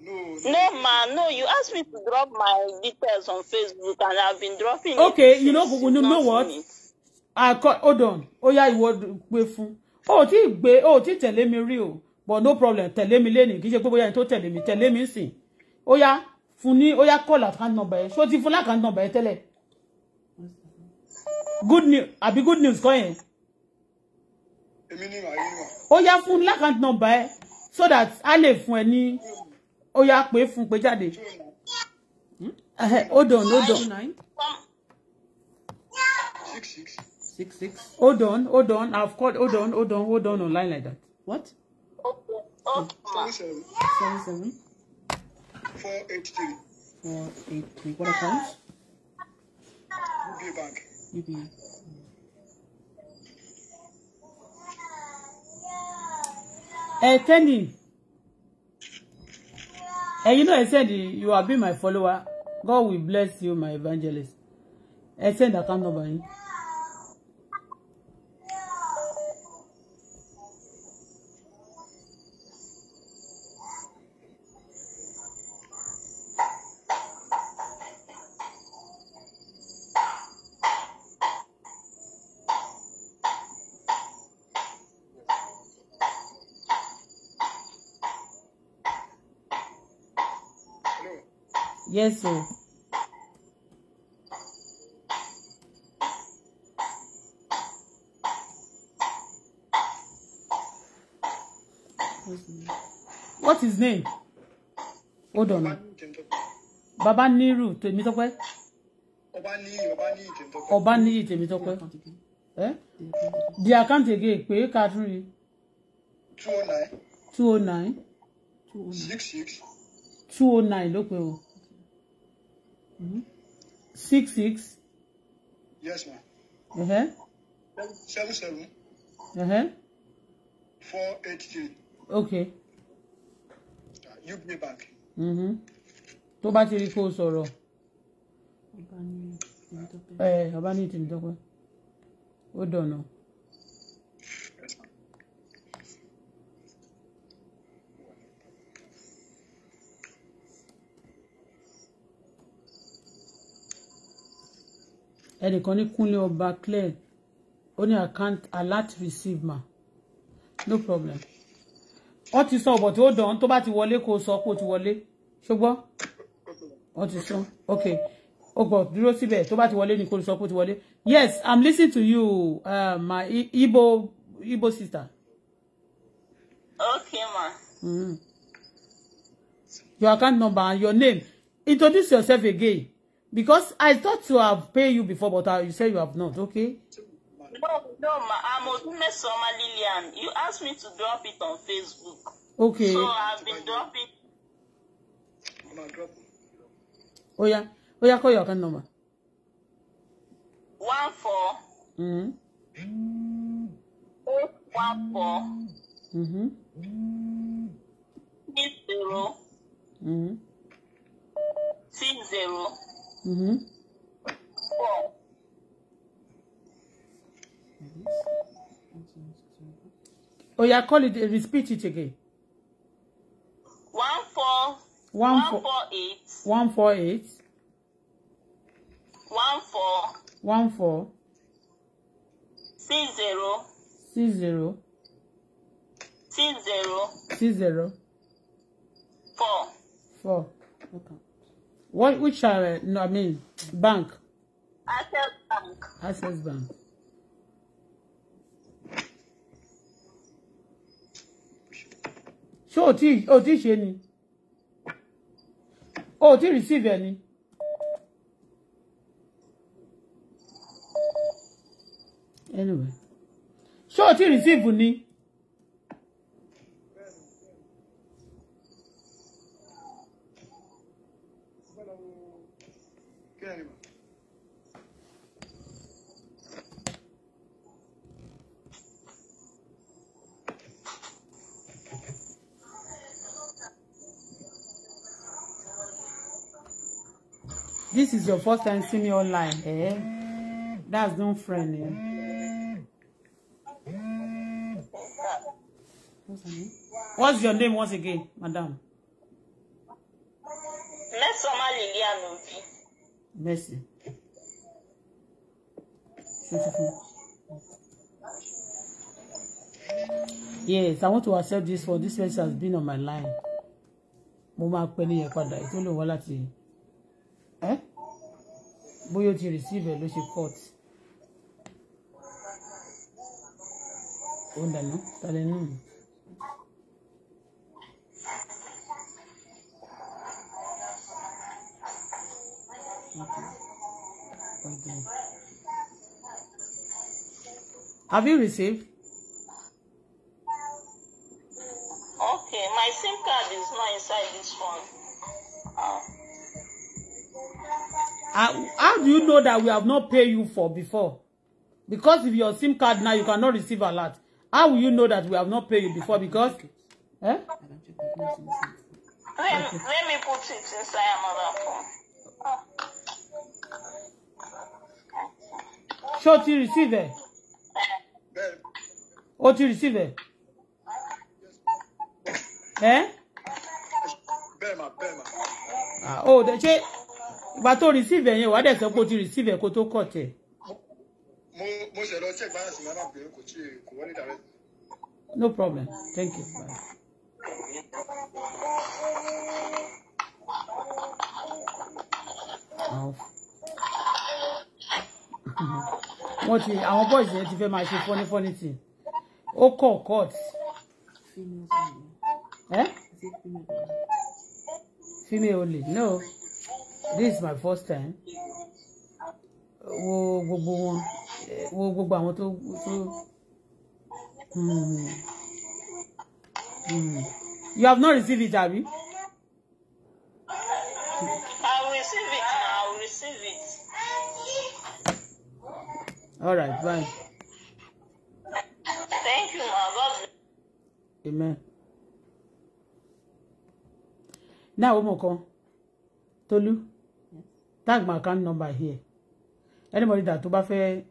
No, ma, no, you asked me to drop my details on Facebook and I've been dropping okay, it. Okay, you know, you know what? I call, hold on. Ó yá, ìwọ gbé fún. Ó ti gbé, ó ti tẹ̀lé mi rí But no problem, tẹ̀lé mi lẹ́ni. Kì í ṣe pé bóyá ẹni tó tẹ̀lé mi, tẹ̀lé mi sìn. Ó yá, fún ní ó yá call account number yẹn ṣó ti fún lákàá number yẹn tẹ́lẹ̀ good news àbí good news kọ́ yẹn. èmi ni màá yín wà. ó number yẹn so that a lè fún ẹ ní ó yá pé fún pé jáde. hold on hold on. Six six. Six six. Hold on, hold on. I've called. Hold on, hold on, hold on online like that. What? Oh, oh, seven seven. 483. 483. What account? UB Bank. UB. Hey, eh, Kendi. Eh, hey, you know, I said you have been my follower. God will bless you, my evangelist. I eh, send account number in. yes o. what is name hold on baba niru Tèmítọ́pẹ́ ọba niyi Tèmítọ́pẹ́ eh the account again pé Catherine two oh nine two oh nine six six two oh nine ló pe six six. yes ma. Uh -huh. seven seven. Uh -huh. four eight three. okay. Uh, UBA bank. Mm-hmm. tó bá ti rí kó o Eh, ọba ní ìtìmítọ́pẹ́. ọba ní ìtìmítọ́pẹ́ ó dọ̀nà. No. ẹnìkan ní kúnlé ọba clear ó ní account alert receive ma no problem wọ́n ti sọ ọ̀bọ̀ tí ó dàn tó bá ti wọlé kó o sọ pé o ti wọlé ṣùgbọ́n wọ́n ti sọ ok o gbọ́ dúró síbẹ̀ tó bá ti wọlé ni kó o sọ pé o ti wọlé yes i'm listening to you uh, my igbo igbo sister. okay ma. Mm. your account number and your name introduce yourself again. Because I thought to have paid you before, but uh, you said you have not, okay? No, no, ma. I'm Odumesoma Lillian. You asked me to drop it on Facebook. Okay. So I've been dropping. Oh yeah. Oh yeah, call your account number. One four. Mm-hmm. Oh, one four. Mm-hmm. Six zero. Mm-hmm. Six zero. Mm-hmm. Oh, yeah, call it, uh, repeat it again. One four. One, one four, four eight. One four eight. One four. One four. Six zero. Six zero. Six zero. Six zero. Four. Four. Okay. What which are uh, no I mean bank? Access Bank. Access Bank. So o did o ti ṣe ni o ti receive any? anyway so o ti receive any? is your first time seeing me online, eh? That's no friend, eh? What's, your name once again, madam? Mesoma Lilian Obi. Mercy. Yes, I want to accept this for this person has been on my line. Mo máa pẹ́ níyẹn padà, ìtọ́lẹ̀ wọ́n Eh? bóyá o ti receive ẹ̀ ló ṣe cut. ó dànù tàlẹ́ náà. Have you received? Okay, my SIM card is not inside this one. Uh. Ah. How, do you know that we have not paid you for before? Because if your SIM card now, you cannot receive alert. How will you know that we have not paid you before? Because, eh? Let, me put it inside another phone. Ṣé o receive it. What you receive it? Eh? Bẹ́ẹ̀ ma, bẹ́ẹ̀ Ah, oh, ṣé ìgbà tó receive ẹ̀ yẹn wàá dẹ̀ sọ pé o ti receive ẹ̀ kó tó kọ̀ mo mo ṣe lọ check balance mi alábìrin kò tí kò wọlé direct. no problem thank you. Bye. wọ́n ti àwọn boys yẹn ti fẹ́ máa ṣe fọ́ní fọ́ní tì ó kọ̀ court. female olè eh? no this is my first time wo gbogbo wọn wo gbogbo àwọn tó tó hmm, hmm. you have not received it abi. I will receive it. I will receive it. All right, bye. Thank you, my God. Amen. Now, Omoko. Tolu tag my account number here anybody that tó bá fẹ́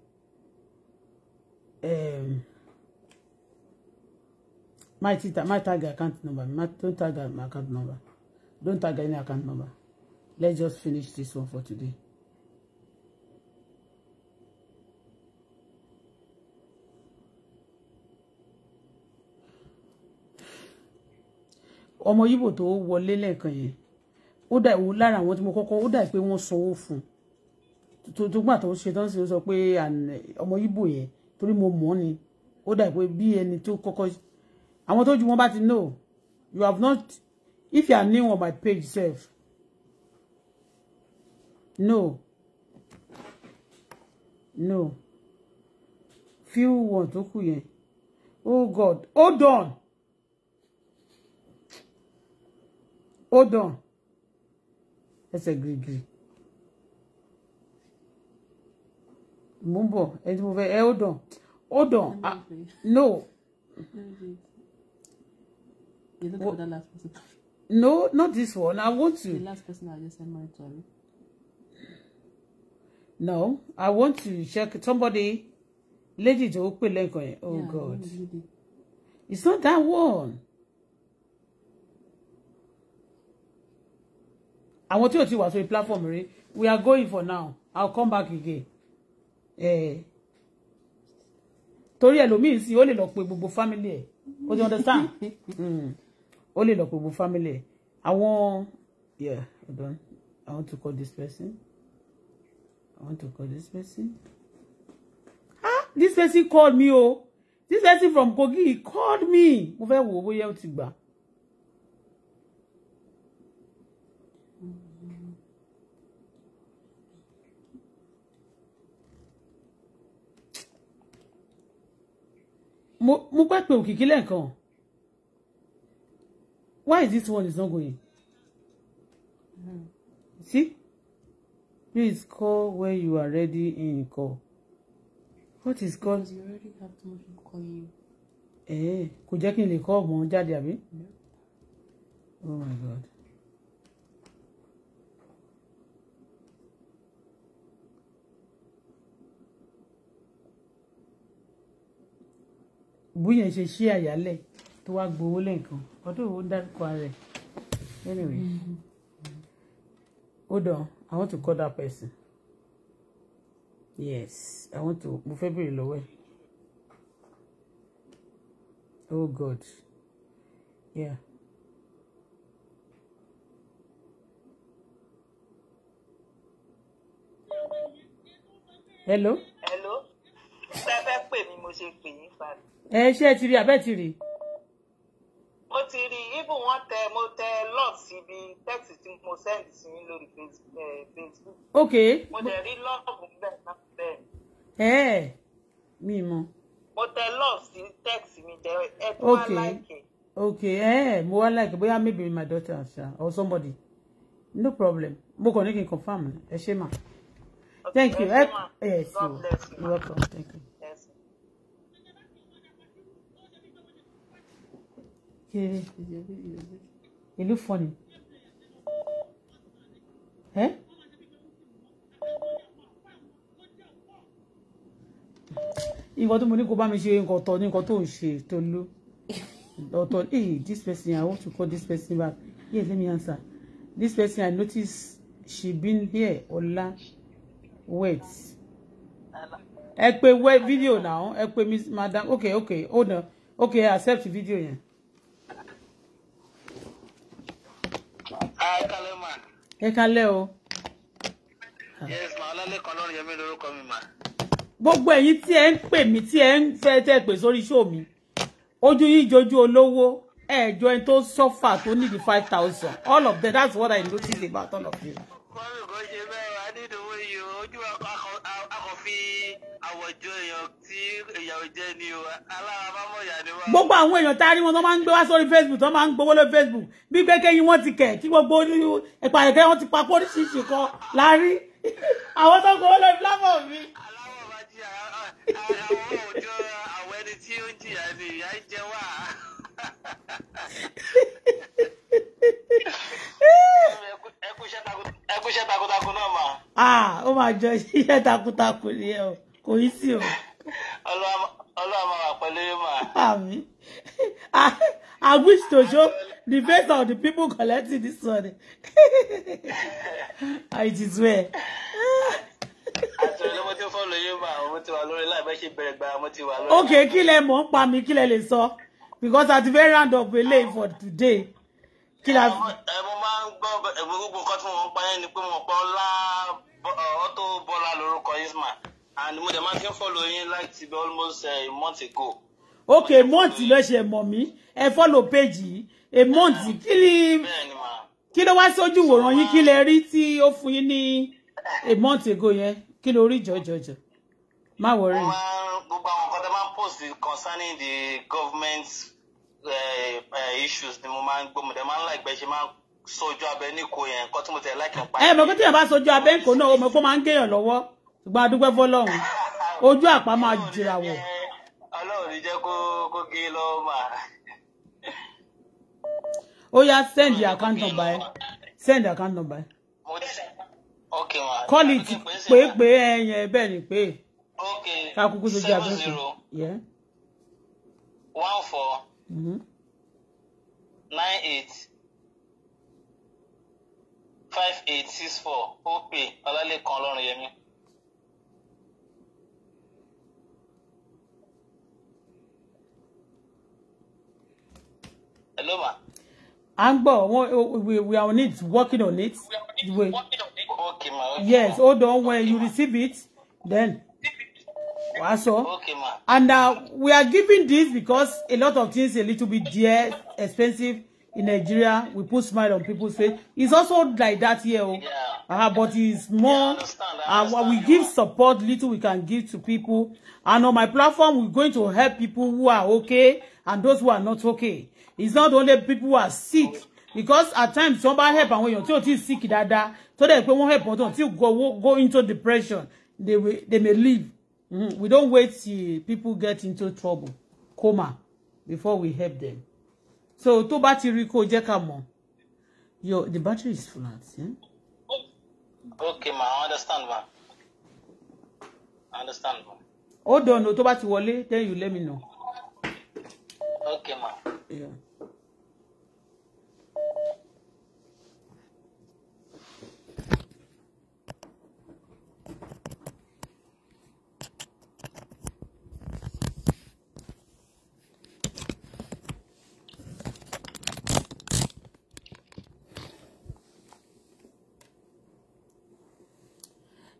my tita my tag account number my don't tag my account number don't tag any account number let's just finish this one for today. ọmọ yíbò tó wọlé lẹ́ẹ̀kan yẹn ó dà ìwò lára àwọn tí mo kọ́kọ́ ó dà pé wọ́n sanwó fún un tó gbà tó ṣe tán sí ó sọ pé eh, ọmọ Ìgbò yẹn torí mo mọ̀ ni ó dà pé bí ẹni tó kọ́kọ́ àwọn tó ju wọn bá ti know you have not if you are new on my page sef no no few one tó kù yẹn oh God hold on hold on ẹsẹ̀ gírígírí mò ń bọ̀ ẹni tí mo fẹ́ ẹ ó dàn ó dàn no no not this one I want to. last person I just sent money to. No, I want to check somebody lady to pè lẹ́kọ̀ọ́ yẹn oh yeah, God it's not that one. àwọn tí ò ti wà sórí platform rẹ we are going for now i'll come back again torí ẹlòmíì sí ó lè lọ pe gbogbo family ẹ o ti understand hmm. ó lè lọ pe gbogbo family ẹ àwọn yeah hold on i want to call this person i want to call this person ah this person called me o oh. this person from Kogi called me mo fẹ́ wò ó bóyá ó ti gbà. mo pẹ́ pé òkìkí lẹ́ẹ̀kan why is this one is not going mm. see please call when you are ready in call what is call. because you already have too much you. ẹ eh, kò jẹ́ kí n lè kọ́ ọ̀gbọ́n jáde àbí. oh my god. búyẹn ṣe ṣí àyálẹ̀ tó wá gbowó lẹ́ǹkan ọdún òun dárúkọ rẹ̀ anyway mm-hmm. hold on I want to call that person yes I want to mo fẹ́ béèrè lọ́wọ́ ẹ̀ oh God yeah. hello. hello. ṣé fẹ́ pè mí mo ṣe pè yín padà ẹ ṣé ẹ ti rí abẹ́ ti rí. mo ti rí ibù wọn tẹ mo tẹ love síbi tẹ́ẹ̀tì tí mo send sí yín lórí eh, facebook. mo dẹ̀ rí love bẹ́ẹ̀ náà bẹ́ẹ̀. ẹ ẹ mi mọ. mo tẹ love sí tẹ́ẹ̀tì mi jẹ ẹ tó wá láìkè. ok ẹ ẹ mo wá láìkè bóyá maybe my daughter or somebody no problem mo kàn ní kí n confam ẹ ṣé ma. Okay, thank you. Yes, you. welcome. Thank you. Yeah, you look funny. Eh? nǹkan tó mo ní kó bá mi ṣe nǹkan tó ní nǹkan tó ń ṣe tó ń lò ọ̀tọ̀ hey this person I want to call this person back yes let me answer this person I notice she been here ọ̀la wait ẹ pè wẹ video now ẹ pè miss, madam okay okay hold on okay accept video yẹn. Yeah. ẹ kálẹ́ mà. ẹ kálẹ́ o. yes ma ọlálẹ́kan lọ́rùn yẹmí lórúkọ mi mà. gbogbo ẹ̀yin tí ẹ ń pè mí tí ẹ ń fẹ́ tẹ́ pè sórí show mi ojú yìí jojú olówó ẹ̀ẹ́dọ́ ẹni tó sọ́fà tó níbi five thousand all of them that's what I know. notice about all of you. kọ́rin kò ṣe bẹ́ẹ̀ wá adédọwọ yìí o ojú akọfí àwọjọ èèyàn tí ìyàwó jẹ ni o alára mámọ ìyá ni wá. gbogbo àwọn èèyàn tá a rí wọn tó máa ń gbé wá sórí facebook tó máa ń gbowó lórí facebook bí gbẹkẹyìn wọn ti kẹ kí gbogbo ìpàdé wọn ti pa kó oríṣiríṣi kan láàárín àwọn tó gbowó lórí fúlámọ mi. aláwọ̀ bá jí àwọn òjò àwọn ẹni tí ó ń jìyà ni ìyá ń jẹ wá. ẹ kú iṣẹ́ takuntakun náà mà. Ah, ó máa jọ iṣẹ́ takuntakun ni ẹ o kò yí sí o. ọlọ́run máa wà pẹ̀lú yín mà. Ah, I wish to show the face of the people collecting this money. Ah, it is well. Okay, kí lẹ mọ̀ ń pa mi kí lẹ lè sọ because at the very end of the day for today kí la. ẹ mo máa ń gbọ́ ẹ̀bùn gbogbo nǹkan tí mo ń pa yẹn ni pé mo pọ́ lá Auto Bola lórúkọ isma and mo dẹ̀ máa fi ń follow yín láti bí almost eh, a month ago. ok month ló ṣe mọ̀ mí ẹ follow page a month kí ni kí ló wá sójú wòran yín kí lè rí tí ó fún yín ní a month ago yẹn kí ló rí jọjọjọ má wọrí. gbogbo àwọn nǹkan tó máa ń post concerning the government Eh, eh, issues ni mo máa ń gbọ́ mo dẹ̀ máa ń láì gbẹ́ ṣe máa ń sojú abẹ ní ko yẹn nǹkan tí mo tẹ̀ láìkẹ́ pa. ẹ mọ̀ pé tí yẹn bá sojú abẹ ń kó náà o mọ̀ pé ó máa ń gé èèyàn lọ́wọ́ ṣùgbọ́n adúgbẹ́ ojú àpá máa jìrà wọ̀. ọlọ́run ní jẹ́ kó kó gé e lọ́wọ́ máa. ó yá send your account number ẹ send your account number ẹ. ok ma. kọ́lì ti pé pé ẹyẹ bẹ́ẹ̀ ni pé. ok seven zero. one four. Mm-hmm. nine eight five eight six four opay ọlálẹ́kan ọlọ́run-yẹmí. hello ma. à ń gbọ́ we we are on it working on it. we are on it working on it. okay ma. okay yes hold on when you receive it then also. Okay, ma. And uh, we are giving this because a lot of things a little bit dear, expensive in Nigeria. We put smile on people's face. It's also like that here. Oh. Yeah. Uh, but it's more, yeah, I understand, I understand, uh, we give support, little we can give to people. And on my platform, we're going to help people who are okay and those who are not okay. It's not only people who are sick. Because at times, somebody help and when you're still tí sick dáadáa, tó dẹ̀ pé wọ́n help wọn tó ti go, go into depression. They, they may leave. Mm-hmm. We don't wait till people get into trouble, coma, before we help them. So tó battery ti rí kó jẹ́ Yo, the battery is flat. Yeah? Oh, okay, ma, I understand, ma. I understand, ma. Hold on, tó battery ti then you let me know. Okay, ma. Yeah.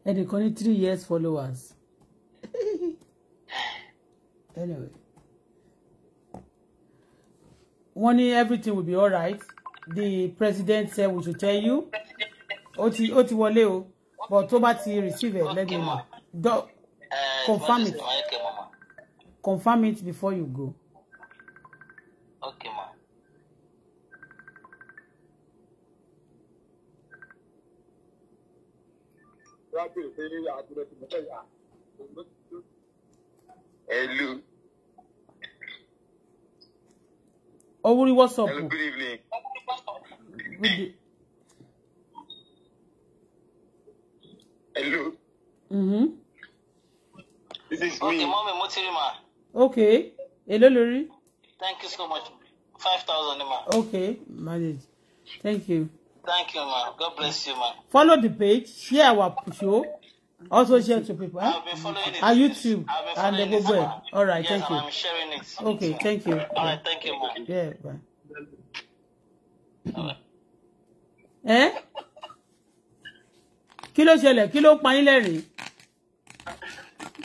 And ẹnìkan ní three years followers anyway one ní everything will be alright the president said we should tell you Oti Oti Waleo, but tó bá receive it let me know eh, confirm it confirm it before you go. hello. owurri what's up. hello good evening. good hello. Mm-hmm. this is okay mọ́mi mo okay èló lórí. thank you so much five thousand ma. okay manage thank you. Thank you, ma. God bless you, ma. Follow the page, share our show, also share to people. Huh? I'll be following it. Our YouTube and the Google. All right, yes, thank you. I'm sharing it. Okay, thank you. All right, thank you, ma. Yeah, bye. Eh? Kí ló ṣẹlẹ̀? Kí ló pa yín lẹ́rìn?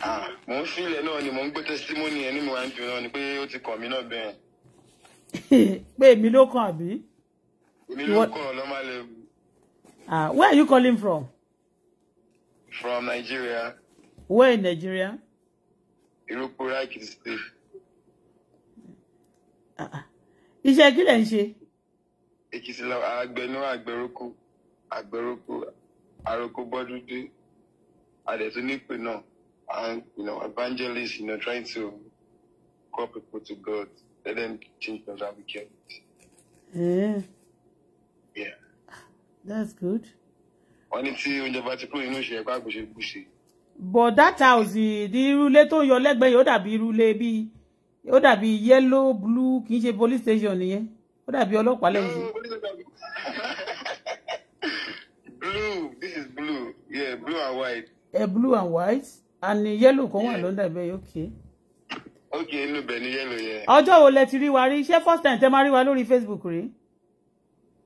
Ah, mo ń filẹ̀ náà ni mo ń gbé testimony ẹni mi wá ń fi náà ni pé ó ti kàn mí náà bẹ́ẹ̀. Pé èmi ló kàn àbí? What? Uh, where are you calling from? From Nigeria. Where in Nigeria? Irukura, Ekiti State. Ah, ah. Iṣẹ́ kí lẹ̀ ń ṣe? Èkìtì lọ àgbẹ̀nú àgbẹ̀rókò àgbẹ̀rókò àròkò bọ́dúdé àdẹ̀tún nípè náà and you know evangelists you know trying to call people to God let them change their behavior. Yeah. That's good. But that house, the bá ti your nínú ìṣẹ̀yẹ bá But that house di irúlé tó yọ lẹ́gbẹ̀ẹ́ yìí ó yellow blue kì police station nìyẹn ó dàbí ọlọ́pàá lẹ́yìn. blue this is blue yeah blue and white. A eh, blue and white and yellow kan wà lọ́dà bẹ́ẹ̀ okay. okay inú bẹ̀ yellow yẹn. ọjọ́ wo you ti rí wa rí first time tell me, rí Facebook rí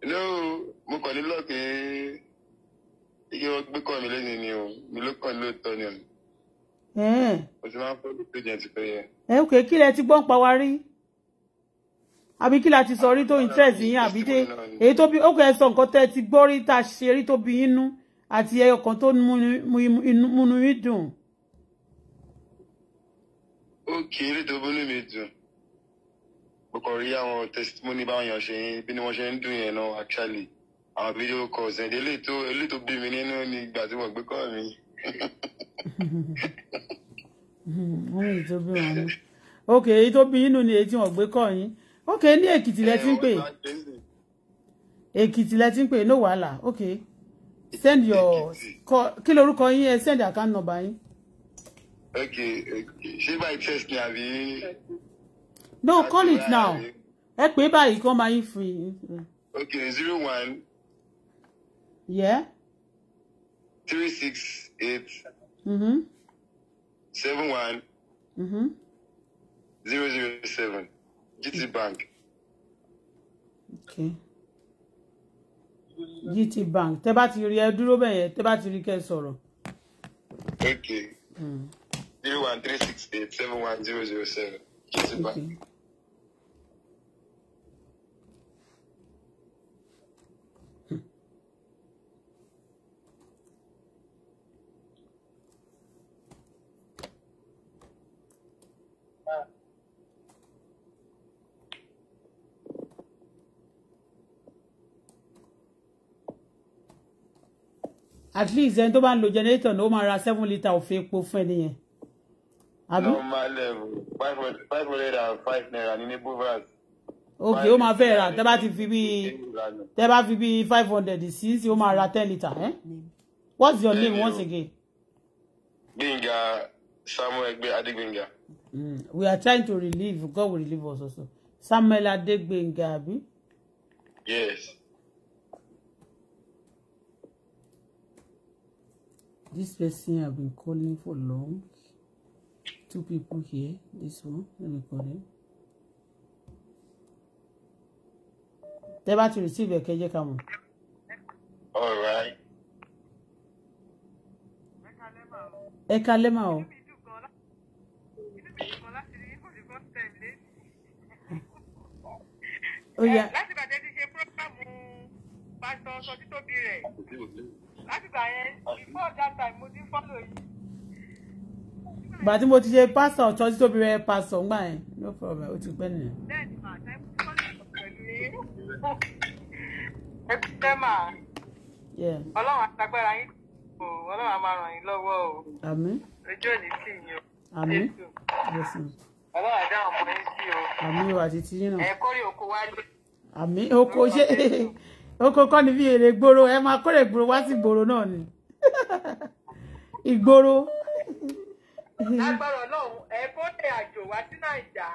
ló mo kàn ní lọ́ọ̀kì kí wọ́n gbé kọ́ mi lẹ́yìn ni o mi ló kàn lóòótọ́ ni o. mo ti máa ń fọ́ọ̀lù pé jẹ́ ti pé yẹ. ẹ ok kí lẹ ti gbọ́n pa wá rí àbí kí la ti sọ rí tó interest yín àbí dé èyí tó bí ó kẹ́ ẹ sọ nǹkan tẹ́ ẹ ti gbọ́ rí tá a ṣe rí tó bí inú àti ẹyọ kan tó múnú mi dùn. ó kì í rí tó múnú mi dùn mo kàn rí àwọn testimony báwọn èèyàn ṣe ń bí wọ́n ṣe ń dùn yẹn náà actually àwọn video calls ẹ̀ eléyìí tó bí mi nínú ni ìgbà tí mo gbé kọ́ mi. ok èyí tó bí inú ni èyí tí wọ́n gbé kọ́ yín ok ní èkìtì lẹ ń pè èkìtì lẹ ń pè no wàhálà ok send your kí lorúkọ yín ẹ send account number yín. ok ṣé báyìí text ni àbí no call it now ẹ pè báyìí kó máa yín fún okay zero one. yeah. three six eight. Mm-hmm. seven one. Mm-hmm. zero zero seven GT Bank. okay. GT Bank tẹ bá ti rí ẹ dúró bẹ́ẹ̀ yẹn tẹ bá ti rí kẹ́ sọ̀rọ̀. okay. Mm. zero one three six eight seven one zero zero seven GT okay. Bank. at least ẹni tó bá ń lo generator ni ó máa ra seven litre of epo fún ẹni yẹn. àbí. normal level five hundred and five naira ní níbo verse. ok ó máa fẹ́ ra tẹ́ bá ti fi bíi tẹ́ bá fi bíi five hundred sí ó máa ra ten litre. Eh? what's your name once again. Gbenga Samuel Gbe Adegbenga. Hmm, we are trying to relieve. God will relieve us also. Samuel Adegbenga, abi? Yes. This person I've been calling for long. Two people here. This one, let me call him. They want to receive a KJ Kamu. All right. Ẹ kalẹ́ mà o. Ó Láti bàtẹ́ ti ṣe púrógámù pásítọ̀ sọ títóbi rẹ̀ láti gbà yẹn before that time mo ti fọ́lọ̀ yìí. ìgbà tí tóbi rẹ pásítọ̀ ń gbà yẹn no problem ó ti pẹ́ nìyẹn. bẹ́ẹ̀ni màá tẹ́ fọ́lọ̀ pẹ̀lú yín ẹkú tẹ́ màá. ọlọ́run àtàgbára yín o ọlọ́run á máa ràn yín lọ́wọ́ o. àmín. ojú òní sì yín o. àmín. ọlọ́run àdá ọmọ yín sí o. àmín o àti tiyín náà. ẹ̀kọ́ rí oko wálé. àmín oko ṣe oko kọ́ ni bí èrè gbòòrò ẹ máa kórè gbòòrò wá sí gbòòrò náà ni ìgboro. lágbára ọlọ́run ẹ kórè àjò wá sí nàìjà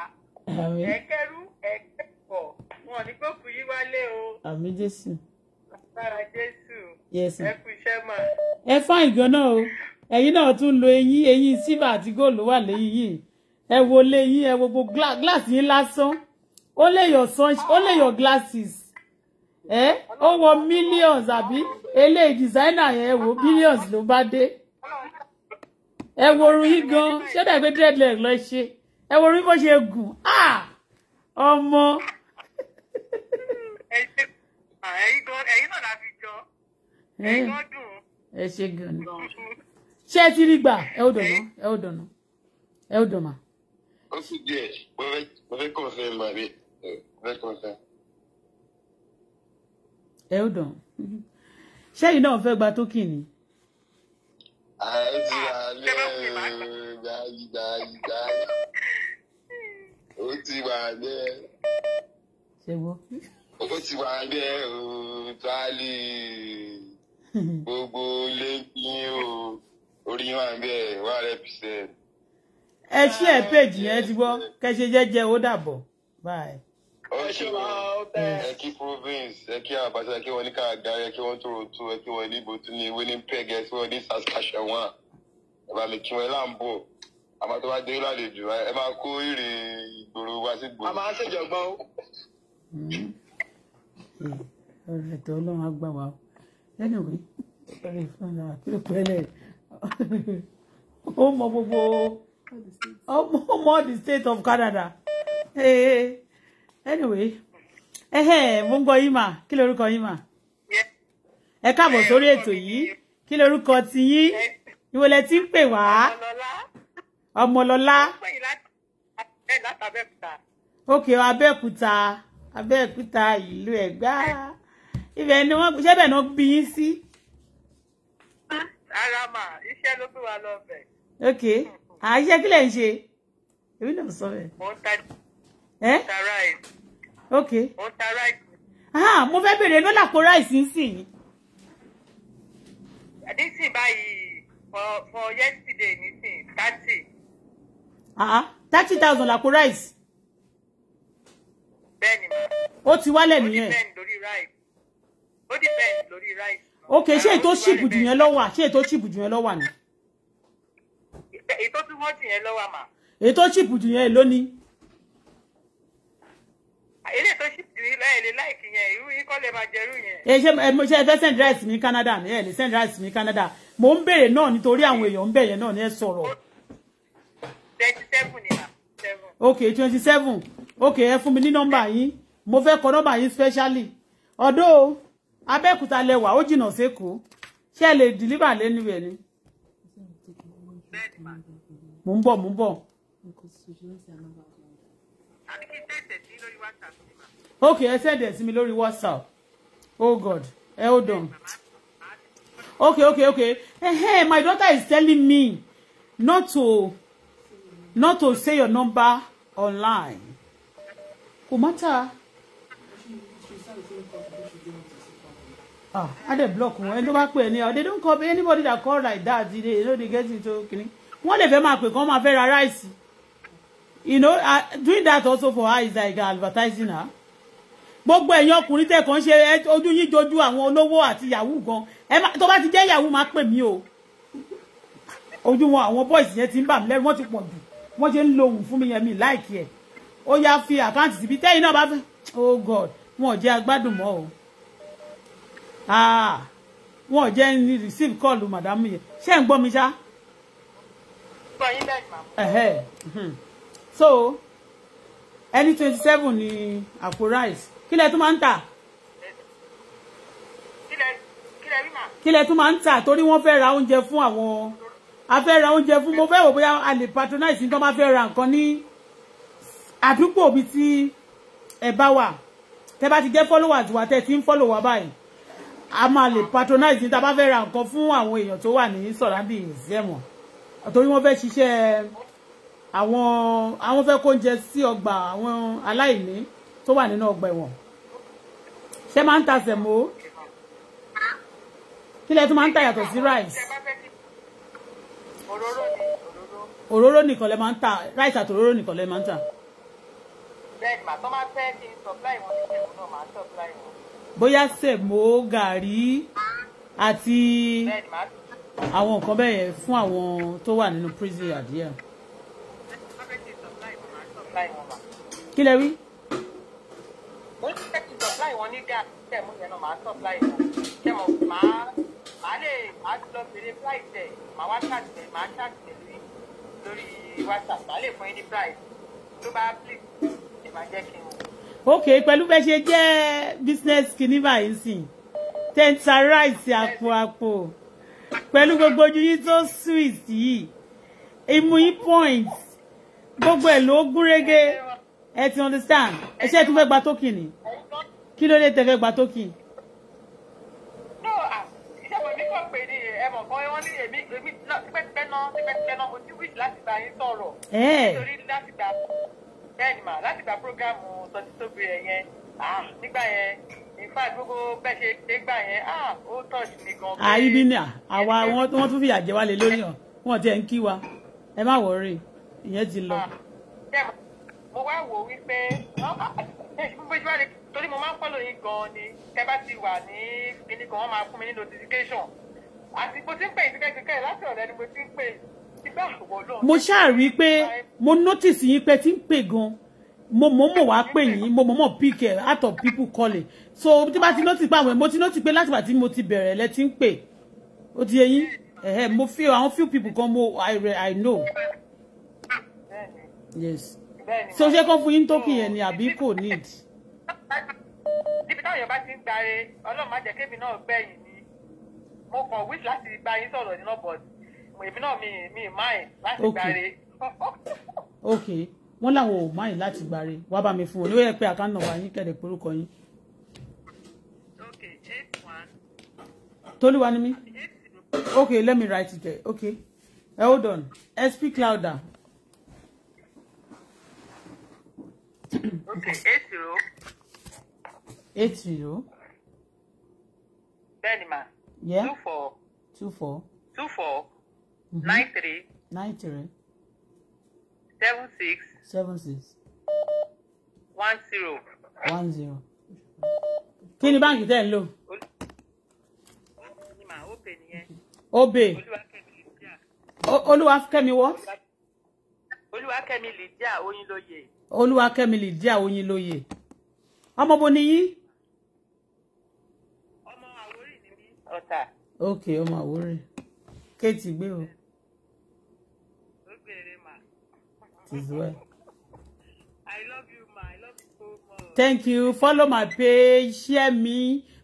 ẹ kẹrú ẹ kẹ́kọ̀ọ́ wọn ní kó kù yí wálé o. àmín jésù. lágbára jésù ẹ kú iṣẹ́ mà. ẹ fáìn ganan o ẹ̀yin náà tún lo eyín eyín sílvà àti góòlù wà lẹ́yìn yìí ẹ wo lẹ́yìn ẹ wo gbogbo gíláàsì yín lásán ó lè yọ glasses ẹ ó wọ millions àbí eléyìí dìsáínà yẹn wò billions ló bá dé ẹ woru yín gan ṣé dàgbé dreadlock lọ ṣe ẹ woru yín bó ṣe gùn ah! ọmọ. ẹ̀yin náà la fi jọ ẹ̀yin náà dùn. ẹ ṣe gan ni ṣé ẹ ti rí gbà ẹ ó dọ̀nà ẹ ó dọ̀nà ẹ ó dọ̀nà. ó sì jẹ́ pẹ́ẹ́rẹ́ kọ̀ọ̀fẹ́ màrí pẹ́ẹ́rẹ́ kọ̀ọ̀fẹ́. Eldon, ó dàn ṣẹ́yìn náà fẹ́ gba tókì ni. àìsí alẹ́ ti wà bẹ́ẹ̀. ṣe wo. ó ti wà bẹ́ẹ̀ o tálí gbogbo lẹ́yìn o orí wà bẹ́ẹ̀ wà rẹ̀ ẹ ṣí ẹ péjì yẹn ti gbọ́ kẹ́ ṣe jẹ́jẹ́ ó dàbọ̀ báyìí ó ṣe ẹ kí province ẹ kí Abacha ẹ kí wọn ní Káàgárí ẹ kí wọn Toronto ẹ kí wọn ní ibòtú ní Winnipeg ẹ kí wọn ní Saskatchewan ẹ bá mi kí wọn láǹbò àmọ́ tó bá dé lálejò ẹ máa kó èrè ìgboro wá sí ìgboro. a máa ṣèjọgbọ́n o. Mm. Mm. ẹ̀tọ́ ọlọ́run á gbà wá o lẹ́nu ìwé ẹ̀rẹ̀ ìfúnra àpẹẹrẹ ó mọ gbogbo ọmọ the state of Canada. Hey, hey anyway mo ń gbọ́ yín mà kí lorúkọ yín mà ẹ káàbọ̀ sórí ètò yìí kí lorúkọ ti yín ìwọ lẹ ti ń pè wá ọmọlọ́lá òkè abẹ́òkúta abẹ́òkúta ìlú ẹ̀gbá ibẹ̀ ni wọ́n ṣẹ́ bẹ̀ ni wọ́n bí yín sí. ara mà iṣẹ́ ló gbé wa lọ bẹ̀. ok àá iṣẹ́ kí lẹ̀ ń ṣe èmi náà sọ bẹ́ẹ̀. mo ń ta rice okay. ó ta rice. ah mo fẹ́ bèrè ló làpò rice nísìnyí. nísìnyí báyìí for for yesterday nísìnyí thirty. ah thirty thousand làpò rice. bẹ́ẹ̀ni ma. ó ti wálẹ̀ nìyẹn. ó depend lórí rice. ó depend lórí rice. ok ṣé ètò ṣìpù jù yẹn lọ́wọ́ à ṣé ètò ṣìpù jù yẹn lọ́wọ́ à ni. ètò tí wọ́n jù yẹn lọ́wọ́ à mà. ètò ṣìpù jù yẹn lónìí. ilé tó ṣì tì í lẹ́ẹ̀lẹ́ láìkì yẹn irú yín kọ́ ẹ ṣe ẹ Canada ni ẹ lè send rice mi Canada mò ń béèrè náà nítorí àwọn èèyàn ń béèrè náà ní ẹ sọ̀rọ̀. twenty seven ni ma. ok twenty seven ok ẹ fún mi ní yín mo fẹ́ kọ nọmba yín specially ọ̀dọ́ okay I said this. sí mi lórí whatsapp oh god ẹ hold on okay okay okay eh, hey, my daughter is telling me not to not to say your number online kò mọ́tà ah i dey block one. ẹni tó bá pè they don't call anybody that call like that they you know they get into kini wọn lè fẹ́ máa pè kán máa fẹ́ you know uh, doing that also for her is like advertising her gbogbo ẹ̀yin ọkùnrin tẹ̀ kàn ṣe ojú yín jojú àwọn olówó àti yahoo gan tó bá ti jẹ́ yahoo máa pè mí o ojú wọn àwọn boys yẹn ti ń bà mí lẹ́rù wọ́n ti pọ̀ jù wọ́n ṣe ń lo òun fún mi yẹn mi láìkí ẹ̀ ó yá fi àkáǹtì síbi tẹ́yìn náà bá fẹ́ oh god wọn ò jẹ́ agbádùn mọ́ o ah, wọn ò jẹ́ ní receive call madam yẹn ṣé ń gbọ́ mi ṣá. so ẹni twenty seven ni àpò rice kí lẹ tún máa ń tà kí lẹ tún máa ń tà torí wọ́n fẹ́ ra oúnjẹ fún àwọn a fẹ́ ra oúnjẹ fún mo fẹ́ wò bóyá a lè patronize ní tó bá fẹ́ ra nǹkan ní àdúgbò bí tí ẹ bá wà tẹ́ bá ti jẹ́ followers wa tẹ́ ti ń follow wa báyìí a máa lè patronize ní tá bá fẹ́ ra nǹkan fún àwọn èèyàn tó wà ní surroundings ẹ̀mọ̀ torí wọ́n fẹ́ ṣiṣẹ́ àwọn àwọn fẹ́ kó oúnjẹ sí ọgbà àwọn aláìní tó wà nínú ọgbà ẹ̀wọ̀n ṣé máa ń ta sẹ̀mó kílẹ̀ tó máa ń ta yàtọ̀ sí rice òróró nìkan lẹ máa ń ta rice àti òróró nìkan lẹ máa ń ta. bẹ́ẹ̀ni màá tó máa fẹ́ kí n supply wọn ní sẹ̀mó náà màá supply wọn. bóyá sẹ̀mó gàrí àti àwọn nǹkan bẹ́ẹ̀ yẹn fún àwọn tó wà nínú prison àdíyà. kí wí mo ti fẹ́ ti supply wọn ní gas tẹ̀ mo yẹn náà máa supply wọn tẹ̀ mo máa máa lè máa ti lọ bèrè price ẹ̀ máa wá charge ẹ̀ máa charge ẹ̀ lórí lórí whatsapp máa lè fún yín ní price tó bá please ẹ̀ máa jẹ́ kí n. ok pẹ̀lú bẹ́ẹ̀ ṣe jẹ́ business kìíní báyìí sìn tẹ́ńtà rice àpò àpò pẹ̀lú gbogbo ojú yín tó sweet yìí ìmú yín point gbogbo ẹ̀ ló gúnrégé ẹ ti understand ẹ ṣe tún fẹ́ gba token ni kí ló dé tẹ́ fẹ́ gba token. no ah, ìṣèwọ̀n mi kàn pé ní ẹ̀mọ̀ kan wọ́n ní èmi èmi tipẹ́tipẹ́ náà tipẹ́tipẹ́ náà mo ti wíṣ láti gba yín sọ̀rọ̀ nítorí láti gba bẹ́ẹ̀ ni mà láti gba prógámù sọtítóbi rẹ̀ yẹn ah, nígbà yẹn ìfà gbogbo bẹ́ẹ̀ ṣe ṣe gbà yẹn ah, ó touch mi gan. àyíbí ni àwa wọn tún fìyà jẹ wá lé lórí wọn tiẹ̀ ń kí wa ẹ má wọrí ìyẹn ti lọ. ṣé ẹ mo wá wò wípé torí mo máa ń follow yín gan-an ni tẹ́ bá ti wà ní kíní kan wọ́n máa fún mi ní notification àti mo ti ń pè yín kíkẹ́kíkẹ́ láti ọ̀rẹ́ ni mo ti ń pè nígbà àwọ̀ náà. mo ṣáà rí i pé mo notice yín pé ti ń pè gan-an mo mọ̀ mọ̀ wá pè yín mo mọ̀ mọ̀ pick out of people calling so tí bá ti notice pé àwọn mo ti notice pé láti ìgbà ti mo ti bẹ̀rẹ̀ lẹ ti ń pè ó ti yé yín mo feel àwọn few people kan mo I, I know. yes so ṣé kán fún yín tókì yẹn ni hmm. àbí kò need. níbi táwọn èèyàn bá ti ń gbare ọlọ́run má jẹ́ kébi náà gbẹ̀yìn ni mo kàn wíṣ láti bá yín sọ̀rọ̀ ní náà bọ̀dù èmi náà mi mi máì láti gbare. ok wọ́n làwọn ò máì láti gbare wá bá mi fún wọn ní wọ́n yẹ pé àkànnà wa yín kẹ̀dẹ̀ porúkọ yín. ok eight one. tolúwa ni mí. ok let me write it there ok hold on I speak louder Okay, eight zero. Eight zero. Bẹ́ẹ̀ni ma. Yeah. Two four. Two four. Two four. Mm -hmm. Nine three. Nine three. Seven six. Seven six. One zero. One zero. Kí ni báńkì tẹ́ ń lò? Obe. Olúwakẹ́mi wọ́. Olúwakẹ́mi Lydia Oyinlóye olúwakẹ́mi lìdíà oyin lóye ọmọ bo ni yín. ọmọ àwórì ni mí ọ̀tà. ok ọmọ àwórì kéètì gbé o. ó gbèrè mà. i love you ma i love you so much. thank you follow my page share me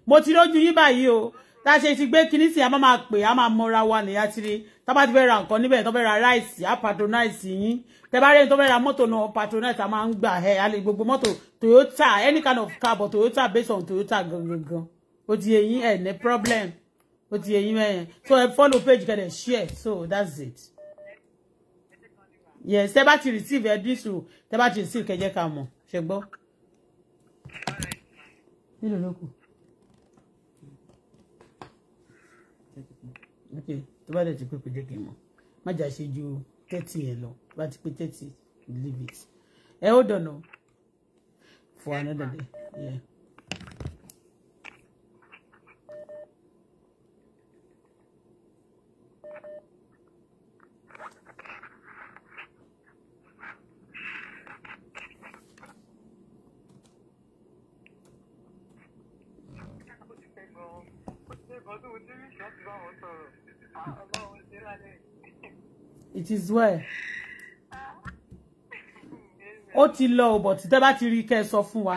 mo ti lójú yín báyìí o tá a ṣe ti gbé kinní sí i a máa pè a máa mọra wa nìyá tiri tá bá ti fẹ́ ra nǹkan níbẹ̀ tó fẹ́ ra ráìsì á patronize yín tẹ́ bá rẹ́ni tó fẹ́ ra mọ́tò náà patronize a máa ń gbà ẹ̀ a lè gbogbo mọ́tò Toyota any kind of car but Toyota based on Toyota gangan ó ti yé yín ẹ̀ ní problem ó ti yé yín mẹ́yẹn so ẹ follow page kẹ́dẹ̀ share so that's it yes tẹ́ bá ti receive ẹ dín sùn bá ti receive kẹjẹ ká mọ̀ ṣe gbọ́ Okay bá dẹ̀ ti pé kò jẹ́ kí n mọ̀ má jà ṣe ju thirty yẹn lọ bá ti pé thirty you leave it ẹ ó dọ̀nà for another day. Yeah. Thank you it is well ó ti lọ ò bọ̀ tí tẹ́ ti rí kẹ́ ẹ sọ wa.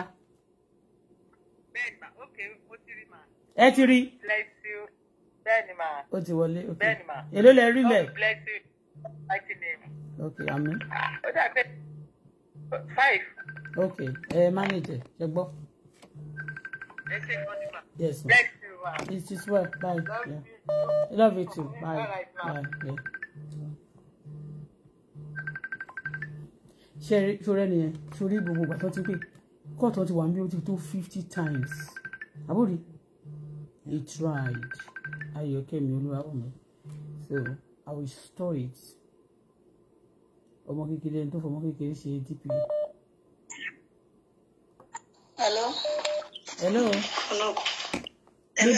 bẹ́ẹ̀ni ma ok mo ti rí ma. ẹ ti rí. bless you bẹ́ẹ̀ni ma. ó ti wọlé ok bẹ́ẹ̀ni ma. èló lẹ rí lẹ. bless you mighty name. Okay, amen. ó dà pé five. Okay, eh manager, ẹ gbọ́. ẹ ṣe yes bless you. It is well. Bye. Love yeah. you. Love you too. Bye. Bye. Yeah. ṣe ṣorẹ nìyẹn ṣorí gbogbo ìgbà tó ti pè kóòtù ti wà níbi ó ti tó fifty times àbúrí he tried ayọ̀kẹ́mi olúwàwọ̀mí so i will store it ọmọ kékeré tó fọmọ kékeré ṣe dp. hello. hello. hello. Eh,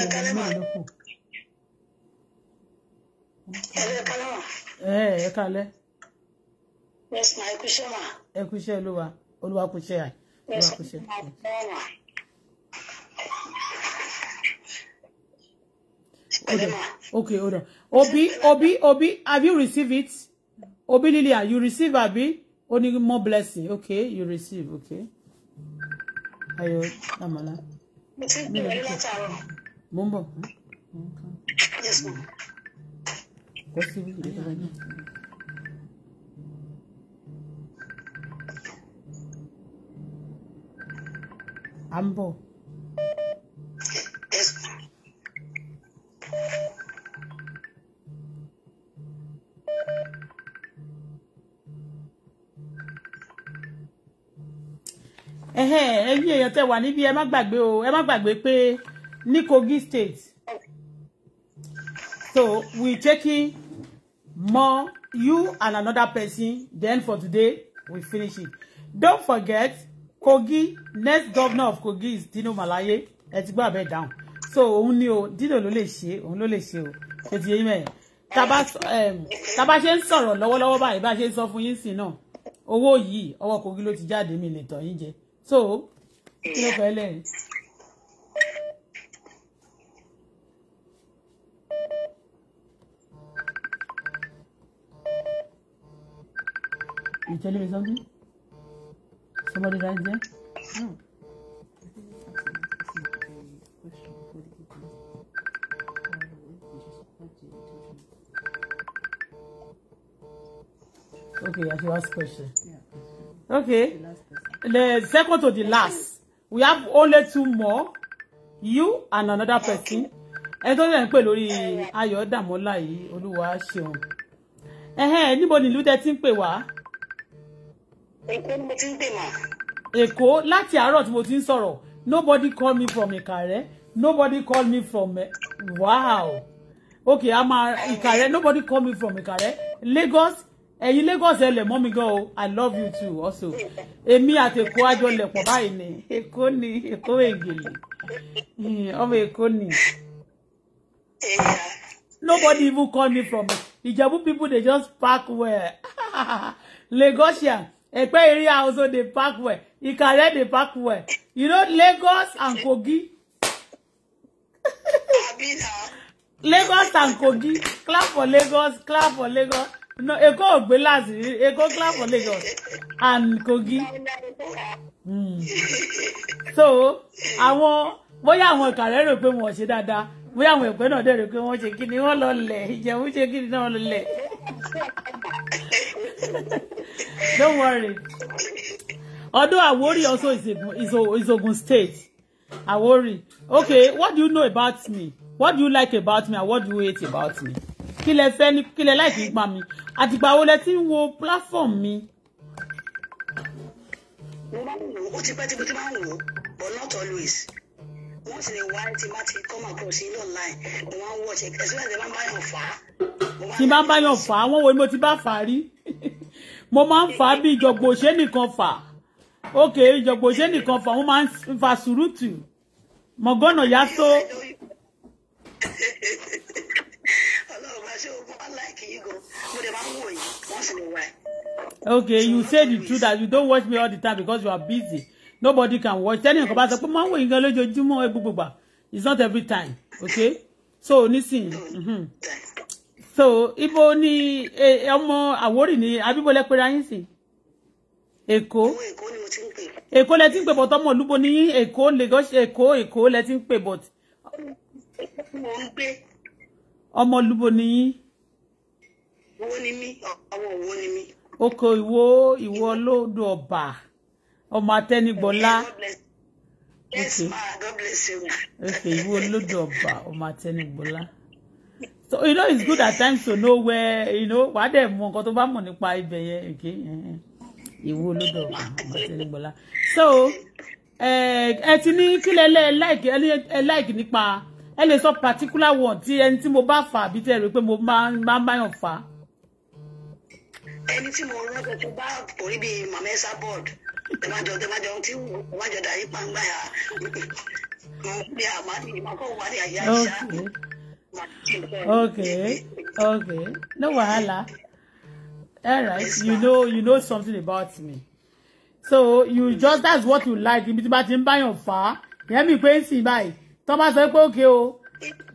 ẹ kalẹ. yes ma ẹ kúṣẹ́ ma. ẹ kúṣẹ́ olúwa olúwa kúṣẹ́ àì olúwa kúṣẹ́. Okay, okay, hold on. Obi, Obi, Obi, have you received it? Obi Lilia, ah, you receive Abi? Only more blessing. Okay, you receive. Okay. Ayo, Amala. Mo ti ń bẹ̀rẹ̀ látàárọ̀ mo ń bọ̀. kò síbi ìdí ẹ̀yin èèyàn tẹ́ wà níbí ẹ má gbàgbé o ẹ má gbàgbé pé ní Kogi State so we checking more you and another person then for today we finish it don't forget Kogi next governor of Kogi is Dino Malaye ẹ ti gbọ́ abẹ́ down so òun ni o Dino ló lè ṣe òun ló lè ṣe o ṣe ti yé mẹ́rin tàbá ṣe ń sọ̀rọ̀ lọ́wọ́lọ́wọ́ báyìí bá ṣe ń sọ fún yín sí náà owó yìí ọwọ́ Kogi ló ti jáde mi lè tọ̀ yín jẹ so kí ló fẹ́ lẹ́yìn. You tell me something? Somebody right there? No. Okay, I should ask question. Yeah. Okay. The, the second to the last. We have only two more. You and another person. Ẹ tó lẹ́ ń pè lórí Ayọ̀dàmọ́lá yìí, Olúwa ṣeun. Ẹ̀hẹ́n, níbo ni ìlú tẹ́ ti ń pè wá? Èkó ni mo ti ń gbè mà. Èkó láti àárọ̀ tí mo ti ń sọ̀rọ̀ nobody call me from Ìkàrẹ́ nobody call me from eh, wow okay I'm a Ìkàrẹ́ nobody call me from Ìkàrẹ́ Lagos ẹ̀yin Lagos ẹ lẹ̀ mọ́ mi gan o I love you too also èmi àti Èkó àjọ lẹ̀pọ̀ báyìí ni Èkó ni Èkó ègèlè hmm, ọmọ Èkó ni. Nobody even call me from Ijebu people they just park well Lagosian Ekpe area also dey park well. Ikare dey park well. You know Lagos and Kogi. Lagos and Kogi. Clap for Lagos. Clap for Lagos. No, Èkó ògbé láti rí. Èkó clap for Lagos and Kogi. Mm. So, àwọn bóyá àwọn Ìkàrẹ́ rò pé wọ́n ṣe dada? bóyá àwọn ẹgbẹ́ náà dẹrẹ pé wọn ṣe kí wọn lọ lẹ ìjẹun ṣe kí náà lọ lẹ don't worry although Awori also is Ogun is, is Ogun State Awori okay what do you know about me what do you like about me and what do you hate about me kí lẹ fẹ́ ní kí lẹ láìpẹ́ nípa mi àtìgbà wo lẹ ti ń wo platform mi. mo máa ń wò ó ti pẹ́ tí mo ti máa ń wò ó but not always once in a while tí bá ti come across yín online mo máa ń watch it ẹ̀sùn ẹ̀sẹ̀ máa ń báyọ̀ fà á. tí bá ń báyọ̀ fà á wọ́n wo mo ti bá fà á rí mo máa ń fà á bí ìjọ̀gbò ṣé nìkan fà á ok ìjọ̀gbò ṣé nìkan fà á wọ́n máa ń fa sùrùtù mọ̀gánà yá tó. okay you said the truth that you don't watch me all the time because you are busy nobody can watch Tell nǹkan bá The pé máa ń wò yín gan lójoojúmọ́ ẹ it's not every time okay so nísìnyí mhm. so ibo ni e, ọmọ Àwórì ni abíbọ̀lẹ̀ pera yín sí Èkó Èkó lẹ ti ń pè bọ̀ tọmọ olúbo ní Èkó Lagos Èkó Èkó lẹ ti ń pè bọ̀ ọmọ olúbo ni yín. Ìwó ni mí àwọn Ìwó ni mí. oko Ìwó Ìwó lóòdù ọba. Okay, ọmọ atẹnigbọlá okay okay ìwọ olódò ọba ọmọ atẹnigbọlá so you know it's good at times to know where you know why dẹ̀ want to buy money mọ̀ nípa ibẹ̀ yẹn okay ìwọ olódò ọba ọmọ so eh, ti ní kílẹ̀ ẹ like ẹ like nípa ẹ lè particular one tí ẹni tí mo bá fà àbí tẹ́ ẹ rí pé mo máa ń báyàn fà á ẹni tí mo rán kò tó bá orí bíi mama ẹsà board tẹmájọ tẹmájọ tí wájọ darí pàǹgbà yà bí a ní ìmọ̀ wà ní àyà ìṣá. okay okay no wahala All right, you know you know something about me so you just ask what you like ibi tí bá ti ń báyàn fà á yẹn mi pé ń sìn báyìí tó bá sọ pé òkè o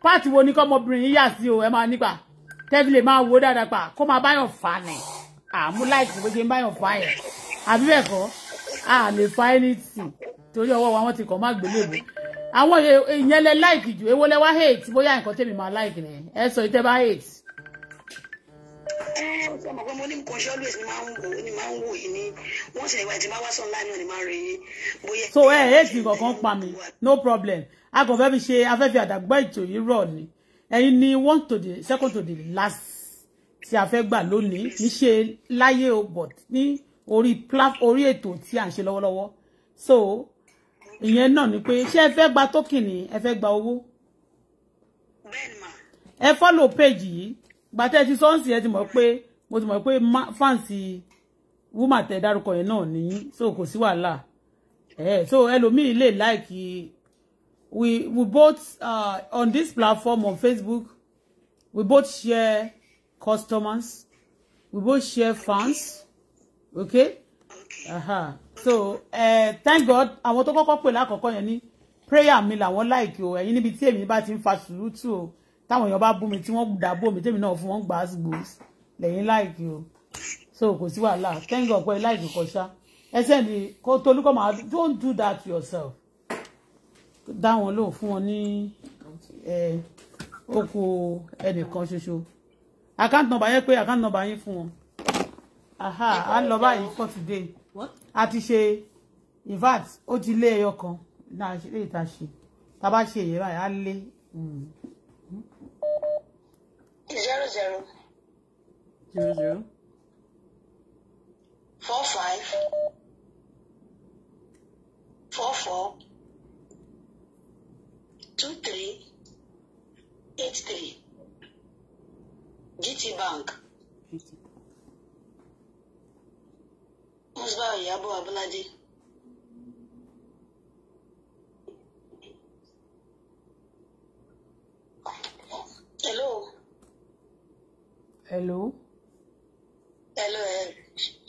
páàtì wo ni kọ́mọbìnrin yìí yà sí o ẹ máa nípa tẹ́bí lè máa wo dáadáa pa kó máa báyàn fà á nì àmúláìsì bó a ah, lè fa anything torí ọwọ́ wa wọ́n ti kàn má gbélébùú àwọn èèyàn lẹ like jù èwo lẹ wá hate bóyá nǹkan tèmi máa like ni ẹ sọ ìtẹ́ bá hate. ọ̀sẹ̀ ah, mọ̀ pé mo ní nǹkan ṣe always ni máa ń wò ni máa ń wò yìí ni wọ́n sì lè wá ìdí máa wá so ẹ hate kankan pa mi no problem a kò fẹ́ fi ṣe afẹ́fẹ́ àdàgbà ètò yìí rọ̀ ni ẹ̀yin ni one to the second to the last tí a fẹ́ gbà lónìí kì í ṣe láyé o but ní orí orí ètò tí à ń ṣe lọ́wọ́lọ́wọ́ so ìyẹn náà ni pé ṣé ẹ fẹ́ gba token ni ẹ fẹ́ gba owó ẹ follow page yìí gbàtẹ́ ti sọ́ọ̀sì ẹ ti mọ̀ pé mo ti mọ̀ pé fáǹsì wúmà tẹ dárúkọ yẹn náà nìyí so kò sí wàhálà ẹ so ẹlòmíì lè láìkì we we both uh, on this platform on Facebook we both share customers we both share fans okay. Uh-huh. so uh, thank God àwọn tó kọ́kọ́ pè lákọ̀ọ́kọ́ yẹn ní prayer mi làwọn láìkí o ẹ̀yin níbi tí èmi bá ti ń fa sùúrùtù o táwọn èèyàn bá bú mi tí wọ́n dà bò mí tèmi náà fún wọn gbà á gbòòs lẹ́yìn like o so kò sí wàhálà thank God pé láìkí kọ ṣá ẹsẹ̀ ni kó tolúkọ̀ máa don't do that to yourself dá wọn lóhùn fún wọn ní oko ẹnìkan ṣoṣo account number yẹn pé account number yẹn fún wọn aha a lọ báyìí for today What? Ati ṣe in fact ó ti lé ẹyọ kan náà ṣe léyìí tá a ṣe tá a bá ṣe èyí báyìí á lé. zero zero. zero zero. four five. four four. two three. eight three. GT Bank. GT musba ìyábọ̀ abọ́ládé. hello. hello. hello eh, ẹ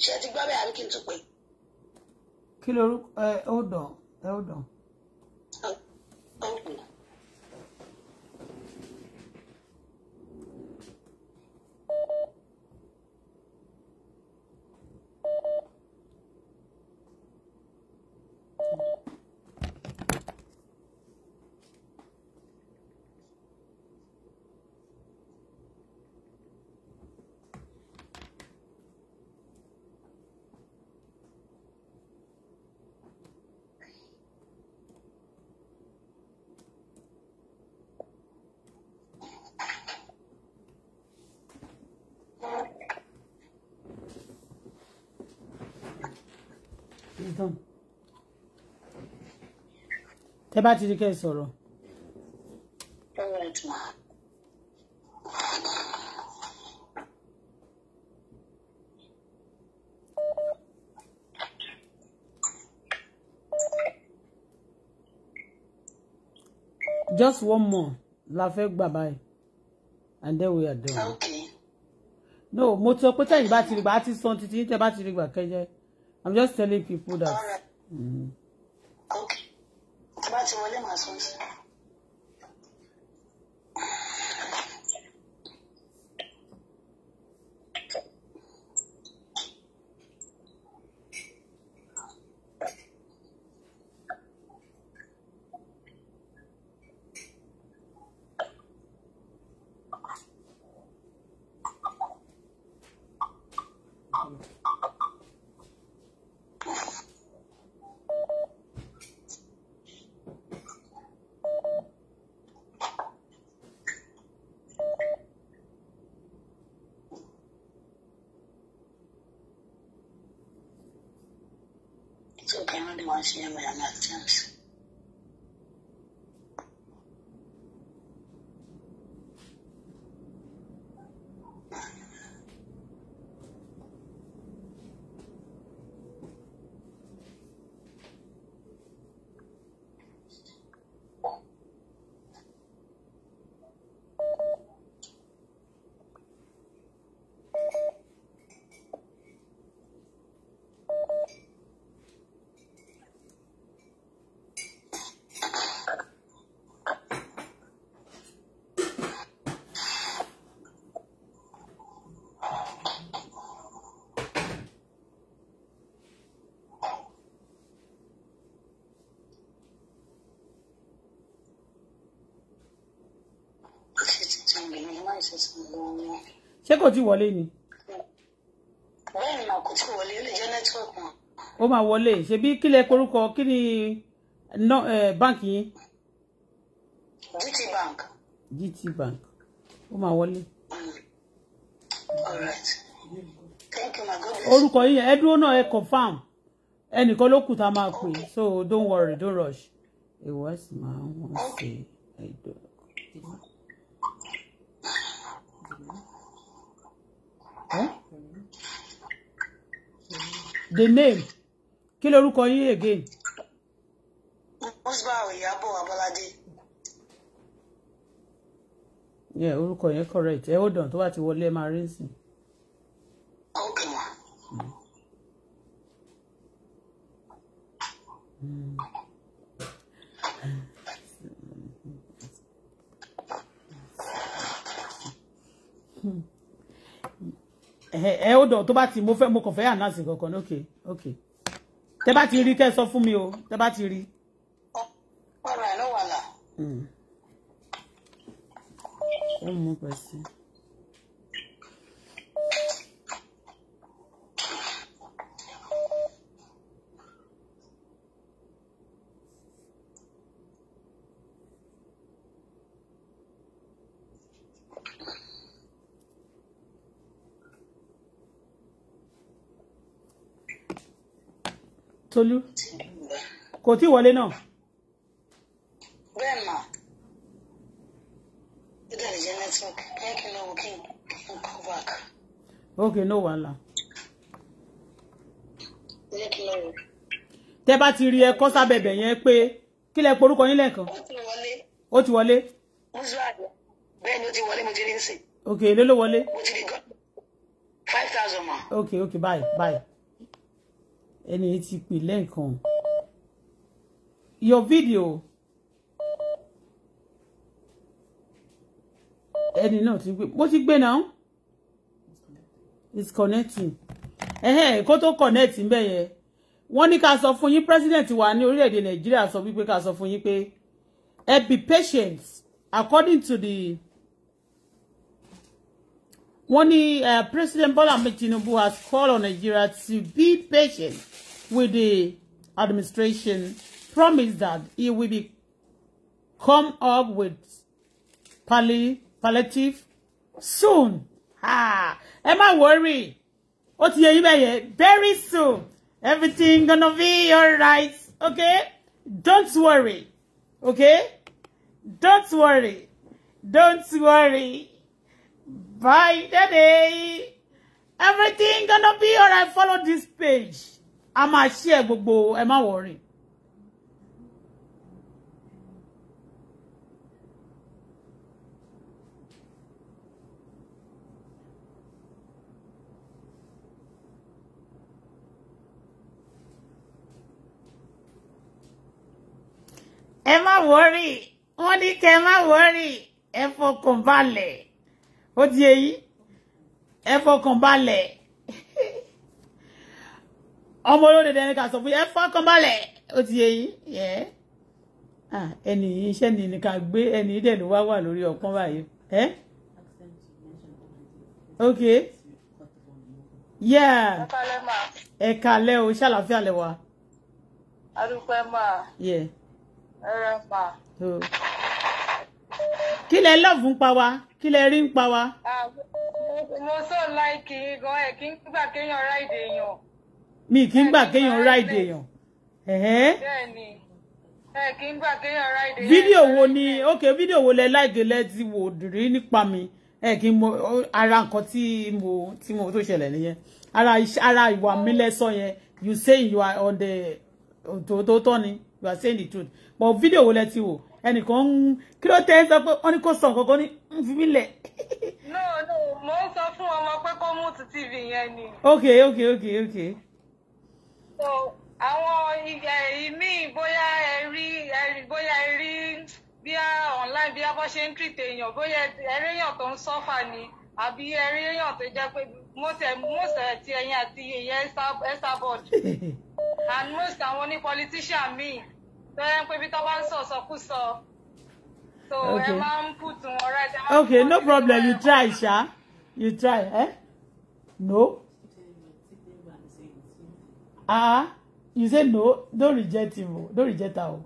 ṣe ti gbọ́ bẹ́ẹ̀ àbí kí n tún pè. kí lorúkọ ẹ ó ẹ ó dàn. tẹ bá ti rí kẹ́ sọ̀rọ̀. just one more la fẹ́ gbà báyìí and then we are done. Okay. no mo sọ pé tẹ̀yìn bá ti rí gbà á ti sọ títí tẹ̀ bá ti rí gbà kẹ́jẹ́ i'm just telling people that. Mm -hmm. face mais masu see him in the ṣé kò tí wọlé ni. bẹ́ẹ̀ ni mà kò tí wọlé lè jẹ́ nẹ́tíwọ̀kì wọn. ó máa wọlé ṣebí kílẹ̀ korúkọ kí ni báǹkì yín. GT Bank. GT Bank ó máa wọlé. thank you my God. orúkọ yín ẹ dúró náà ẹ confam ẹnìkan ló kù tá a máa pè so don't worry don't rush. It was my one say I do. the name kí lorúkọ yín again. usba oyabo abolade. yẹ orúkọ yẹn correct ẹ ó dàn tó bá ti wọlé máa rí sí. Hmm ẹ ó dọ̀ tó bá ti mo fẹ́ mo kàn fẹ́ ànáàsì kankan ok ok tẹ bá ti rí kẹ́ sọ fún mi o tẹ bá ti rí. ọ̀rọ̀ ẹ̀ ló wà là. ó hmm. mú pẹ̀sì. Tolú kò tí wọlé náà. bẹ́ẹ̀ mà ó dàbí jẹ́ network bẹ́ẹ̀ kí n lọ wò kí n call back. ok no wàhálà. bẹ́ẹ̀ kí n lọ wò. tẹ bá ti rí ẹ kọ́ sábẹ̀bẹ̀ yẹn pé kí lẹ porúkọ yín lẹ́ẹ̀kan. ó ti wọlé. ó ti wọlé. mo sọ àgbẹ̀ ni ó ti wọlé mo ti rí ń sìn. ok ló wọlé. mo ti rí gan five thousand ma. okay okay bye bye ẹni tí pè lẹ́ẹ̀kan your video ẹni náà ti gbé bó ti gbé náà it's connecting ẹ̀hẹ́n kó tó connect ń bẹ̀ yẹn wọ́n ní ká sọ fún yín president wa ní orílẹ̀-èdè nàìjíríà sọ wípé ká sọ fún yín pé ẹ be patient according to the wọ́n ní uh, President Bola Tinubu has called on Nigeria to be patient with the administration, promised that he will be come up with palli palliative soon. Ah, am I worried? Ó ti yé yín bẹ́ẹ̀ Very soon, everything gonna be alright. Okay, don't worry. Okay, don't worry. Don't worry by the day everything gonna be alright follow this page a máa share gbogbo ẹ má worry. ẹ má worry Only can I worry ẹ fọkàn balẹ̀ ó ti yé yín ẹ fọkàn balẹ̀ ọmọ olóde dẹni ká sọ fún yín ẹ fọkàn balẹ̀ ó ti yé yín yẹ ẹni yìí iṣẹ́ ni ni ká gbé ẹni yìí dẹ̀ ló wá wà lórí ọ̀pọ̀n báyìí ẹ. ok yeah ẹ kálẹ́ o ṣàlàfíà lẹ wà. adúpẹ́ máa. ẹ rẹ máa kí lẹ lọ́ọ̀fù ń pa wa kí lẹ rí ń pa wa. Ah, mo sọ láìkì e gan ẹ kí n gbà kéèyàn ráìdè èèyàn. mi kì í gbà kéèyàn ráìdè èèyàn. bẹ́ẹ̀ ni ẹ kì í gbà kéèyàn ráìdè èèyàn. fídíò wo ni ok fídíò wo lẹ láìkì lẹ ti wò rí nípa mi ẹ kì í mọ ara nǹkan tí mo tí mo tó ṣẹlẹ̀ nìyẹn ara ara ìwà mi lẹ sọ yẹn you say you are on the òtòótọ́ ni you are saying the truth but fídíò wo lẹ ti wò ẹnìkan ń kí ló tẹ́ sọ pé wọ́n ní kò sọ nǹkan kan ní ń fi mí lẹ̀. no no mo ń sọ fún ọmọ pé kó mú ti tv yẹn ni. ok ok ok ok. so àwọn ìmí bóyá ẹ rí bóyá ẹ rí bí online bí abọ́ ṣe ń treat èèyàn bóyá ẹrẹ́yàn tó ń sọ́fà ni àbí ẹrẹ́yàn tó jẹ́ pé mọ́sẹ̀ ti ẹ̀yìn àti ìyẹn ẹ̀ sábọ̀d and most àwọn ní politician míì so ẹ put right. okay no problem you try Sha. you try eh? no ah you say no don't reject him o oh. don't reject her oh.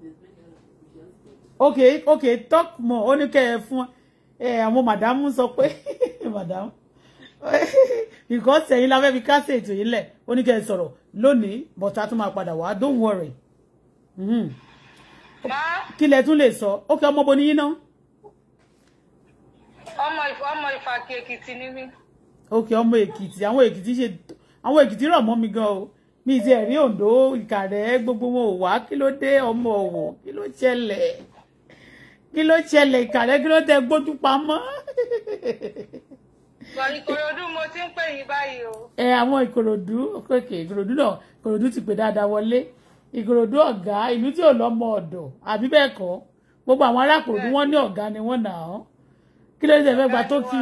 okay okay talk more Only ní kẹ́ Eh, fún ẹ Madam. màdámù sọ pé màdámù because ẹ̀yin You fẹ́ fi kásẹ̀ ètò yìí lẹ̀ ó ní kẹ́ ẹ but a tún máa padà don't worry. Mm-hmm kí lẹ tún lè sọ ókè ọmọ bo ni yín náà. ọmọ ọmọ ìfàkì èkìtì ni mí. ókè ọmọ èkìtì àwọn èkìtì ṣe àwọn èkìtì rọ̀ mọ́ mi gan o mi ti ẹ̀rí òǹdó ìkàrẹ́ gbogbo wọn ò wá kí ló dé ọmọ ọ̀wọ̀ kí ló ṣẹlẹ̀ kí ló ṣẹlẹ̀ ìkàrẹ́ kí ló tẹ gbójú pamọ́. ìkòròdú mo ti ń pè yín báyìí o. ẹ àwọn ìkòròdú òkèké ìkòròdú náà ìkòròdú ti pè dáadáa wọlé ìkòròdú ọ̀gá ìlú tí ò lọ́mọ ọ̀dọ̀ àbí bẹ́ẹ̀ kọ́ gbogbo àwọn arákòròdú wọn ní ọ̀gá ni wọ́n nà ọ́ kí ló dé tẹ̀fẹ́ gba tókì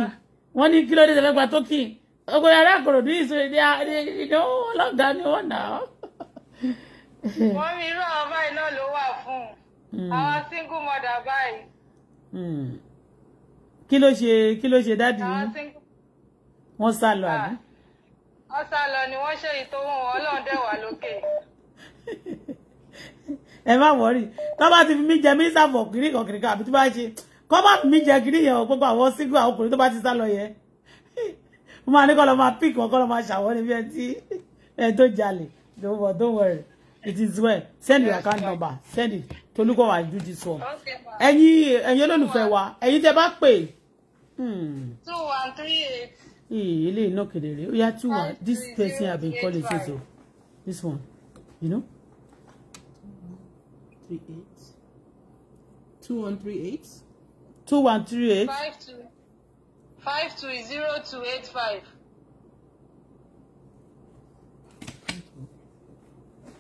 wọ́n ní kí ló dé tẹ̀fẹ́ gba tókì ọkọ̀ arákòròdú ìṣòro ìdí ọlọ́gá ni wọ́n nà ọ́. wọ́n mi irú àwọn báyìí náà ló wà fún hmm. àwọn single mother báyìí. Hmm. kí ló ṣe kí ló ṣe dádì yín wọ́n sá lọ ah. àbí. wọ́n sá lọ ni wọ́n ṣe ìtòhùn ọlọ́run lókè ẹ má wọrí tó bá ti fi mí jẹ mínísà fọ kiri kan kiri kan àbí tó bá ṣe kọ́ bá fi mí jẹ kiri yẹn gbogbo àwọn sígùn àwọn ọkùnrin tó bá ti sá lọ yẹn mo máa ní kọ́ lọ máa pík wọn kọ́ lọ máa ṣàwọ́ níbi ẹ tí ẹ tó jalè don't worry don't worry it is well send your account number send it To tolúkọ wà ju this one ẹ̀yin ẹ̀yin olólùfẹ́ wa ẹ̀yin tẹ́ bá pè. Hmm. two one three eight. ilé iná kedere ó two one this person have been calling so so this one you know three eight two one three eight two one three eight five two five two zero two eight five.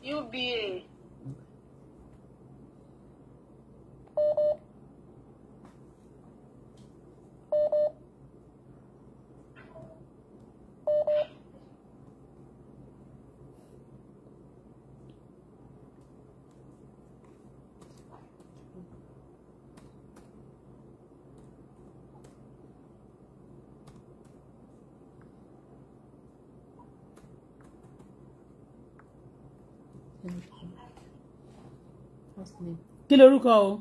UBA. kí lorúkọ o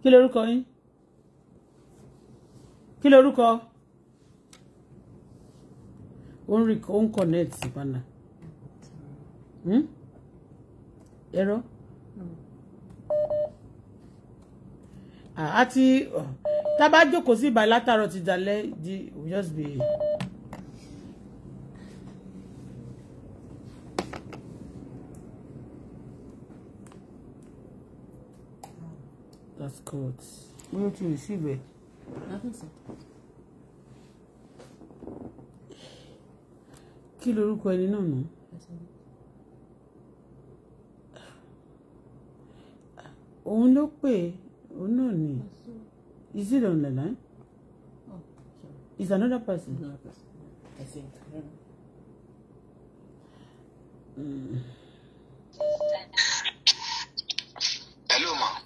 kí lorúkọ yín kí lorúkọ ó ń rìn ó connect bana hmm? ẹ̀rọ àti ah, oh, tá a bá jókòó sí ìbàlátàrọ ti dalẹ̀ di we just be. That's good. Mo ló ti receive ẹ̀. Kí lorúkọ ẹni náà nù? Òun ló pè é, òun náà ni. Is it on the line? Oh, sorry. Is another person? Another person, I think. Mm. Hello, ma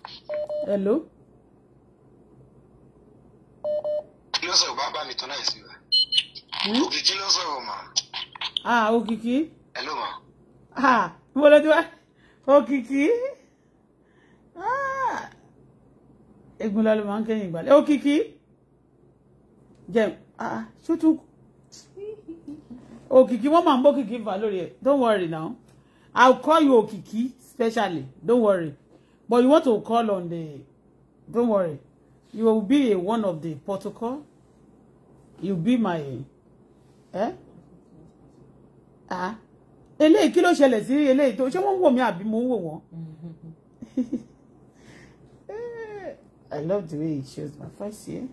hello. kí ló sọ̀rọ̀ bá bá mi tán láì sí wa. Hmm? òkìkí ló sọ̀rọ̀ mà. ah òkìkí. hello ma. ah mo lọ ti wá òkìkí. egun lálẹ́ máa ń kẹ́yìn ìgbàlẹ̀ òkìkí. jẹ́ ah ṣótú òkìkí wọ́n máa ń bó kìkí fà lórí don't worry now I'll call you òkìkí specially don't worry. But you want to call on the, don't worry, you will be a, one of the protocol. You'll be my, eh? Ah, eléyìí kí ló ṣẹlẹ̀ sí eléyìí tó ṣé wọ́n ń wò mo ń wò eh, I love the way he shows my face here.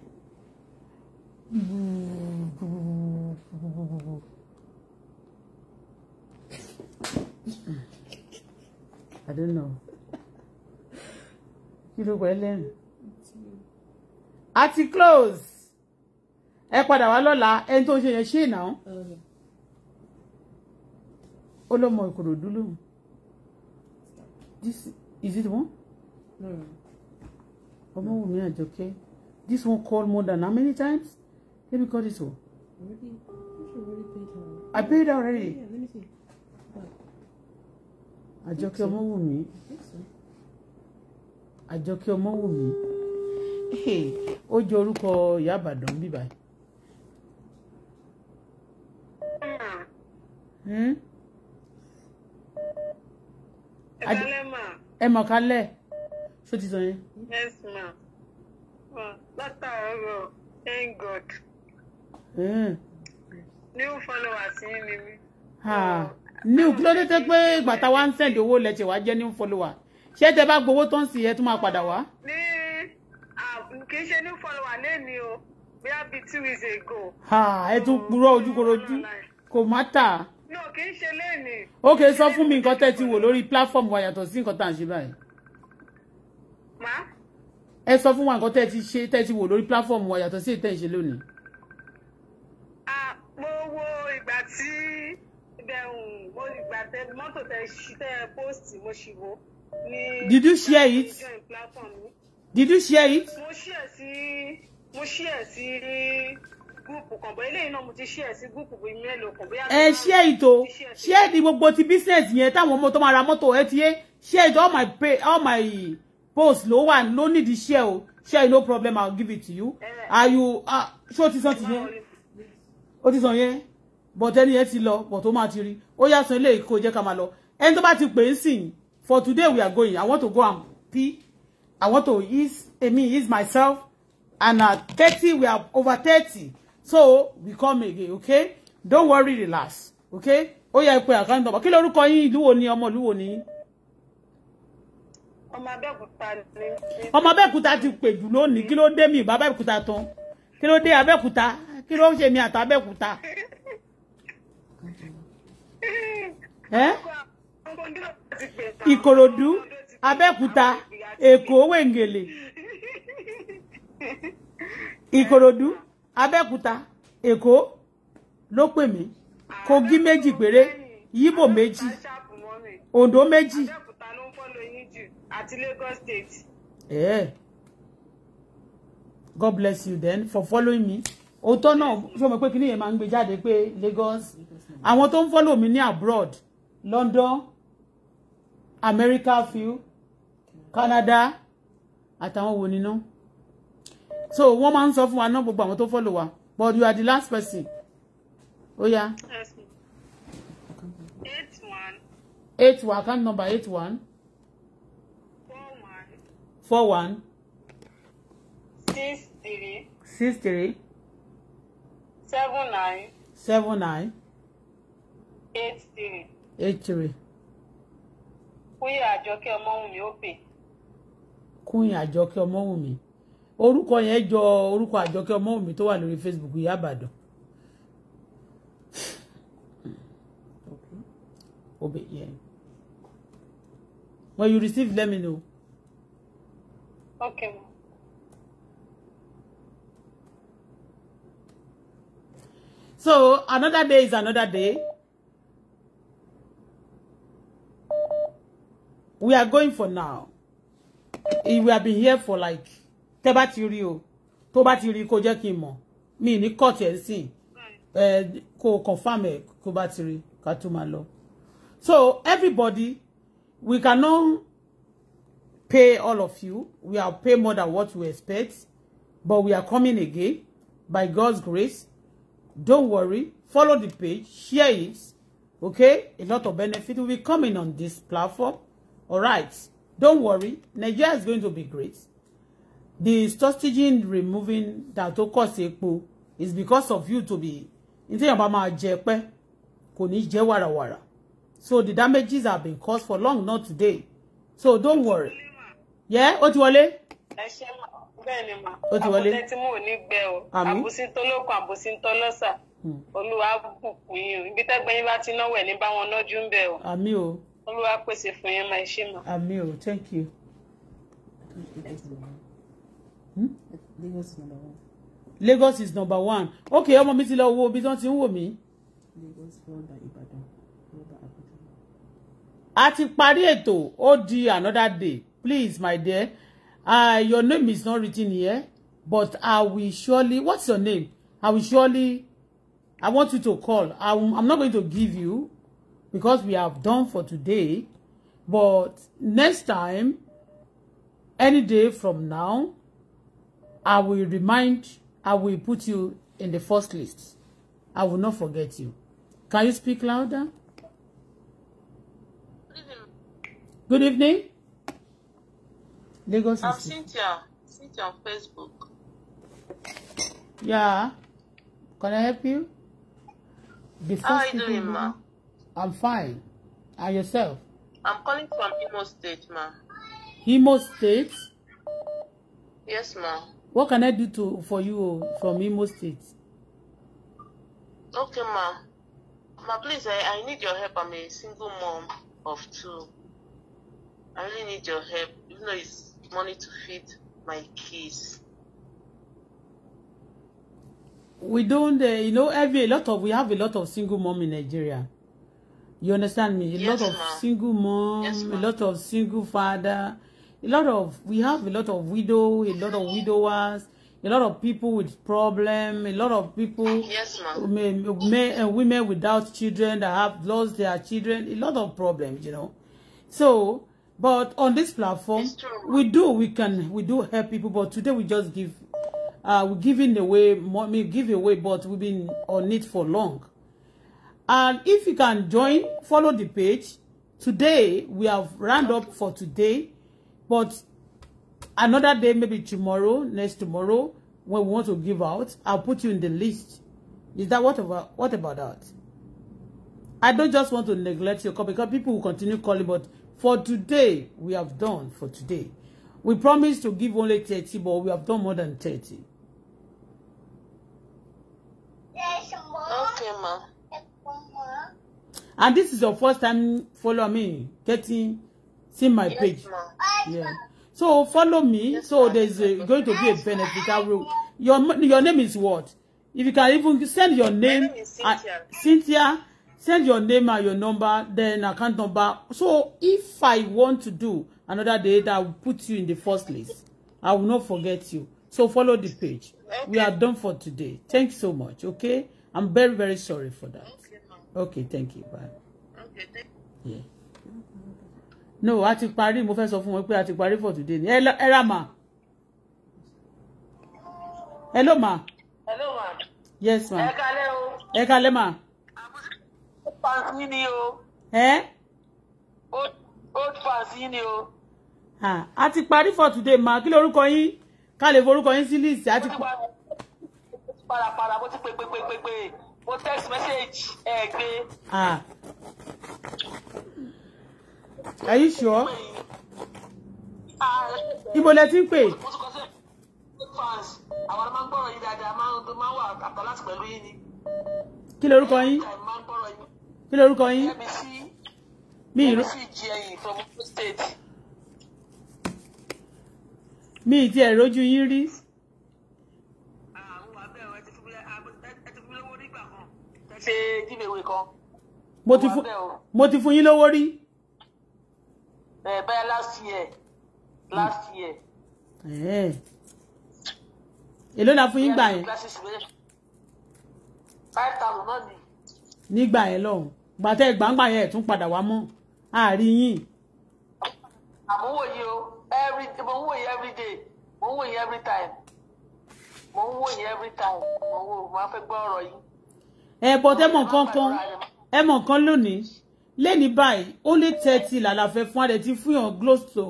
I don't know kí ló wẹ̀ lẹ́rìn àti close ẹ padà wá lọ́la ẹni tó ń ṣe yẹn ṣe ìnáwó ó ló mọ ìkòròdú lóhùn this is it one ọmọ wù mí àjọkẹ́ this one call more than how many times let me call this one. Already, I paid already. Yeah, let me see. Àjọkẹ́ ọmọ wù mí. I àjọkẹ́ ọmọwùmí ó jẹ orúkọ ìyá àbàdàn bíbá yìí. Hmm? ẹ mọ̀ kálẹ̀ ṣó ti sọ yẹn. yes ma látàárọ̀ thank god hmm. new followers yín ni mí. new kí ló dé tẹ́ pé ìgbà táwa ń send owó lẹ́tẹ̀ wá jẹ́ new follower ṣé tẹ bá gbowó tó ń sìn ẹ tún máa padà wá. ní kì í ṣe new follower lẹ́ni o bóyá bíi two weeks ago. ẹ tún mm, purọ́ ojúkorojú kò má tà. no kì í ṣe lẹ́ni. ok sọ fún mi nǹkan tẹ́ ti wò lórí platform wa yàtọ̀ sí nǹkan tá à ń ṣe báyìí. má. ẹ sọ fún wa nǹkan tẹ́ ti ṣe tẹ́ ti wò lórí platform wa yàtọ̀ sí ètò ìṣe lónìí. mo wo ìgbà tí ìbẹ̀rù mo ìgbà tẹ mọ́tò tẹ tẹ póòsì mo ṣì wo. Did you share it? Did you share it? Mo share sí mo share sí gúùpù kan bọ́ eléyìí náà mo ti share sí gúùpù bíi mélòó kan bóyá. Ẹ eh, share it o share ni gbogbo ti business yẹn táwọn ọmọ tó máa ra mọ́tò ẹ ti yé share it all my pay all my post ló wà no need to share o share no problem I'll give it to you. Eh. Are you Ah, o ti sọ ti yẹn? O ti sọ yẹn? Bọ̀tẹ́ni yẹn ti lọ bọ̀ tó máa ti rí. Ó yá sọ eléyìí kó jẹ́ ká máa lọ. Ẹni tó bá ti pè é sìn For today, we are going. I want to go and pee. I want to ease, I mean, ease myself. And at 30, we are over 30. So, we come again, okay? Don't worry, relax, okay? Oh yeah, ẹ pe account number. Okay, look, yín, you do only ọmọ ìlú wo ni? Ọmọ Abẹ́òkúta ni. Ọmọ Abẹ́òkúta ti pè jù lónìí. Kí ló dé mi, bàbá Abẹ́òkúta tán. Kí ló dé Abẹ́òkúta. Kí ló ṣe mí àti Abẹ́òkúta. Eh? ìkòròdú abẹ́òkúta èkó wẹ̀ngẹ̀lẹ̀ ìkòròdú abẹ́òkúta èkó ló pè mí kogi méjì péré yíbò méjì ondo méjì. àti Lagos State. Yeah. God bless you then for following me òótọ́ náà ṣé o mọ̀ pé kí ni yẹn máa ń gbé jáde pé Lagos àwọn tó ń follow mi ní abroad London America few Canada àtàwọn wo ni so wọ́n máa ń sọ fún wa náà gbogbo àwọn tó fọ́lò wa but you are the last person ó yá. eight one. eight one account number eight one. four one. four one. six three. six three. seven nine. seven nine. eight three. eight three. Queen Àjọkẹ́ Ọmọ́wùmí ó pè. Queen Àjọkẹ́ Ọmọ́wùmí orúkọ yẹn jọ orúkọ Àjọkẹ́ Ọmọ́wùmí tó wà lórí Facebook Ìyá Ìbàdàn. Obey, yeah. When you receive, let me know. Okay. So another day is another day. we are going for now we have been here for like tẹ́ bá ti rí o tó bá ti rí kó jẹ́ kí n mọ̀ mi ní kọ́ọ̀tì ẹ̀ sìn eh, kó confam ẹ̀ kó bá ti rí ká tó máa lọ so everybody we cannot pay all of you we are pay more than what we expect but we are coming again by God's grace don't worry follow the page share it okay a lot of benefit will be coming on this platform All right. Don't worry. Nigeria is going to be great. The strategy removing that to cause epo is because of you to be. Nítorí bá máa jẹ pẹ́, kò ní So the damages have been caused for long, not today. So don't worry. Yeah, ó ti wọlé? Ẹ ṣé ma, bẹ́ẹ̀ ni ma. Ó ti wọlé? Àbúté tí mò ń gbẹ o. Àmín. Àbúsí tó lókun, àbúsí tó lọ́sà. Hmm. Olúwa bùkún yín o. Ibi tẹ́gbẹ́ yín bá ti o olúwa pèsè fún yín máa ṣe mọ. àmì o thank you. Hmm? Lagos is number one. Lagos is number one. okay ọmọ mi ti lọ wo ibi tí wọ́n ti ń wò mí. Lagos followed by Ibadan followed by Abuja. a ti parí ètò ó di another day please my dear uh, your name is not written here but I will surely what's your name I will surely I want you to call I'm, I'm not going to give you because we have done for today. But next time, any day from now, I will remind, I will put you in the first list. I will not forget you. Can you speak louder? Good evening. Good evening. Lagos I'm Cynthia. Cynthia on Facebook. Yeah. Can I help you? Before How are you doing, ma? I'm fine. And yourself? I'm calling from Imo State, ma. Imo State? Yes, ma. What can I do to for you from Imo State? Okay, ma. Ma, please, I, I need your help. I'm a single mom of two. I really need your help, even though it's money to feed my kids. We don't, uh, you know, every a lot of we have a lot of single mom in Nigeria. You understand me? A yes, lot of ma. single mom, yes, a lot of single father, a lot of we have a lot of widow, a lot of widowers, a lot of people with problem, a lot of people yes, men, men and women without children that have lost their children, a lot of problems, you know. So, but on this platform, we do we can we do help people, but today we just give uh we're giving away money give away, but we've been on it for long. And if you can join, follow the page. Today, we have round up for today. But another day, maybe tomorrow, next tomorrow, when we want to give out, I'll put you in the list. Is that what about, what about that? I don't just want to neglect your call because people will continue calling, but for today, we have done for today. We promised to give only 30, but we have done more than 30. Yes, Okay, ma. And this is your first time following me, getting see my yes, page. Yeah. So follow me. Yes, so there's a, going to be a benefit. I will. Your your name is what? If you can even send your name, name uh, Cynthia. Uh, Cynthia, send your name and your number, then account number. So if I want to do another date, I will put you in the first list. I will not forget you. So follow the page. Okay. We are done for today. Thank you so much. Okay, I'm very very sorry for that. Okay okay thank you bye. okay thank you. Yeah. no a pari mo fe so fun wọn pé a ti for today ni ẹ ra ma. hello ma. hello ma. yes ma. ẹ kalẹ́ o. ẹ kalẹ́ ma. ó pa sí ni o. ẹ. ó pa sí ni o. a ti parí for today ma kí lorúkọ yín ká lè forúkọ yín sí list. mo para para mo ti pe pe pe pe pe mo text message ẹ gbé. are you sure? ibo lẹ ti ń pè. àwọn ọmọ gbọ́rọ̀ yìí dáadáa máa ń wà àtàlásì pẹ̀lú yín ni. kí lorúkọ yín? kí lorúkọ yín? mi ìró. mi ìtí ẹ̀ rójú yín rí. fi ṣe giveaway kan. mo ti fún mo ti fún yín lówó rí. ẹ bẹ́ẹ̀ last year last year. Eh. la fún yín gbà yẹn. five thousand náà ni. nígbà yẹn lọ́hùn gbàtẹ́ gbàǹgbà yẹn tún padà wá mọ́ àárín yín. àmúwò yìí o every mo ń wò every day mo ń wò every time mo ń wò every time mo ń wò máa fẹ́ gbọ́ ọ̀rọ̀ ẹ bọ́ tẹ́ mọ̀ kankan ẹ mọ̀ kan lónìí lẹ́ni báyìí ó lé tẹ́tì làlàfẹ́ fún adẹ̀ ti fún yàn glóòsò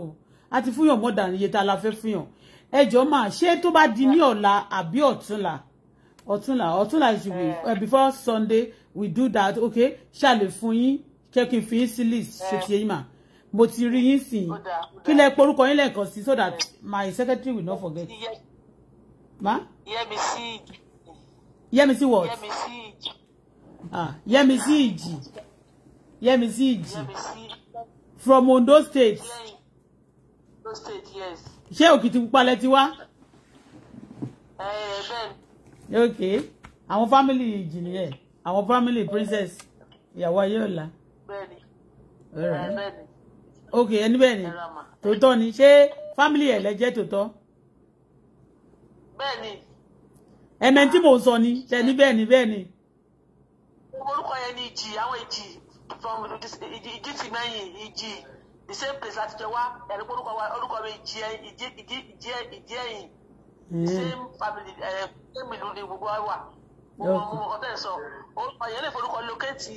àti fún yàn mọ́dà iye tá a la fẹ́ fún yàn ẹ jọ máa ṣé tó bá di ní ọ̀la àbí ọ̀túnla ọ̀túnla ọ̀túnla ṣì wí eh, before Sunday we do that okay ṣàlè fún yín jẹ́ kí n fi yín sí list ṣe ti yín mà mo ti rí yín sìn yín kí lẹ porúkọ yín lẹ́ẹ̀kan sí so that my secretary will not forget. ma. yẹ́mi sí. yẹ́mi sí what. yẹ́mi sí ìjì ah Yẹmisí Ìjì Yẹmisí Ìjì from Ondo state ṣé Òkìtìpupa lẹ ti wá. ok àwọn family Ìjì nìyẹn àwọn family princess ìyàwó ayé ọ̀la. ok ẹni bẹ́ẹ̀ ni tòótọ́ ni ṣé family ẹ̀ lẹ́jẹ́ tòótọ́. bẹ́ẹ̀ ni. ẹ̀mẹ́ntì mò ń sọ ni ṣe ni bẹ́ẹ̀ ni orúkọ yẹn ni ìjì àwọn ìjì from ìjì ti mẹ́yìn ìjì the same place láti jọ wá ẹ̀rí pé orúkọ wa orúkọ mi ìjì ìjì ìjì ìjì ẹ̀yìn hmm. same family ẹ̀ same ìlú ni gbogbo wa ọtẹ sọ orúkọ yẹn lè forúkọ lókèétì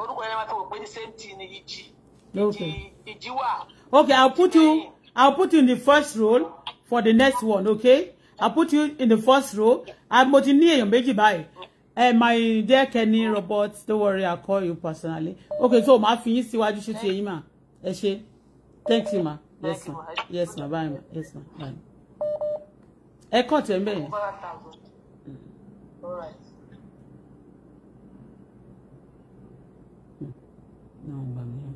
orúkọ yẹn máa fi wò pé the same thing ni ìjì ìjì wà. okay i'll put you i'll put you in the first row for the next one okay i'll put you in the first row and mo ti ní èèyàn méjì báyìí. Hey, eh, my dear Kenny robot. don't worry, I'll call you personally. Okay, so máa fi See what you should say, mà. Ẹ ṣé. Thank you ma. Yes ma. Yes ma. Bye ma. Yes ma. Bye. Ẹ kọ́ tẹ̀ ń No yẹn. Hmm.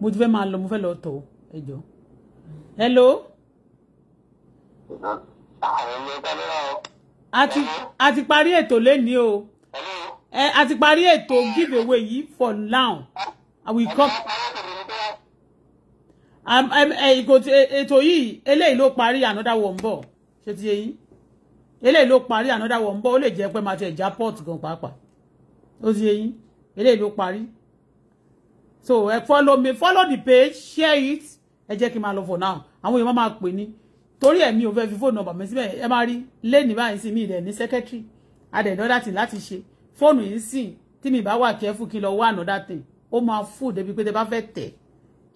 Mo ti fẹ́ máa lọ, mo fẹ́ lọ tọ̀ ẹ jọ. Hello. Àwọn ọmọ ìpàdé náà a ti parí ètò lẹ́ni o a ti parí ètò give away yìí for now we come um, um, ètò yìí eléyìí ló parí another one ń bọ̀ ṣé ti yé yín eléyìí ló parí another one ń bọ̀ ó lè jẹ́ pé máa ti ẹ̀já port gan pàápàá ó ti yé yín eléyìí ló parí so follow me follow the page share it ẹ jẹ́ kí n máa lọ for now àwọn èèyàn máa pè ní torí ẹ̀mí ò fẹ́ fi fóònù ọ̀bà mi síbẹ̀ ẹ máa rí lẹ́ni báyìí sí mi ìdẹ̀ ní sẹ́kẹ́tírì adẹ̀dọ́ láti láti ṣe fóònù yìí sìn tí mi bá wà kẹ́fù kí lọ wá ànádà tẹ̀ ó máa fò débi pé tẹ bá fẹ́ tẹ̀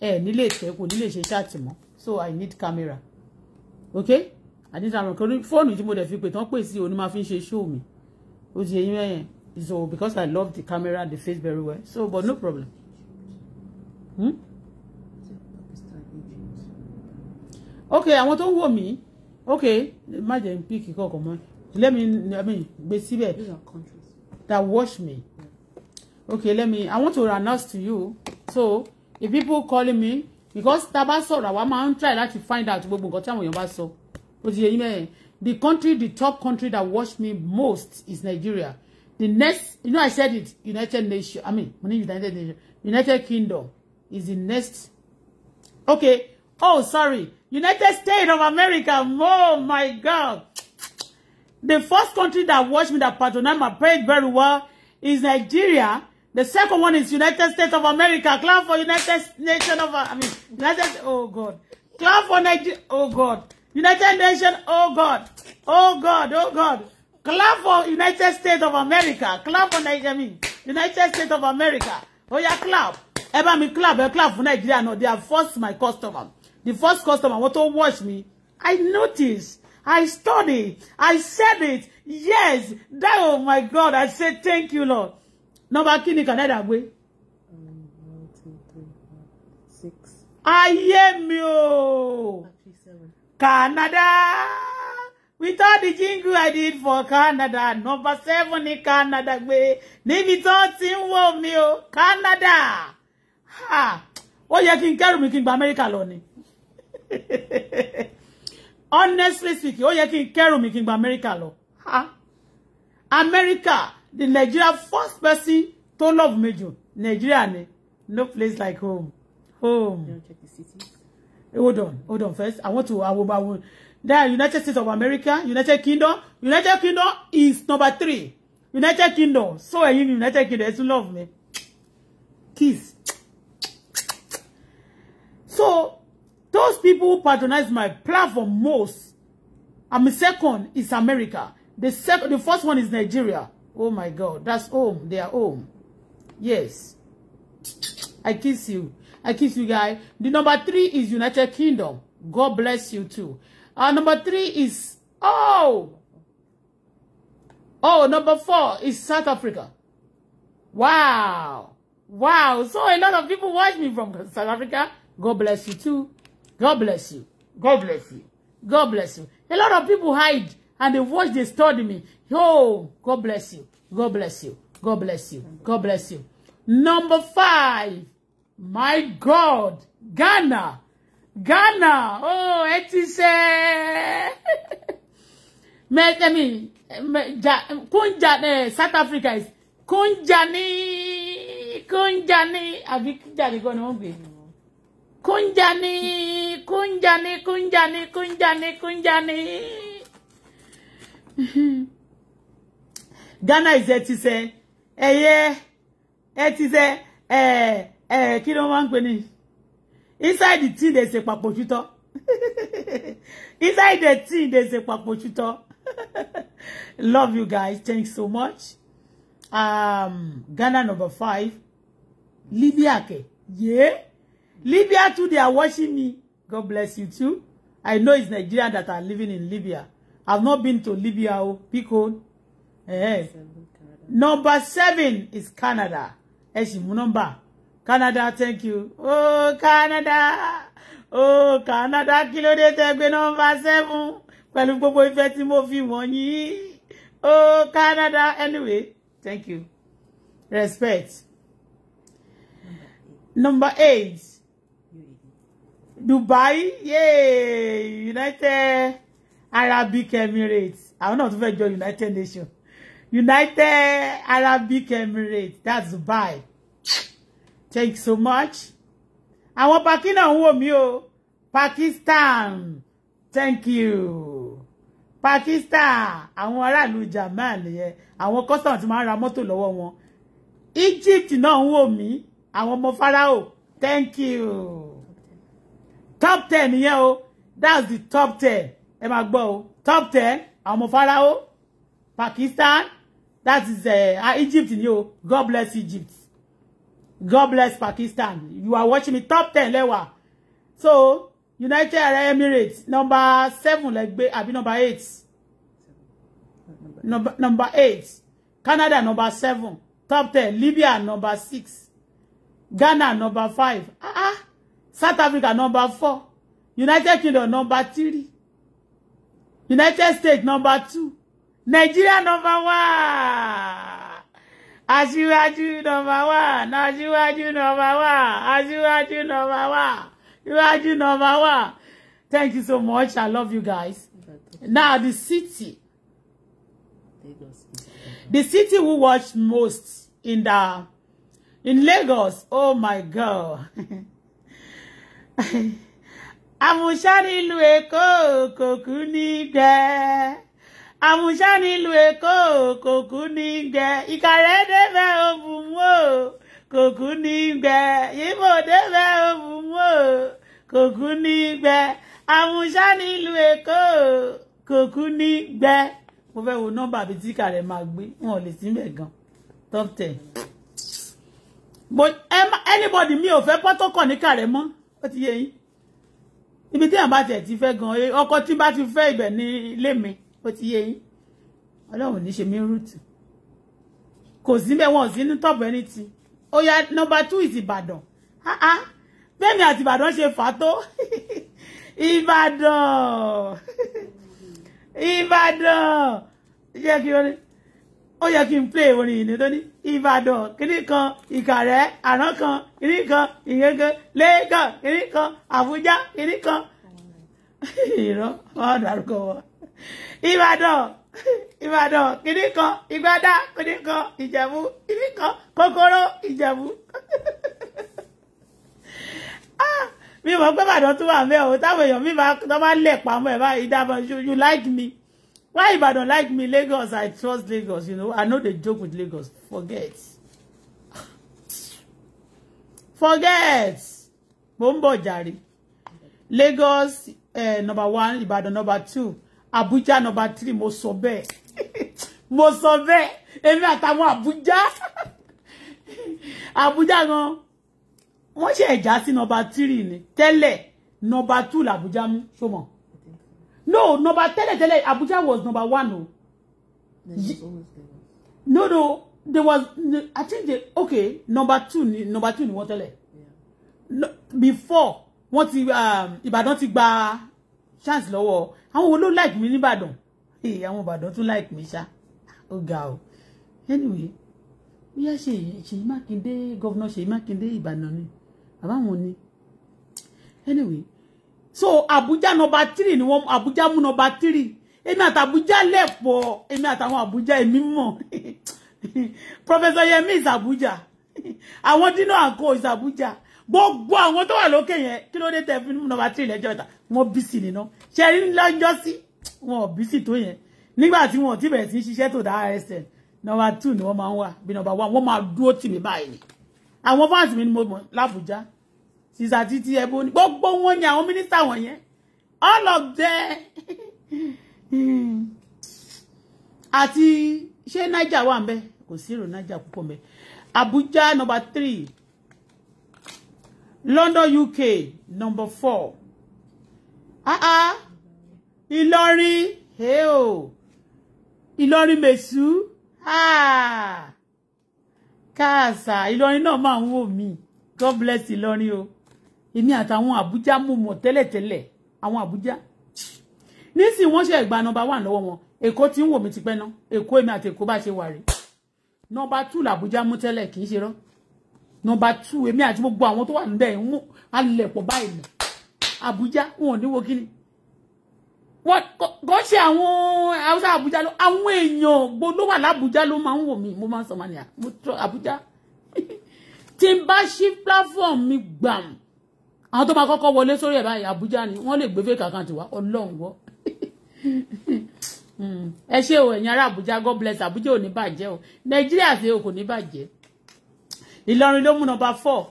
ẹ̀ nílé tẹ̀ kò nílé ṣe ṣáàtì mọ́ so I need camera okay àdìsá àwọn kan fóònù tí mo dẹ̀ fi pè tán pè sí òní máa fi ń ṣe show mi ó ti yẹ yín so because I love the camera the face very well so but no problem. Hmm? ok àwọn tó ń wò mí ok má jẹ́ n pick kọ̀ọ̀kan mọ́ let me i mean gbé síbẹ̀ that watch me okay let me i want to announce to you so if people calling me because tá a bá sọ̀rọ̀ àwa máa ń try láti find out gbogbo nǹkan tí àwọn èèyàn bá sọ ó ti yé yín mẹ́rin the country the top country that watch me most is Nigeria the next you know i said it united nations i mean united nations united kingdom is the next okay Oh, sorry. United States of America. Oh, my God. The first country that watched me that patronized my page very well is Nigeria. The second one is United States of America. Clap for United Nation of, I mean, United, oh God. Clap for Nigeria, oh God. United Nation, oh God. Oh God, oh God. Clap for United States of America. Clap for Nigeria, I mean, United States of America. Oh yeah, clap. Eba me clap, e clap for Nigeria. No, they have forced my customer. the first customer want to watch me i noticed i studied i said it yes that oh my god i said, thank you lord number kíni kan dada gbé. ayé mi o canada with all the jingle i did for canada number seven in canada name it all ti ń wò mí canada Ha! Oh, kí n kẹ́rù mi kí n gba amẹ́ríkà honestly speaking ó yẹ kí n kẹ́rù mi kí n gba America lọ America the Nigeria first person to love me jù Nigeria ni no place like home home hold on hold on first I want to awo ba wo there United States of America United Kingdom United Kingdom is number three United Kingdom so ẹ̀yin ni United Kingdom ẹ love me kiss so Those people who patronize my platform most, I mean, second is America. The, second, the first one is Nigeria. Oh my God, that's home. They are home. Yes. I kiss you. I kiss you, guy. The number three is United Kingdom. God bless you too. Uh, number three is, oh, oh, number four is South Africa. Wow. Wow. So a lot of people watch me from South Africa. God bless you too. God bless you. God bless you. God bless you. A lot of people hide and they watch, they study me. Oh, God bless you. God bless you. God bless you. God bless you. Number five. My God. Ghana. Ghana. Oh, ẹ ti ṣe. Mẹ́tẹ́mi, Kúnjà eh, South Africa is Kunjani, Kunjani. Kúnjà ní àbí Kúnjà ní gan Kunjani, Kunjani, Kunjani, Kunjani, Kunjani. Ghana is ẹtisẹ ẹyẹ ẹtisẹ ẹ ẹ kí eh. máa ń pè ní inside the tea there's a papò ṣútọ inside the tea there's a papò ṣútọ love you guys thanks so much um, Ghana number five Libya ke. Yeah. Libya too, they are watching me. God bless you too. I know it's Nigeria that are living in Libya. I've not been to Libya. Oh, because, eh. Number seven is Canada. Eh, she number. Canada, thank you. Oh, Canada. Oh, Canada, kí ló dé number seven. Pẹ̀lú gbogbo ìfẹ́ tí mo fi wọ́n yín. Oh, Canada. Anyway, thank you. Respect. Number eight. Dubai yay United Arabic Emirates I will not fẹ́ jọ United Nation. United Arabic Emirates that's Dubai thank you so much àwọn Pakistan ń wò mí Pakistan thank you Pakistan I aráàlú Jaman nìyẹn àwọn custom ti máa ń ra mọ́tò lọ́wọ́ wọn Egypt náà ń wò mí àwọn ọmọ Fáráò thank you top ten nìyẹn o that's the top ten ẹ máa gbọ́ o top ten àwọn ọmọ farao Pakistan that is uh, Egypt ni o God bless Egypt God bless Pakistan you are watching me top ten lẹ́wà so United Arab Emirates number seven lẹ́gbẹ́ àbí number eight number, number eight Canada number seven top ten Libya number six Ghana number five ah ah South Africa number four, United Kingdom number three, United States number two, Nigeria number one, Aṣíwájú number one, Aṣíwájú number one, Aṣíwájú number one, Aṣíwájú number one. Thank you so much. I love you guys. Now the city. The city we watch most in the in Lagos. Oh my God. àmúṣá nílùú èkó kò kú ní gbẹ àmúṣá nílùú èkó kò kú ní gbẹ ìkàrẹ́ débẹ̀ òbùn o kò kú ní gbẹ yíbo débẹ̀ òbùn o kò kú ní gbẹ àmúṣá nílùú èkó kò kú ní gbẹ mo fẹ́ wo nọ́mbà bíi tí ìkàrẹ́ máa gbé wọn ò lè síbẹ̀ gan top ten but anybody mi ò fẹ́ pọ́tọ́kọ̀ ní ìkàrẹ́ mọ́ ó ti yé yín ibi tí àbá tẹ̀ ti fẹ́ gan eh, ọkọ tí bá ti fẹ́ ibẹ̀ ní ilé mi ó ti yé yín ọlọ́run ní ṣe mí rúùtù kò sí bẹ́ẹ̀ wọ́n sí ní tọ́pù ẹni ti ó yá nọmba two is ìbàdàn bẹ́ẹ̀ni àti ìbàdàn ṣe fà tó ìbàdàn ìbàdàn ó yẹ kí n play orin ìní tó ní ìbàdàn kìnnì kan ìkàrẹ́ àrán kan kìnnì kan ìyẹ́gẹ́ lẹ́gàn kìnnì kan àbújá kìnnì kan ìran wọn dárúkọ wọn ìbàdàn ìbàdàn kìnnì kan ìgbádá kìnnì kan ìjẹ̀bú kìnnì kan kòkòrò ìjẹ̀bú ah, mi mọ̀ pé ìbàdàn tún wà mẹ́ o táwọn èèyàn mi máa tọ́ bá lẹ̀ pamọ́ ẹ̀ báyìí dábọ̀ you like me. Why if I don't like me, Lagos, I trust Lagos, you know. I know they joke with Lagos. Forget. Forget. Bombo Jari. Lagos, eh, number one. Ibadan, number two. Abuja, number three. Mosobe, Mosobe. bẹ́ẹ̀. Mo sọ bẹ́ẹ̀. Abuja. Abuja no. Wọ́n ṣe ẹ̀já number three ni. Tẹ́lẹ̀, number two làbújá mú. Ṣó mọ̀ no number tẹ́lẹ̀ tẹ́lẹ̀ Abuja was number one o. no no there was I think the okay number two number two ni wọ́n Before what if wọ́n ti um, Ìbàdàn ti gba chance lọ́wọ́ I wo ló like mi nìbàdàn ee àwọn Ìbàdàn don't like me. mi ṣá ó ga o anyway bí a ṣe Ṣèyí Mákindé gọ́vnà Ṣèyí Mákindé Ìbàdàn I want money. anyway so Abuja number three ni wọ́n Abuja mú Emi three Abuja àtàbújá lẹ́pọ̀ èmi àtàwọn Abuja èmi mọ̀ Professor Yemi is Abuja àwọn Dino and Co is Abuja gbogbo àwọn tó wà lókè yẹn kí ló dé tẹ fi number three lẹ́jọ́ ìta wọn bísí nínú ṣe rí lọ́jọ́ sí wọn ò to tó yẹn nígbà tí wọn ò tí sí ṣiṣẹ́ tó dá rsn number two ni wọ́n máa ń wà bí number one wọ́n máa dúró tì mí báyìí àwọn fáàsì mi ni mo mọ̀ lábújá sísà títí ẹbí ó ní gbogbo wọn ni àwọn mínísítà wọ̀nyẹn all of them Ati ṣé niger wà ń bẹ kò sí èrò niger púpọ̀ abuja number three london uk number four ah ah ìlọrin hey oh ìlọrin mèsù ah. káàsà ìlọrin náà máa ń wò mí god bless ìlọrin o. Oh èmi àtàwọn àbújá mo mọ̀ tẹ́lẹ̀tẹ́lẹ̀ àwọn àbújá nísìnyí wọ́n ṣe ìgbà nọ́mbà wà lọ́wọ́ wọn èkó tí ń wò mí ti pẹ́ ná èkó èmi àti èkó bá ṣe wà rí nọ́mbà tù làbújá mú tẹ́lẹ̀ kì í ṣe rán nọ́mbà tù èmi àti gbogbo àwọn tó wà níbẹ̀ ń mú alẹ̀pọ̀ báyìí lọ àbújá wọn ò ní kí ni wọ́n kọ́ ṣe àwọn haúsá àbújá ló àwọn èèyàn gbogbo wà lábújá ló máa ń wò mí mo máa ń sọ mania mo tọ àbújá tí n bá ṣí platform mi gbàm àwọn tó máa kọ́kọ́ wọlé sórí ẹ̀ báyìí Àbújá ni wọ́n lè gbé fake account wá ọlọ́run wọ́ hmm. ẹ ṣé o ẹ̀yin ará Àbújá God bless Àbújá ò ní bàjẹ́ o Nàìjíríà ṣe o kò ní bàjẹ́ Ìlọrin ló mú nọ́mbà four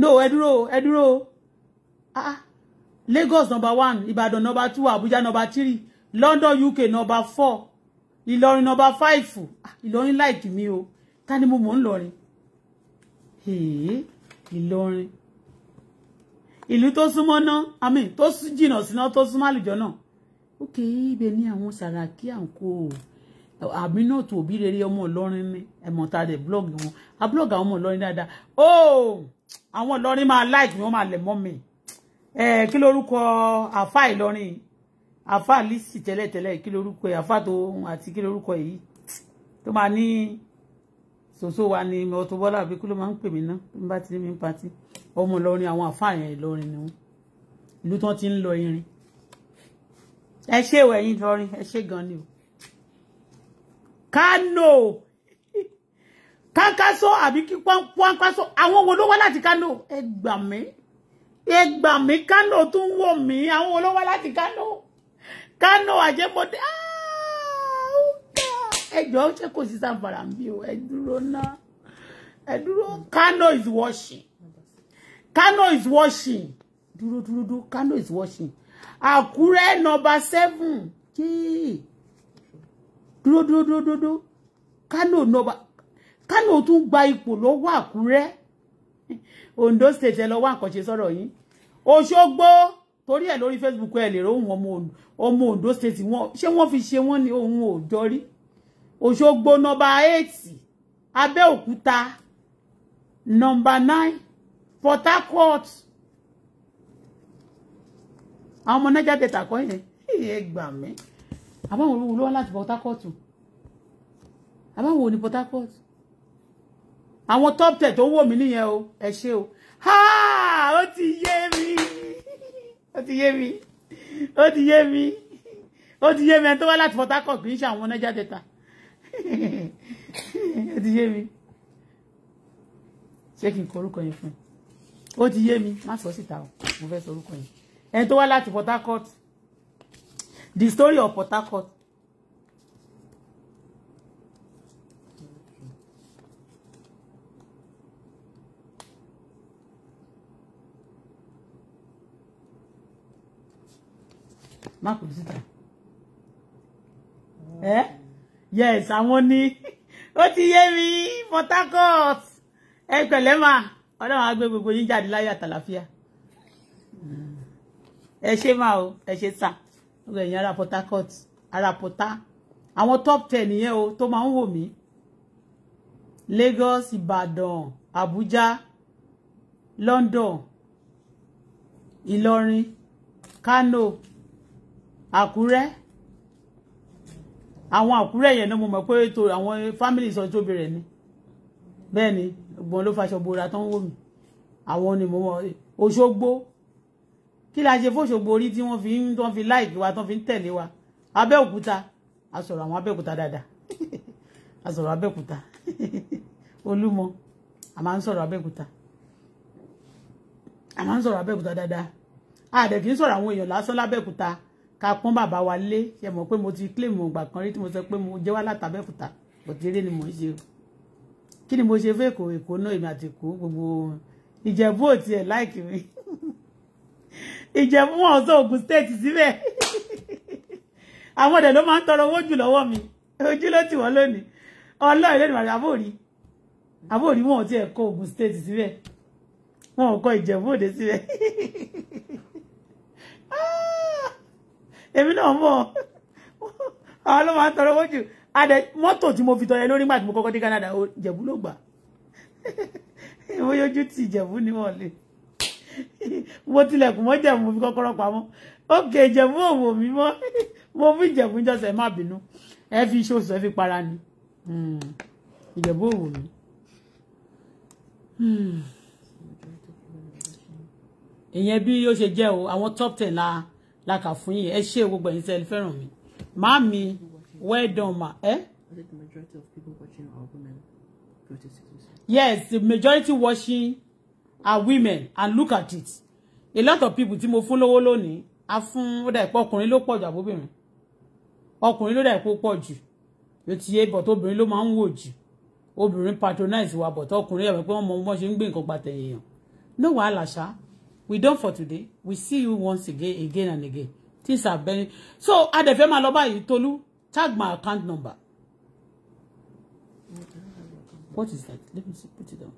no ẹ dúró ẹ dúró ah, ah Lagos nọ́mbà one Ìbàdàn nọ́mbà two Abuja nọ́mbà three London UK nọ́mbà four Ìlọrin nọ́mbà five ah, Ìlọrin láìkì mi o ta ni mo mọ̀ ń lọrin Ìlọrin ìlú tó súnmọ́ náà àmì tó jìnnà síná tó súnmọ́ àlùjọ náà ókè ibẹ̀ ni àwọn sàràkí àǹkó àmì náà tó òbí rere ọmọ Ìlọrin ni ẹ̀mọ̀ta dẹ̀ blog wọn a blog àwọn ọmọ Ìlọrin dáadáa ó oh, àwọn Ìlọrin máa like mi wọ́n máa lẹ̀ mọ́ mi ẹ̀ kí lorúkọ àfa Ìlọrin àfa lisi tẹ́lẹ̀tẹ́lẹ̀ kí lorúkọ ẹ̀ àfa tó àti kí lorúkọ èyí tó máa ní ṣoṣo wa ni Auto Bola àbí kí ló máa ń pè mí ná bí n bá ti ní mi ń patí ọmọ Ìlọrin àwọn àfáà yẹn Ìlọrin ni wọn ìlú tí wọn ti ń lọ irin ẹ ṣe ìwẹ̀ yín Ìlọrin ẹ ṣe gan ni o Kano kankaso àbí kí pọnpọnkaso àwọn wo ló wá láti Kano ẹ gbà mí ẹ gbà mí Kano tún wò mí àwọn wo ló wá láti Kano Kano àjẹmọdé ẹ jọ ṣe kò sí sanfara mi o ẹ dúró náà ẹ dúró Kano is washing. Kano is washing. Dúró dúró dúró. Kano is washing. Àkúrẹ́ number seven. Yéé. Dúró dúró dúró dúró dúró. Kano number Kano tún gba ipò lọ́wọ́ Àkúrẹ́. Ondo state ẹ lọ wá nǹkan ṣe sọ̀rọ̀ yìí. Òṣogbo torí ẹ̀ lórí Facebook ẹ lè rohùn Omo. Omo. Ondo state wọn ṣé wọ́n fi ṣe wọ́n ní ohun òòjọ́ rí. Òṣogbo number eight Abẹ́òkúta number nine Port Harcourt àwọn ọmọ Niger Delta kọ́ yẹn ẹ gbà mí àbáwọn olówó ló wá láti Port Harcourt àbáwọn ò ní Port Harcourt àwọn top ten tó wò mí nìyẹn o ẹ ṣe o ha ah, ó ti yé mi ó ti yé mi ó ti yé mi ó ti yé mi ẹni tó wá láti Port Harcourt kì í ṣe àwọn Niger Delta ó ti yé mi ṣé kí n kọ orúkọ yẹn fún ẹ ó ti yé mi má sọ síta o mo fẹ́ sọ orúkọ yẹn ẹni tó wá láti Port Harcourt the story of Port Harcourt má kò síta ẹ yes àwọn ni ó ti yé mi Port Harcourt ẹ pẹ̀lẹ́ máa ọlọ́run á gbé gbogbo yín jáde láyé àtàlàfíà ẹ ṣe máa o ẹ ṣe sà ọgbà ẹ̀yìn ara Port Harcourt ara Port Harcourt àwọn top ten yẹn o tó máa ń wò mí Lagos Ibadan Abuja London Ìlọrin Kano Àkúrẹ́ àwọn Àkúrẹ́ yẹn náà mo mọ̀ pé àwọn family sọ tóbi rẹ̀ ni bẹ́ẹ̀ ni gbọ́n ló faṣọ bora tán wò mí àwọn ni mo mọ Òṣogbo kí la ṣe fóṣogbo orí tí wọ́n fi ń tán fi láìkí wa tán fi ń tẹ̀lé wa Abẹ́òkúta a sọ̀rọ̀ àwọn Abẹ́òkúta dáadáa a sọ̀rọ̀ Abẹ́òkúta Olúmọ a máa ń sọ̀rọ̀ Abẹ́òkúta a máa ń sọ̀rọ̀ Abẹ́òkúta dáadáa a kì í sọ̀rọ̀ àwọn èèyàn lásán lábẹ́òkúta ká pọ́n bàbá wa lé ṣe mọ̀ pé mo ti claim ọgbà kan rí tí mo sọ pé mo jẹ́ wá látàbẹ́òkúta òtí eré ni mò ń ṣe o kí ni mo ṣe fún èkó èkó náà èmi àti èkó gbogbo ìjẹ̀bú ò tiẹ̀ láìkì mi ìjẹ̀bú wọn sọ Ògùn state síbẹ̀ àwọn ọ̀dẹ̀ ló máa ń tọrọ owó jù lọ́wọ́ mi ojú ló tì wọ́n lónìí ọlọ́ọ̀ lónìí màrí àbórí àbórí wọn ò tiẹ̀ kó Ògùn state síbẹ̀ wọn ò kọ Ìjẹ̀bú Òde síbẹ̀ ah! èmi náà mọ̀ àwọn ló máa ń tọrọ owó jù adẹ moto tí mo fi tọrẹ lórí nígbà tí mo kọ́kọ́ dé Canada Ìjẹ̀bú ló gbà mo yọjú ti Ìjẹ̀bú ní ọ̀lẹ́ mo tilẹ̀kùn mọ́ Ìjẹ̀bú mo fi kọ́kọ́rọ́ pamọ́ ókè Ìjẹ̀bú òwò mi mọ́ mo fi Ìjẹ̀bú jọ́sẹ̀ má bínú ẹ fi iṣẹ́ oṣù fi para ni hmm. Ìjẹ̀bú òwò mi. Hmm. ìyẹn bí ó ṣe jẹ́ o àwọn top ten la la kà fún yìí ẹ ṣé gbogbo ẹ̀yin tẹ́ fẹ́ràn mi màámi. Well done, ma. Eh? I think the majority of people watching are women Yes, the majority watching are women. And look at it. A lot of people tí mo fún lówó lónìí, a fún ó dà pé ọkùnrin ló pọ̀ jù àbóbìnrin. Ọkùnrin ló dà pé ó pọ̀ jù. Yóò patronize wa bọ̀tọ̀ ọkùnrin yàgbẹ́ pé wọ́n mọ wọ́n ṣe No wahala We done for today. We see you once again, again and again. Things are very. So, a dẹ̀ fẹ́ máa lọ Tag my account number. What is that? Let me see. Put it down.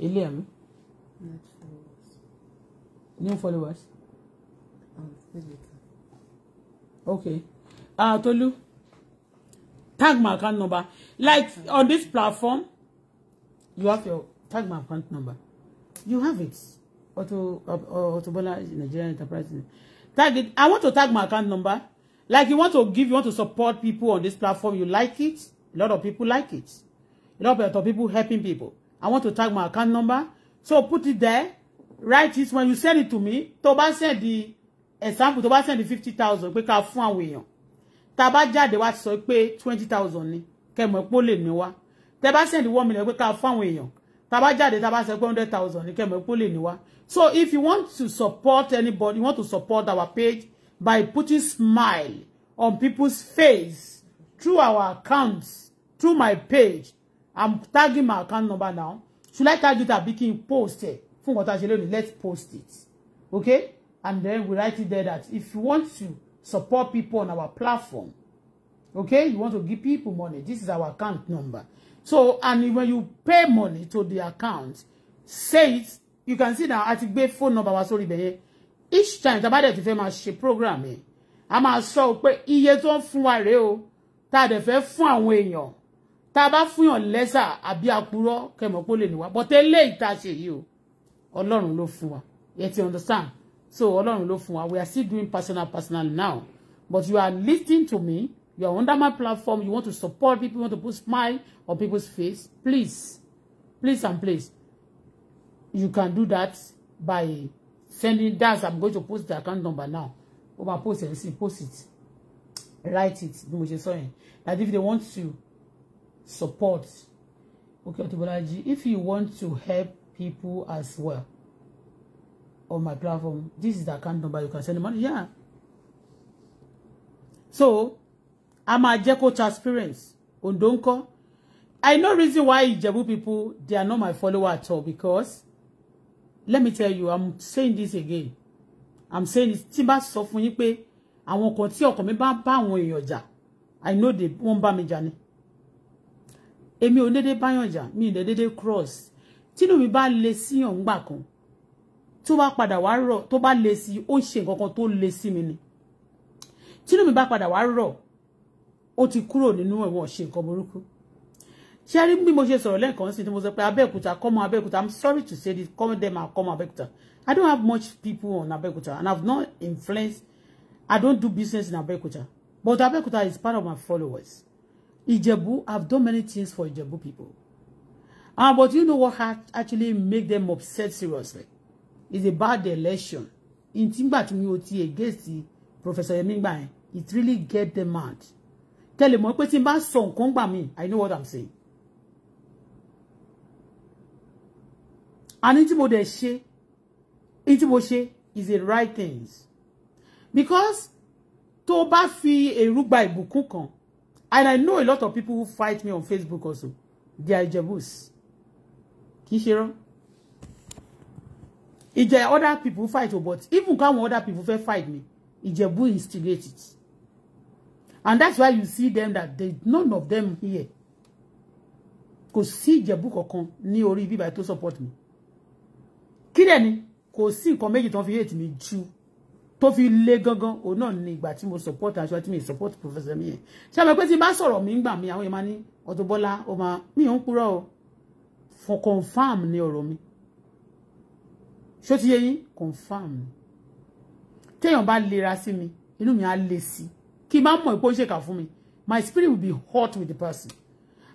Ilé Not followers. New followers. Okay. Ah, uh, Tolu. Tag my account number. Like on this platform. You have your tag my account number. You have it. Auto uh, Auto Bola Nigerian Enterprise. Tag it. I want to tag my account number. Like you want to give, you want to support people on this platform. You like it. A lot of people like it. A lot of people helping people. I want to tag my account number. So put it there. Write it when you send it to me. Toba bá send the example, Toba send the fifty thousand pé ká fún àwọn èèyàn. Tá a bá jáde wá twenty thousand ni. Kẹ́ pole pé ó tẹ bá send one million pé ká fún àwọn èèyàn tá a bá jáde tá a bá sọ pé hundred thousand ní kẹ́mọ̀ epo lè ní wá so if you want to support anybody you want to support our page by putting smile on people's face through our accounts through my page i'm tagging my account number now should i tag you That kí n post it. Fun nǹkan tá a ṣe let's post it okay and then we write it there that if you want to support people on our platform okay you want to give people money this is our account number So, and when you pay money to the account, say it, you can see that I think gbé phone number was sórí there. Each time, tá a bá dẹ̀ ti fẹ́ máa ṣe program yẹn, a máa sọ pé iye tó ń fún wa rèé o, tá a dẹ̀ yon fún àwọn èèyàn, tá a bá fún yàn lẹ́sà But eléyìí tá a ṣe yìí o, Ọlọ́run Yet you understand? So, Ọlọ́run ló fún We are still doing personal personal now. But you are listening to me. You are under my platform. You want to support people. You want to put smile on people's face. Please, please and please, you can do that by sending that. I'm going to post the account number now. Over post it. post it. Write it. Bí mo ṣe That if they want to support, okay, Otobolaji, if you want to help people as well on my platform, this is the account number. You can send the money. Yeah. So I'm a máa jẹ́ kó transparent Ondo I know reason why Ijebu people they are not my follower at all because let me tell you I'm saying this again I'm saying this tí bá sọ fún yín pé àwọn kan tí ọkàn mi bá bá I know they won't bá me journey. Emi èmi ò dédé báyàn jà mi de dédé cross tínú mi bá le sí ọ̀ngbà kan tó bá padà wá rọ̀ tó bá le sí ó ń ṣe kan tó le sí mi ni tínú mi bá pada wá rọ̀ ó ti kúrò nínú ẹ̀wọ̀n ṣe nǹkan burúkú ṣé rí bí mo ṣe sọ̀rọ̀ lẹ́ẹ̀kan sí ni mo sọ pé abẹ́òkúta kọ́mọ abẹ́òkúta i'm sorry to say this come them are come abẹ́òkúta i don't have much people on abẹ́òkúta and i've not influenced i don't do business in abẹ́òkúta but abẹ́òkúta is part of my followers ìjẹ̀bú i've done many things for ìjẹ̀bú people ah but you know what actually make them upset seriously it's a bad election ìtìgbà tí mi ò ti against professor yemi gbà it really get them mad tẹ́lẹ̀ mọ̀ pé tí n bá sọ nǹkan gbà mí i know what i'm saying. àní tí mo dẹ̀ ṣe ní tí mo ṣe is the right things because tó bá fi èrú gba ìbùkún kan and i know a lot of people who fight me on facebook also they are ijebus kì í ṣe rán ìjẹ other people fight o but even káwọn other people fẹ́ fight me ìjẹ̀bú instigate it and that's why you see them that they none of them here kò sí ìjẹ̀bú kankan ní orí bíbá to support me. kí dẹ̀ ni kò sí nǹkan méjì tó fi hate mi ju tó fi lé gangan òun náà ni ìgbà tí mo support and tí mi support professor mi yẹn ṣé àmọ́ pé tí n bá sọ̀rọ̀ mi ń gbà mí àwọn èèyàn máa ní Bola ó máa mi ò ń o for confirm ni ọ̀rọ̀ mi ṣó ti yé yín confam ni lera sí mi inu mi á le sí kí n bá mọ̀ ìpò ìṣèkà fún mi my spirit will be hot with the person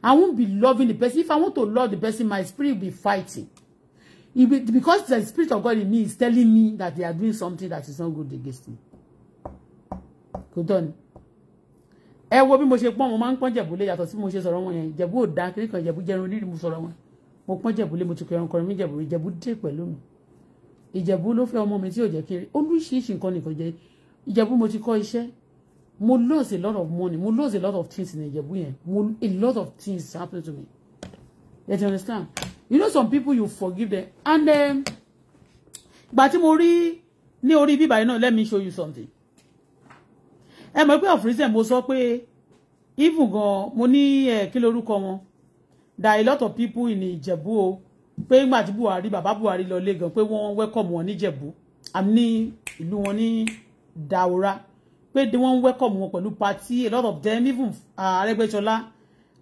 I won't be loving the person if I want to love the person my spirit will be fighting be, because the spirit of God in me is telling me that they are doing something that is not good against me kò tọ́ ni ẹ wo bí mo ṣe pọ́n mo máa ń pọ́n jẹ̀bú yàtọ̀ sí mo ṣe sọ̀rọ̀ wọn yẹn jẹ̀bú ò dá kiri jẹ̀bú jẹrun rírì mo sọ̀rọ̀ wọn mo pọ́n jẹ̀bú mo ti kẹrin kọrin mi jẹ̀bú rí dé pẹ̀lú mi ìjẹ̀bú ló fẹ́ ọmọ mi tí ò jẹ́ kiri oríṣiríṣi nǹkan nìkan jẹ́ ìjẹ̀bú mo ti kọ́ iṣẹ́ mo lose a lot of money mo lose a lot of things in Ìjẹ̀bú yẹn mo a lot of things happen to me yet you understand you know some people you forgive them and then um, gbà tí mo rí ní orí bíbá yìí náà let me show you something ẹ mọ̀ pé of reason mo sọ pé even gan mo ní ẹ kí lorúkọ wọn that a lot of people in Ìjẹ̀bú o pé ńgbà tí Buhari bàbá Buhari lọ lé gan pé wọ́n welcome wọn níjẹ̀bú àmì ní ìlú wọn ní Daura pé they wọ́n welcome wọn pẹ̀lú party a lot of them even uh, Arẹ́gbẹ́ṣọlá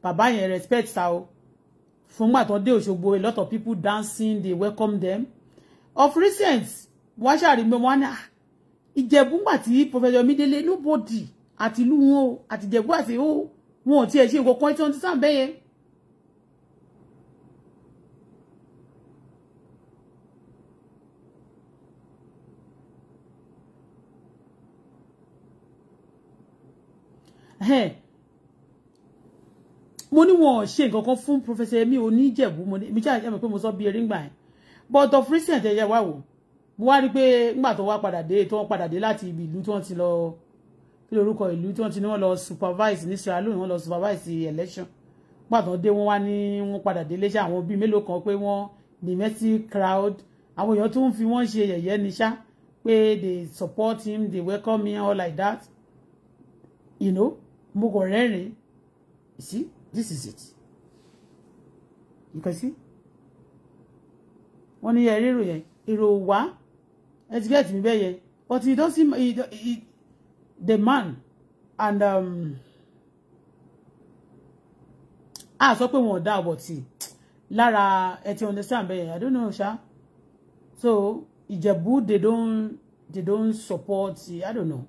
bàbá yẹn respect ta o fún gbà tó dé Òṣogbo a lot of people dancing they welcome them of recent wọ́n ṣàrí pé wọ́n á ah, Ìjẹ̀bú gbà tí Professor Midele nobody àti ìlú wọn o àti Ìjẹ̀bú àti ó oh, wọn ò tiẹ̀ ṣe nǹkan kan tí wọ́n ti sàn bẹ́yẹn Hey, mo ní wọn ṣe nǹkan kan fún professor Yemi Oníjẹ̀bú mo ní mi ṣáà ṣe mọ̀ pé mo sọ bí erin gbà yẹn but of recent ẹ̀yẹ wà wò mo wá rí pé nígbà tó wá padà dé tó wọ́n padà dé láti ibi ìlú tí wọ́n ti lọ kí lorúkọ ìlú tí wọ́n ti ní wọ́n lọ supervise ní Sierra Leone wọ́n lọ supervise election nígbà tó dé wọ́n wá ní wọ́n padà dé léṣe àwọn bíi mélòó kan pé wọ́n domestic crowd àwọn èèyàn tó ń fi wọ́n ṣe yẹ̀yẹ́ ni ṣá pé they support him they welcome him all like that you know mo kàn rẹ́rìn you see this is it you can see wọ́n ní ẹ rérò yẹn èrò wá ẹ ti gẹ́ẹ̀tì mi bẹ́ẹ̀ yẹn but he don see he, he, the man and um, a sọ pé wọn ò dá ọ̀bọ̀ tì lára ẹ ti understand bẹ́ẹ̀ yẹn I don't know ṣá so Ìjẹ̀bú they don they don support I don't know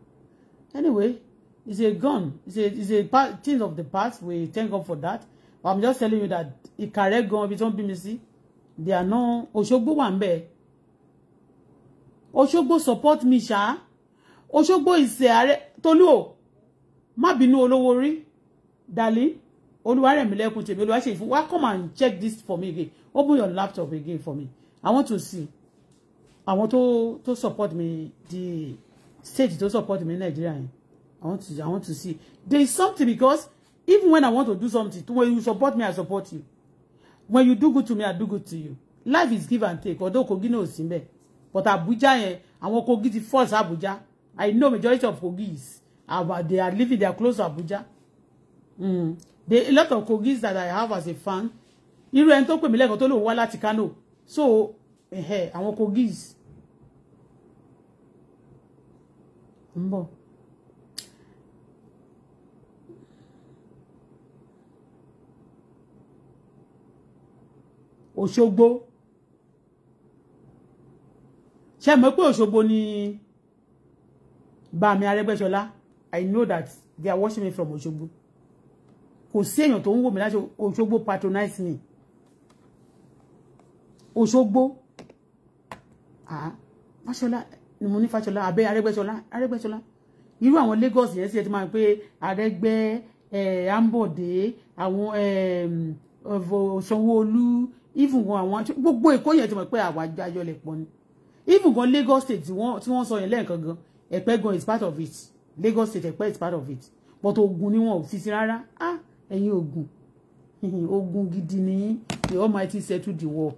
anyway It's a gun. It's a, it's a thing of the past. We thank God for that. But I'm just telling you that a correct gun. tí don't be mi sí. They are not Oshogbo wà Oshogbo support me, ṣá. Oshogbo is ààrẹ Tolú Ma Má bínú olówó rí. Darling, Olúwarẹ̀mílẹ́kùn tèmi Olúwaṣèyí fún wa come and check this for me again. Open your laptop again for me. I want to see. I want to to support me the state to support me, ní Nàìjíríà I want to I want to see. There is something because even when I want to do something, when you support me, I support you. When you do good to me, I do good to you. Life is give and take. Although Kogi knows him, but Abuja eh, àwọn Kogi ti force Abuja. I know majority of Kogis are they are living they are close to Abuja. Mm. There a lot of Kogis that I have as a fan. Irú ẹni tó pè mí lẹ́kọ̀ọ́ tó lòun wá láti Kano. So Kogis. ń bọ̀. Òṣogbo ṣe mọ̀ pé Òṣogbo ni Bàmí Arẹ́gbẹ́ṣọlá I know that they are watching me from Òṣogbo kò sí èèyàn tó ń wò mí láti Òṣogbo patronize me Òṣogbo ah Fáṣọlá ni mo ní Fáṣọlá abẹ́ Arẹ́gbẹ́ṣọlá Arẹ́gbẹ́ṣọlá irú àwọn Lagos yẹn sì ẹ ti máa pé Arẹ́gbẹ́ eh, Ambode àwọn eh, Sanwó-Olú even gan àwọn gbogbo èkó yẹn ti mọ̀ pé àwa ayọ̀lẹ̀ pọ̀ ni even gan Lagos state tí wọ́n sọ yẹn lẹ́ẹ̀kan gan ẹ̀pẹ́ gan is part of it Lagos state ẹ̀pẹ́ is part of it but ogun ni wọn ò fi rárá ah ẹ̀yin ogun ogun gidi ni the almighty settle the war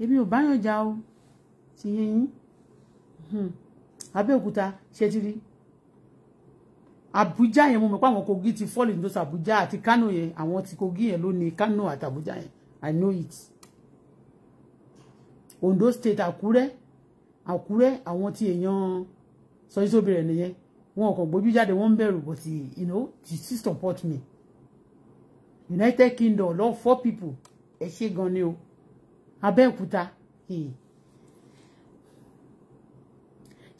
èmi ò báyọ̀ jà o ti yé yín hmm. Abẹ́òkúta ṣe ti rí Abuja yẹn mo mọ̀ pé àwọn Kogi ti fall into Abuja àti Kano yẹn àwọn ti Kogi yẹn ló ní Kano àti Abuja yẹn I know it. Ondo state Akure, Àkúrẹ́ Àkúrẹ́ àwọn tí èèyàn Sotitobire nìyẹn wọn kàn gbójú jáde wọn ń bẹ̀rù but you know the system support me United Kingdom lọ four people ẹ ṣe gan ni o Abẹ́òkúta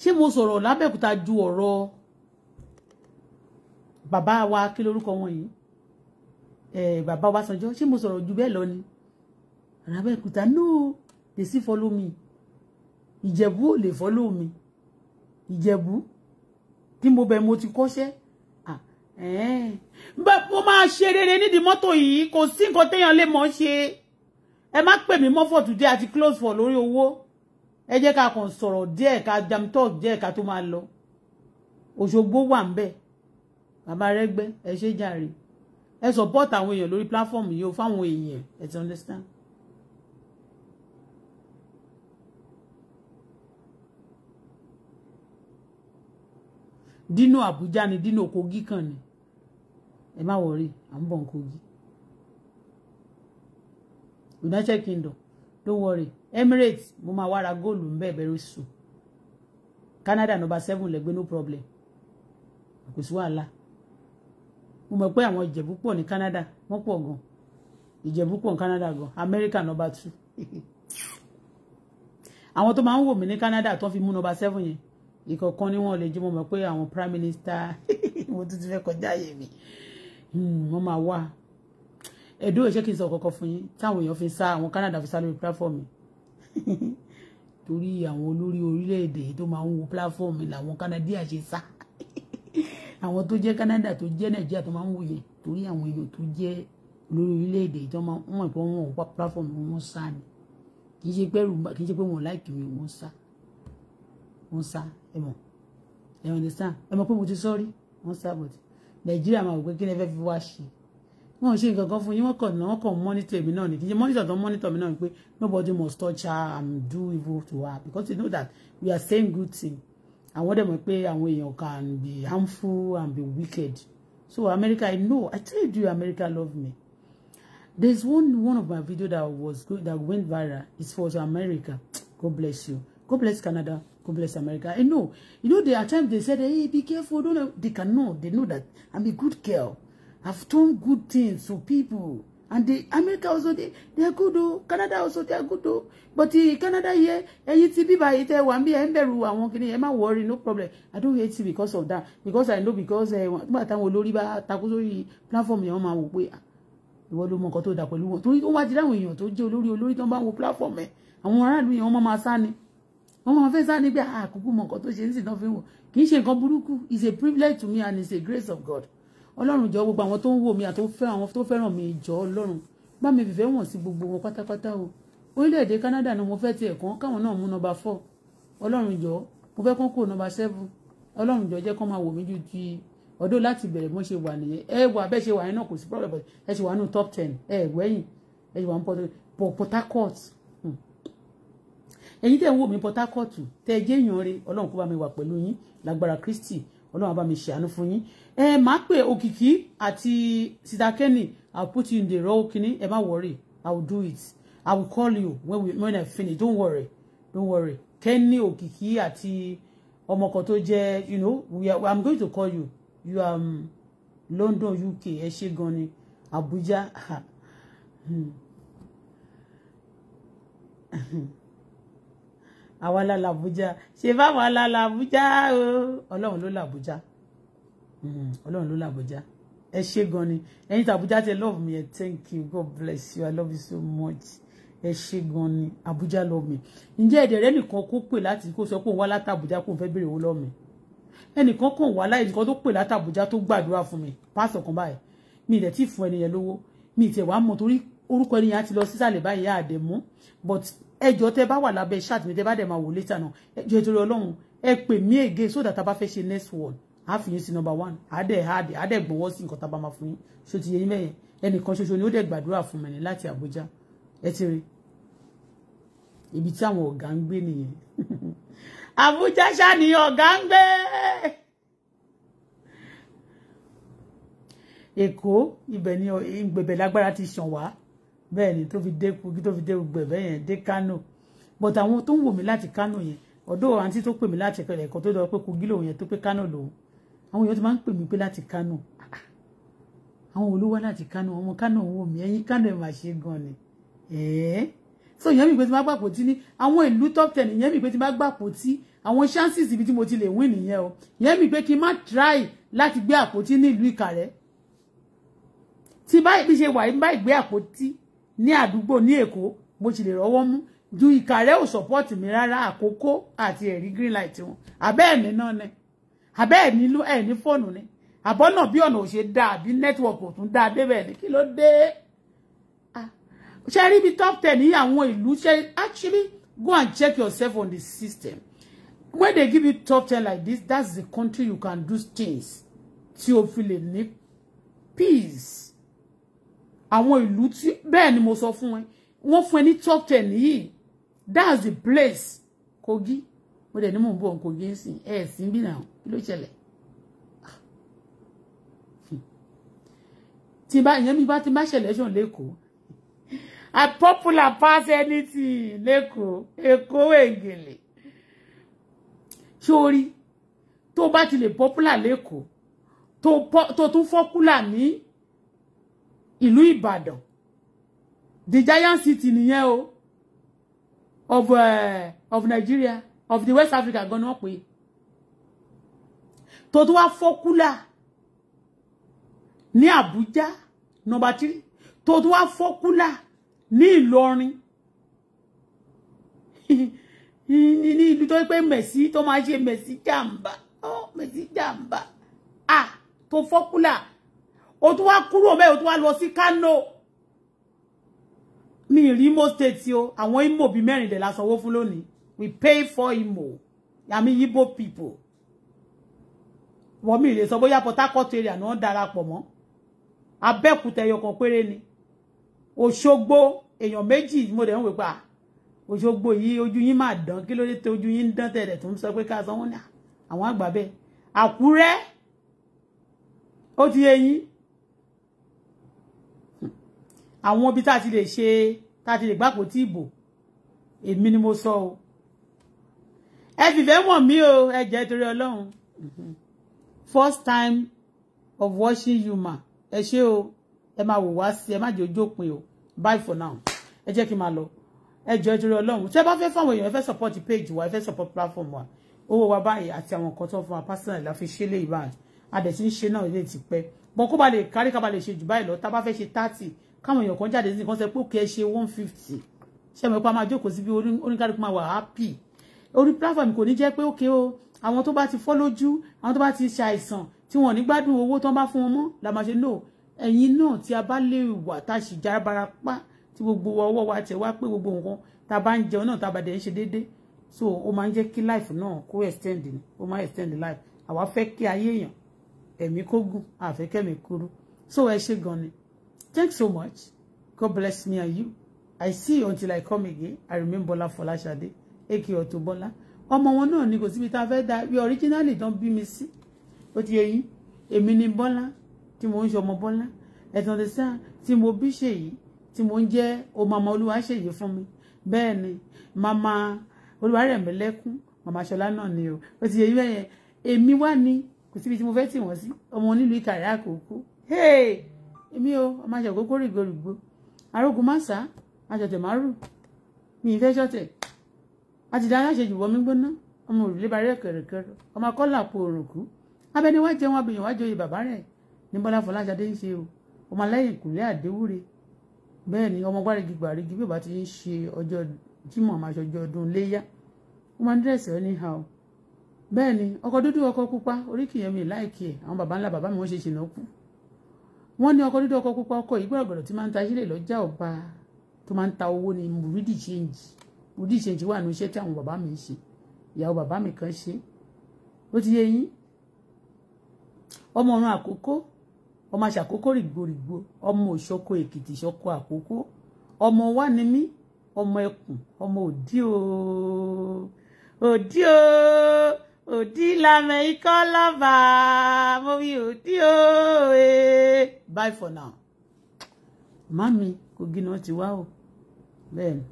ṣé mo sọ̀rọ̀ lábẹ́òkúta ju ọ̀rọ̀ Baba wa kí lórúkọ wọn Eh, Baba wa sanjọ́ ṣé mo sọ̀rọ̀ ju bẹ́ẹ̀ lọ ni lábẹ́òkúta no they still follow me ìjẹ̀bú they follow me ìjẹ̀bú tí mo bẹ̀ mo ti kọ́ṣẹ́ bẹ́ẹ̀ mo máa ṣe rere nídìí mọ́tò yìí kò sí nǹkan téèyàn lè mọ̀ ṣe ẹ má pè mí mọ́ for today àti close for lórí owó ẹ jẹ́ ká kàn sọ̀rọ̀ díẹ̀ ká jam talk díẹ̀ ká tó máa lọ Òṣogbo wà ń bẹ̀ bàbá rẹ́gbẹ́ ẹ ṣe jàre ẹ support àwọn èèyàn lórí platform yìí o fáwọn èèyàn ẹ ti understand. Dino Abuja ni Dino Kogi kan ni ẹ má wọrí à ń bọ̀ ń Kogi United Kingdom don't worry Emirates mo ma wara góòlù ń bẹ̀ very Canada number seven lẹ́gbẹ́ no problem kò sí wàhálà mo mọ̀ pé àwọn ìjẹ̀bú pọ̀ ní Canada wọ́n pọ̀ gan ìjẹ̀bú pọ̀ ní Canada gan America number two àwọn tó máa ń wò mí Canada tó fi mú number seven yẹn ìkọ̀kan ni wọ́n lè jí mo mọ̀ pé àwọn prime minister mo tún ti fẹ́ kọjá àyè mi hmm, wọ́n máa wà ẹ̀dó ìṣẹ́ kì í sọ kọ̀ọ̀kan fún yín táwọn èèyàn fi sá àwọn Canada fi sá lórí platform mi torí àwọn olórí orílẹ̀-èdè tó máa ń wo platform mi làwọn Canada ṣe sá àwọn tó jẹ́ Canada tó jẹ́ Nàìjíríà tó máa ń wòye torí àwọn èèyàn tó jẹ́ olórí orílẹ̀-èdè tó máa ń mọ̀ pé wọ́n wọ́n platform mi sá ni kì í ṣe pé wọ́n láìkì mi sá wọ́n sá ẹ mọ̀ understand ẹ mọ̀ pé mo ti sọ́rí wọ́n sábọ̀tì nàìjíríà máa wò pé kí ni ẹ fẹ́ fi wá ṣe wọn ò ṣe nǹkan kan fún yín wọn kàn náà kàn mọ́nítọ̀ èmi náà ni kì í ṣe mọ́nítọ̀ mi náà ni pé nobody must touch her and do evil to her because you know that we are saying good thing and àwọn dẹ̀ mọ̀ pé àwọn èèyàn can be harmful and be wicked so America I know I tell you America love me There's one one of my video that was good that went viral it's for America God bless you God bless Canada God bless America. I know. You know, there are times they said, hey, be careful. Don't know. They can know. They know that I'm a good girl. I've done good things to people. And the America also, they, they are good though. Canada also, they are good though. But in Canada here, ẹ̀yin tí bí báyìí tẹ́ wà níbí, ẹ ń bẹ̀rù àwọn worry, no problem. I don't hate you because of that. Because I know because eh, nígbà táwọn olórí bá takú sórí platform yẹn, wọ́n máa wò pé ah, ìwọ ló mọ nǹkan tó dà pẹ̀lú wọn. Torí ó wá ti dáhùn èèyàn tó jẹ́ olórí olórí tó ń bá wo platform ẹ̀. Àwọn aráàlú yẹn wọ́n máa sá ni wọ́n máa fẹ́ sá ní pé ah, àkókò mọ tó ṣe ń sìn náà fi ń wò kì í ṣe nǹkan burúkú is a privilege to me and is a grace of God ọlọ́run jọ gbogbo àwọn tó ń wò mí àti àwọn tó fẹ́ràn mi jọ ọlọ́run bá mi fìfẹ́ wọ̀n sí gbogbo wọn pátápátá o orílẹ̀-èdè Canada ni mo fẹ́ ti ẹ̀kan káwọn náà mú nọmba four ọlọ́run jọ mo fẹ́ kán kó nọmba seven ọlọ́run jọ jẹ́ kán máa wò mí ju ti ọdún láti bẹ̀rẹ̀ mo ṣe wà nìyẹn ẹ wà bẹ́ẹ̀ ṣe wà ẹ̀yin tẹ̀ ń wò mí Port Harcourt tẹ̀ jẹ́ èèyàn rẹ ọlọ́run kó bá mi wà pẹ̀lú yín lágbára Kristi ọlọ́run bá mi ṣàánú fún yín ẹ máa pè òkìkí àti sitakeni i will put you in the role kini ẹ má worry i will do it i will call you when, we, when i finish don't worry don't worry kenny òkìkí àti ọmọ kan tó jẹ́ you know we are, i'm going to call you you are um, london uk ẹ ṣe gan ni abuja. hmm àwa la làbújá ṣe báwa la làbújá o ọlọ́run ló làbújá hmm, ọlọ́run ló làbújá ẹ ṣé gan ni ẹ̀yin tàbújá tẹ love me thank you god bless you i love you so much ẹ ṣé gan ni abuja love me ǹjẹ́ ẹ̀dẹ̀ rẹ nìkan kó pè láti kó sọ pé òun wá látàbújá kó òun fẹ́ béèrè owó lọ́ọ̀ mi ẹnìkan kàn wá láì nìkan tó pè látàbújá tó gbàdúrà fún mi pásítọ̀ kan báyìí mi ìdẹ̀ tí fún ẹnìyẹn lówó mi ìtẹ̀ wàá mọ̀ torí orúkọ ẹnìyẹn á ti lọ sísàlẹ̀ báyìí yá àdẹ̀mú but ẹjọ́ tẹ bá wà lábẹ́ ṣáàtì mi tẹ bá dẹ̀ máa wò létà náà ẹjọ́ ìtorí ọlọ́run ẹ pè mí ègé sódà tá a bá ṣe next one á fi yín sí number one á dẹ̀ á dẹ̀ á dẹ̀ gbọ́wọ́ sí nǹkan tá a bá máa fún yín ṣó ti yẹ yín ẹnìkan ṣoṣo ni ó dẹ̀ gbàdúrà fún mi ní láti Àbújá ẹ ti rí ibi tí àwọn ọ̀gá ń gbé nìyẹn Àbújá ṣá ni ọ̀gá ń gbé Èkó ibẹ̀ ni ìgbẹ̀bẹ̀ lágbára ti ṣàn wá bẹ́ẹ̀ ni tó fi dé Kogi tó fi dé gbogbo ẹ̀ yẹn dé Kano but àwọn tó ń wò mí láti Kano yẹn ọ̀dọ́ àǹtí tó pè mí láti ẹ̀kọ́ tó dọ̀ pé Kogi lòun yẹn tó pé Kano lòun àwọn èèyàn ti máa ń pè mí pé láti Kano àwọn olówó láti Kano ọmọ Kano ń wò mí ẹ̀yin Kano ẹ̀ máa ṣe gan ni ẹ̀ẹ́ so ìyẹn mi pé tí máa gbàpò tí ní àwọn ìlú top ten ìyẹn mi pé tí máa gbàpò tí àwọn chances ibi tí mo ti lè win nìyẹn o ìyẹn mi pé kí n má try láti gbé àpótí ní ìlú Ìkàrẹ́ tí báyìí bí ṣe wà ní báyìí gbé àpótí ní àdúgbò ní èkó mo sì lè rọ́wọ́ mú ju ìkàrẹ́ ò support mi rárá àkókò àti ẹ̀rí green light wọn àbẹ́ ẹ̀mí náà ni àbẹ́ ẹ̀mí ló ẹ̀ní fóònù ni àbọ̀ náà bí ọ̀nà ò ṣe dáa àbí nẹ́tíwọ̀kì ò tún dáa débẹ̀ ni kí ló dé ah. ṣe rí ibi top ten ní àwọn ìlú ṣe actually go and check yourself on the system when they give you top ten like this that's the country you can do things tí o fi lè ní peace àwọn ìlú tí bẹ́ẹ̀ ni mo sọ fún ẹ wọ́n fún ẹ ní top ten yìí that's the place Kogi mo dẹ̀ ní mò ń bọ̀ Kogi ń sìn ẹ̀ sí bí náà kí ló ṣẹlẹ̀ tí bá ìyẹn mi bá ti má ṣẹlẹ̀ ṣàn lẹ́kọ̀ọ́ I popular pass anything lẹ́kọ̀ọ́ Èkó ègèlè sórí tó bá ti lè popular lẹ́kọ̀ọ́ tó tún fọ́kúlà ní ìlú Ìbàdàn the giant city nìyẹn o of uh, of Nigeria of the West Africa gan náà pé tó tún wá fọ́kúlà ní Àbújá nọ́mbà three tó tún wá fọ́kúlà ní Ìlọrin ní ìlú tó pé mẹ̀sí tó máa ṣe mẹ̀sí jàǹbá mẹ̀sí jàǹbá ah tó fọ́kúlà o tún wá kúrò mẹ́ o tún wá lọ sí Kano mi rí Imo state o àwọn Imo bíi mẹ́rin dẹ̀ la sanwó fún lónìí we pay for Imo àmì yibo people wọ́n mi lè so bóyá Port Harcourt area náà darapọ̀ mọ́ Abẹ́òkúta ẹyọ kan péré ni Òṣogbo èèyàn méjì mo de ń wè pa ah, Òṣogbo yìí ojú yín máa dán kí ló dé tó ojú yín ń dán tẹ̀lẹ̀ tó ń sọ pé ká sanwó ní àwọn àgbà ti yẹ àwọn ibi tá a ti lè ṣe tá a ti lè gbàpò tí ìbò èmi ni mo sọ o ẹ fìfẹ́ wọ̀n mí o ẹ jẹ́ torí ọlọ́run first time of watching you ma ẹ ṣé o ẹ máa wò wá sí ẹ má jẹ́ ojú òpin o bye for now ẹ jẹ́ kí n máa lọ ẹ jẹ́ torí ọlọ́run tí ẹ bá fẹ́ fáwọn èèyàn ẹ fẹ́ support page wa ẹ fẹ́ support platform wa owó wa báyìí àti àwọn nǹkan tó fún wa personal la fi ṣe léyìí báyìí a dẹ̀ ti ń ṣe náà ilé ti bọ́n kó ba lè kárí ká ba lè ṣe jù báyìí lọ tá a bá fẹ́ ṣe thirty káwọn èèyàn kan jáde sí kan sọ pé òkè ẹ ṣe one fifty ṣé mo pa máa jókòó síbi oníkálukú máa wà happy orí platform kò ní jẹ́ pé òkè o àwọn tó bá ti fọ́ lójú àwọn tó bá ti ṣàìsàn tí wọn ò ní gbádùn owó tó ń bá fún wọn mọ́ la máa ṣe lò ẹ̀yin náà tí a bá lè wà tá a sì já bara pa tí gbogbo ọwọ́ wa tẹ̀ wá pé gbogbo nǹkan tá a bá ń jẹun náà tá a bá dẹ̀ ń ṣe déédéé so ó máa ń jẹ́ kí life náà kó extend ni ó máa extend life àwa fẹ́ kí ayé èèyàn ẹ̀mí kó gùn àfẹ́kẹ́mi kúrú so ẹ ṣe gan ni Thanks so much. God bless me and you. I see you until I come again. I remember Bola Folashade, aka Auto Bola. Ọmọ wọn náà ni kò síbi tá a fẹ́ da bí originally don't be mi sí. Ó ti yẹ yín, ni Bọ́lá tí mò ń ṣe ọmọ Bọ́lá. Ẹ̀tàn lè sá tí mo bí ṣèyí tí mò ń jẹ́ o màmá olúwa ṣèyí fún mi. Bẹ́ẹ̀ ni, màmá olúwa rẹ̀ mí lẹ́kún, màmá Ṣọlá náà ni o. Ó ti yẹ yín bẹ́ẹ̀ yẹn, èmi wà ní kò síbi tí mo fẹ́ tì wọ́n sí. Ọmọ onílù ìkàrẹ́ àkókò. Hey! èmi o ọmọ àṣà ògógó rìgbòrìgbò arógun máṣá àṣọtẹ̀ márù mi ì fẹ́ ṣọ̀tẹ̀ àti dáná ṣèjì wọmí gbóná ọmọ òrùlé bá rẹ̀ kẹ̀rẹ̀kẹ̀rẹ̀ ọmọ akọ́là po òrùkú abẹni wá jẹun abìyàn wá joyè bàbá rẹ̀ ní bọ́lá fọláṣadé ń ṣe o ọmọ aláyìn ìkúnlẹ̀ àdéwúre bẹ́ẹ̀ ni ọmọ gbárígi gbàrígi bí ó bá ti ń ṣe ọjọ́ jímọ̀ máa ọdún léyà ó máa ń dẹ̀sẹ̀ ọ́ ní hàn bẹ́ẹ̀ ni ọkọ̀ dúdú ọkọ̀ pupa oríkì láìkì ẹ̀ àwọn baba ńlá baba mi wọ́n ṣe ṣìnà kú wọ́n ní ọkọ dúdú ọkọ pupa ọkọ ìgbà ọ̀gọ̀dọ̀ tí máa ń ta sílẹ̀ lọ́jà ọba tó máa ń ta owó ni mùrídì ṣéǹjì mùrídì ṣéǹjì wà ní iṣẹ́ tí àwọn bàbá mi ń ṣe ìyàwó bàbá mi kan ṣe ó ti yé yín ọmọ ọ̀run àkókò ọmọ aṣàkókò rìgbòrìgbò ọmọ òṣoko èkìtì ìṣoko àkókò ọmọ wa ni mí ọmọ ẹkùn ọmọ òdí ooo òdí ooo. Odi lame ikolaba, mobi odi oe. Bye for now. Mami, kò gíná ti wá o. Bẹ́ẹ̀ni.